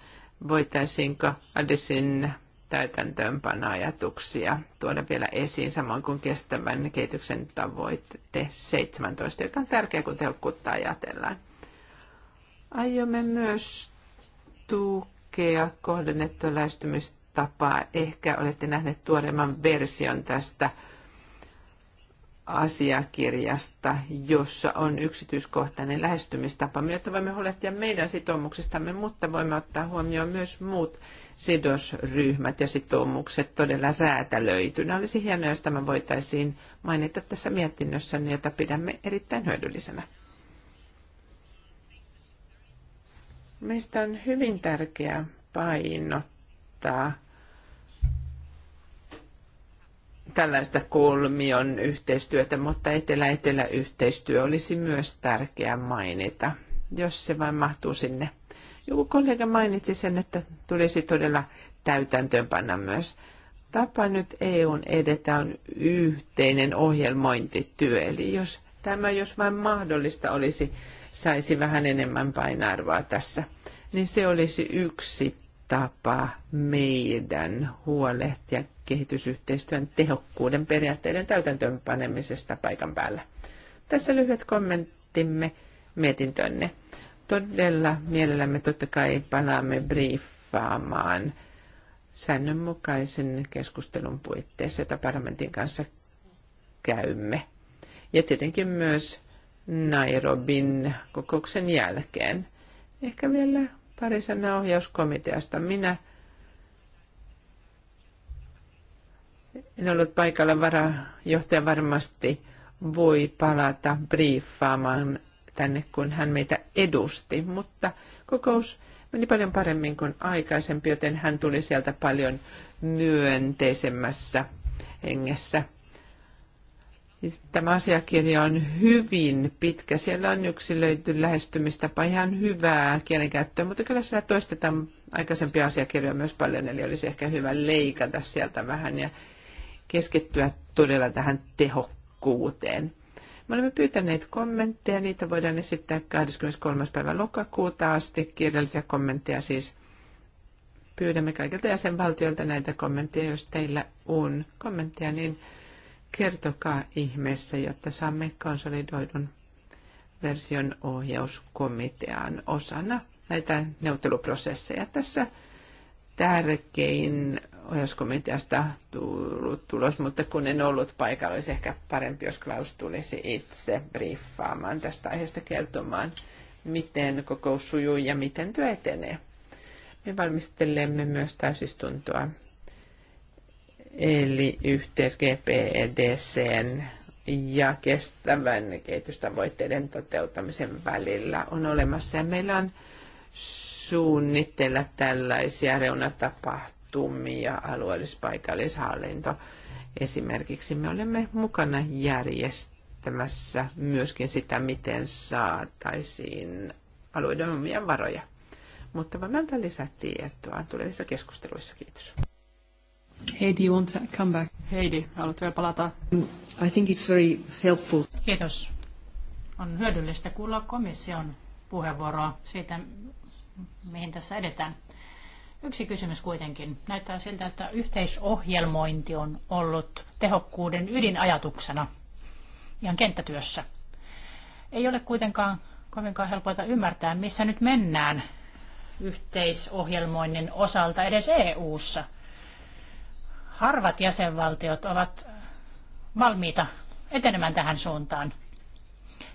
voitaisiinko Addisin täytäntöönpanoajatuksia tuoda vielä esiin, samoin kuin kestävän kehityksen tavoite 17, joka on tärkeä, kun tehokkuutta ajatellaan. Aiomme myös tukea kohdennettua lähestymistapaa. Ehkä olette nähneet tuoreemman version tästä asiakirjasta, jossa on yksityiskohtainen lähestymistapa, jotta voimme huolehtia meidän sitoumuksistamme, mutta voimme ottaa huomioon myös muut sidosryhmät ja sitoumukset todella räätälöitynä. Olisi hienoa, jos tämä voitaisiin mainita tässä mietinnössä, jota pidämme erittäin hyödyllisenä. Meistä on hyvin tärkeää painottaa tällaista kolmion yhteistyötä, mutta etelä-etelä yhteistyö olisi myös tärkeää mainita, jos se vain mahtuu sinne joku kollega mainitsi sen, että tulisi todella täytäntöönpanna myös. Tapa nyt EUn edetä on yhteinen ohjelmointityö, eli jos tämä, jos vain mahdollista olisi, saisi vähän enemmän painarvoa tässä, niin se olisi yksi tapa meidän huolehtia kehitysyhteistyön tehokkuuden periaatteiden täytäntöönpanemisesta paikan päällä. Tässä lyhyet kommenttimme mietintönne todella mielellämme totta kai palaamme briefaamaan säännönmukaisen keskustelun puitteissa, jota parlamentin kanssa käymme. Ja tietenkin myös Nairobin kokouksen jälkeen. Ehkä vielä pari sanaa ohjauskomiteasta. Minä en ollut paikalla, varajohtaja varmasti voi palata briefaamaan tänne, kun hän meitä edusti, mutta kokous meni paljon paremmin kuin aikaisempi, joten hän tuli sieltä paljon myönteisemmässä hengessä. Tämä asiakirja on hyvin pitkä. Siellä on yksilöity lähestymistapa ihan hyvää kielenkäyttöä, mutta kyllä siellä toistetaan aikaisempia asiakirjoja myös paljon, eli olisi ehkä hyvä leikata sieltä vähän ja keskittyä todella tähän tehokkuuteen. Me olemme pyytäneet kommentteja, niitä voidaan esittää 23. päivä lokakuuta asti, kirjallisia kommentteja siis. Pyydämme kaikilta jäsenvaltioilta näitä kommentteja, jos teillä on kommentteja, niin kertokaa ihmeessä, jotta saamme konsolidoidun version ohjauskomitean osana näitä neuvotteluprosesseja. Tässä tärkein ohjauskomiteasta tullut tulos, mutta kun en ollut paikalla, olisi ehkä parempi, jos Klaus tulisi itse briefaamaan tästä aiheesta kertomaan, miten kokous sujuu ja miten työ etenee. Me valmistelemme myös täysistuntoa, eli yhteis GPEDCn ja kestävän kehitystavoitteiden toteuttamisen välillä on olemassa. Ja meillä on suunnitella tällaisia reunatapahtumia ja alueellispaikallishallinto. Esimerkiksi me olemme mukana järjestämässä myöskin sitä, miten saataisiin alueiden omia varoja. Mutta voin antaa lisätietoa tulevissa keskusteluissa. Kiitos. Heidi, you want to come back? Heidi, haluat vielä palata? I think it's very helpful. Kiitos. On hyödyllistä kuulla komission puheenvuoroa siitä, mihin tässä edetään. Yksi kysymys kuitenkin. Näyttää siltä, että yhteisohjelmointi on ollut tehokkuuden ydinajatuksena ihan kenttätyössä. Ei ole kuitenkaan kovinkaan helpoita ymmärtää, missä nyt mennään yhteisohjelmoinnin osalta edes EU-ssa. Harvat jäsenvaltiot ovat valmiita etenemään tähän suuntaan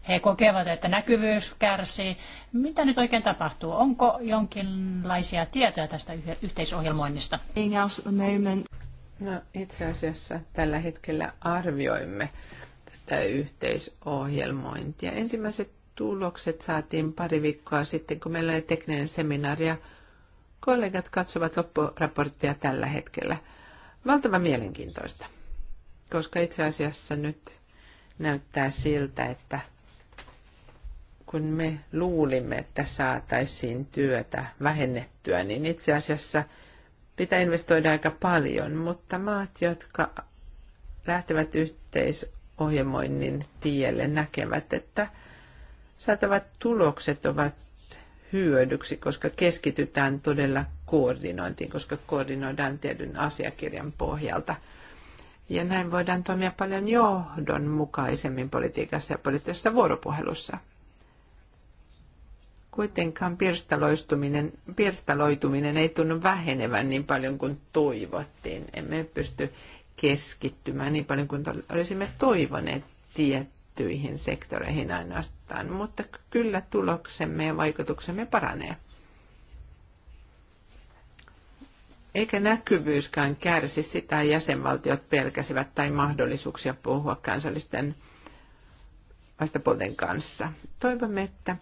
he kokevat, että näkyvyys kärsii. Mitä nyt oikein tapahtuu? Onko jonkinlaisia tietoja tästä yhteisohjelmoinnista? No, itse asiassa tällä hetkellä arvioimme tätä yhteisohjelmointia. Ensimmäiset tulokset saatiin pari viikkoa sitten, kun meillä oli tekninen seminaari ja kollegat katsovat loppuraporttia tällä hetkellä. Valtava mielenkiintoista, koska itse asiassa nyt näyttää siltä, että kun me luulimme, että saataisiin työtä vähennettyä, niin itse asiassa pitää investoida aika paljon, mutta maat, jotka lähtevät yhteisohjelmoinnin tielle, näkevät, että saatavat tulokset ovat hyödyksi, koska keskitytään todella koordinointiin, koska koordinoidaan tietyn asiakirjan pohjalta. Ja näin voidaan toimia paljon johdonmukaisemmin politiikassa ja poliittisessa vuoropuhelussa. Kuitenkaan pirstaloituminen, pirstaloituminen ei tunnu vähenevän niin paljon kuin toivottiin. Emme pysty keskittymään niin paljon kuin olisimme toivoneet tiettyihin sektoreihin ainoastaan, mutta kyllä tuloksemme ja vaikutuksemme paranee. Eikä näkyvyyskään kärsi sitä jäsenvaltiot pelkäsivät tai mahdollisuuksia puhua kansallisten vastapuolten kanssa. Toivomme, että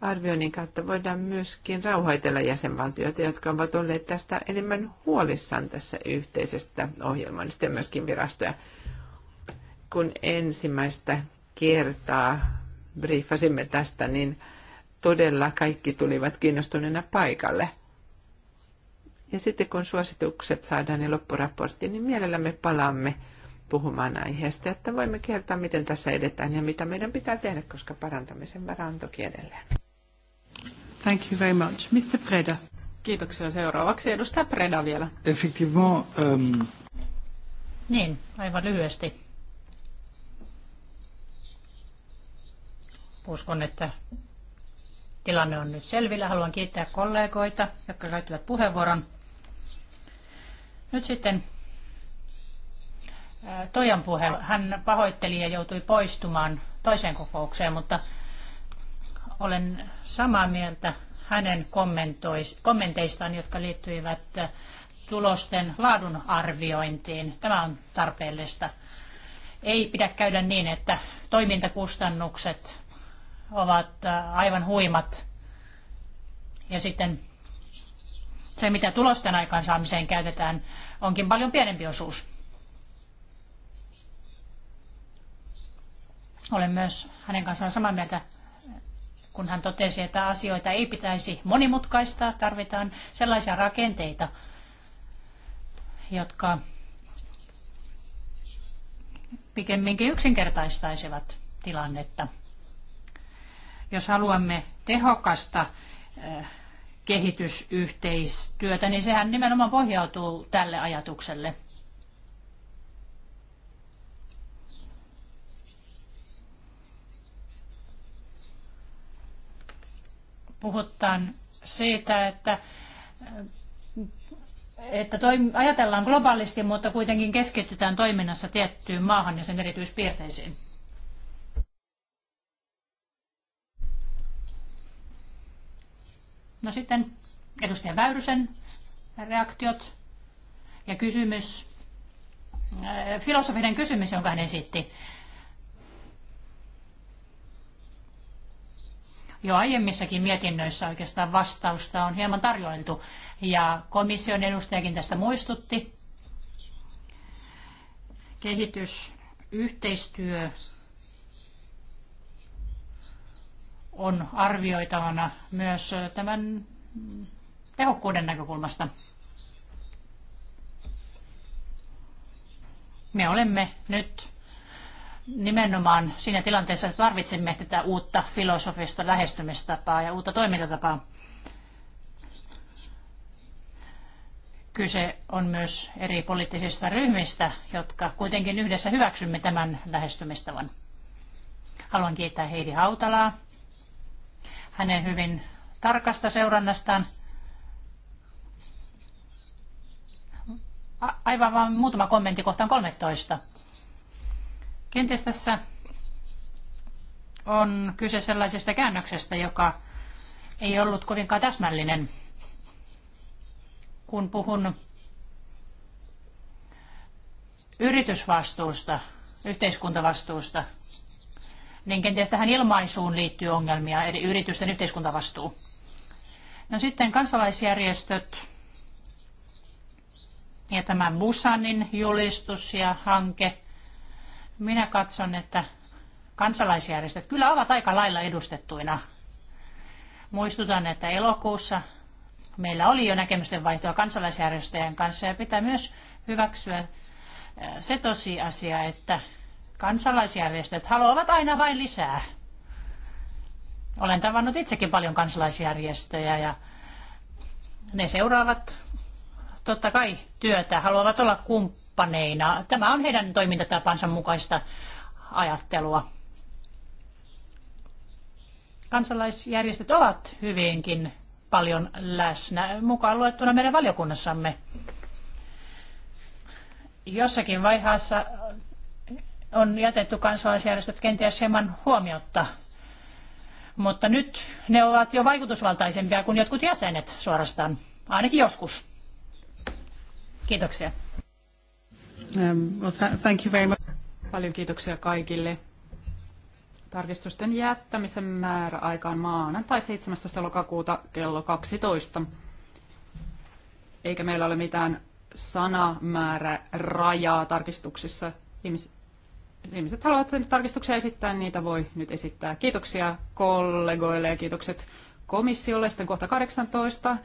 arvioinnin kautta voidaan myöskin rauhoitella jäsenvaltioita, jotka ovat olleet tästä enemmän huolissaan tässä yhteisestä niin sitten myöskin virastoja. Kun ensimmäistä kertaa briefasimme tästä, niin todella kaikki tulivat kiinnostuneena paikalle. Ja sitten kun suositukset saadaan ja loppuraportti, niin mielellämme palaamme puhumaan aiheesta, että voimme kertoa, miten tässä edetään ja mitä meidän pitää tehdä, koska parantamisen varaa on toki edelleen. Thank you very much. Mr. Preda. Kiitoksia. Seuraavaksi edustaja Preda vielä. Effectivement, um... Niin, aivan lyhyesti. Uskon, että tilanne on nyt selvillä. Haluan kiittää kollegoita, jotka käyttivät puheenvuoron. Nyt sitten äh, Tojan puhe. Hän pahoitteli ja joutui poistumaan toiseen kokoukseen, mutta olen samaa mieltä hänen kommenteistaan, jotka liittyivät äh, tulosten laadun arviointiin. Tämä on tarpeellista. Ei pidä käydä niin, että toimintakustannukset ovat äh, aivan huimat. Ja sitten se, mitä tulosten aikaansaamiseen käytetään, onkin paljon pienempi osuus. Olen myös hänen kanssaan samaa mieltä kun hän totesi, että asioita ei pitäisi monimutkaistaa, tarvitaan sellaisia rakenteita, jotka pikemminkin yksinkertaistaisivat tilannetta. Jos haluamme tehokasta eh, kehitysyhteistyötä, niin sehän nimenomaan pohjautuu tälle ajatukselle – puhutaan siitä, että että toim- ajatellaan globaalisti, mutta kuitenkin keskitytään toiminnassa tiettyyn maahan ja sen erityispiirteisiin. No sitten edustaja Väyrysen reaktiot ja kysymys, äh, filosofinen kysymys, jonka hän esitti. Jo aiemmissakin mietinnöissä oikeastaan vastausta on hieman tarjoiltu ja komission edustajakin tästä muistutti. Kehitysyhteistyö on arvioitavana myös tämän tehokkuuden näkökulmasta. Me olemme nyt nimenomaan siinä tilanteessa, että tarvitsemme tätä uutta filosofista lähestymistapaa ja uutta toimintatapaa. Kyse on myös eri poliittisista ryhmistä, jotka kuitenkin yhdessä hyväksymme tämän lähestymistavan. Haluan kiittää Heidi Hautalaa hänen hyvin tarkasta seurannastaan. Aivan vain muutama kommentti kohtaan 13 Kenties tässä on kyse sellaisesta käännöksestä, joka ei ollut kovinkaan täsmällinen, kun puhun yritysvastuusta, yhteiskuntavastuusta, niin kenties tähän ilmaisuun liittyy ongelmia, eli yritysten yhteiskuntavastuu. No sitten kansalaisjärjestöt ja tämä Busanin julistus ja hanke – minä katson, että kansalaisjärjestöt kyllä ovat aika lailla edustettuina. Muistutan, että elokuussa meillä oli jo näkemysten vaihtoa kansalaisjärjestöjen kanssa ja pitää myös hyväksyä äh, se tosiasia, että kansalaisjärjestöt haluavat aina vain lisää. Olen tavannut itsekin paljon kansalaisjärjestöjä ja ne seuraavat totta kai työtä, haluavat olla kumppaneita kumppaneina. Tämä on heidän toimintatapansa mukaista ajattelua. Kansalaisjärjestöt ovat hyvinkin paljon läsnä, mukaan luettuna meidän valiokunnassamme. Jossakin vaiheessa on jätetty kansalaisjärjestöt kenties hieman huomiotta, mutta nyt ne ovat jo vaikutusvaltaisempia kuin jotkut jäsenet suorastaan, ainakin joskus. Kiitoksia. Um, well, thank you very much. Paljon kiitoksia kaikille. Tarkistusten jättämisen määräaika on maanantai 17. lokakuuta kello 12. Eikä meillä ole mitään sanamäärä rajaa tarkistuksissa. Ihmiset, ihmiset haluavat tarkistuksia esittää, niitä voi nyt esittää. Kiitoksia kollegoille ja kiitokset komissiolle. Sitten kohta 18.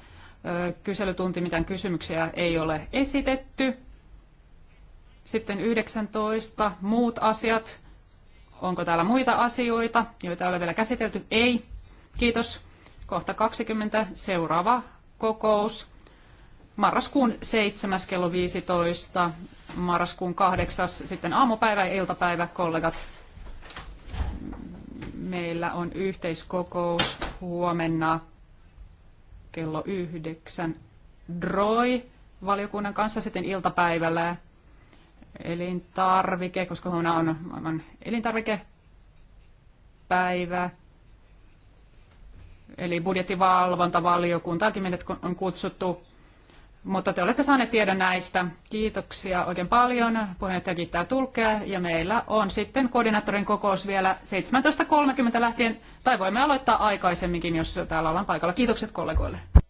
Kyselytunti, mitään kysymyksiä ei ole esitetty. Sitten 19. Muut asiat. Onko täällä muita asioita, joita ei ole vielä käsitelty? Ei. Kiitos. Kohta 20. Seuraava kokous. Marraskuun 7. kello 15. Marraskuun 8. Sitten aamupäivä ja iltapäivä, kollegat. Meillä on yhteiskokous huomenna kello 9. Droi valiokunnan kanssa sitten iltapäivällä elintarvike, koska huomenna on maailman elintarvikepäivä. Eli budjettivalvontavaliokuntaakin meidät on kutsuttu. Mutta te olette saaneet tiedon näistä. Kiitoksia oikein paljon. Puheenjohtaja kiittää tulkea. Ja meillä on sitten koordinaattorin kokous vielä 17.30 lähtien. Tai voimme aloittaa aikaisemminkin, jos täällä ollaan paikalla. Kiitokset kollegoille.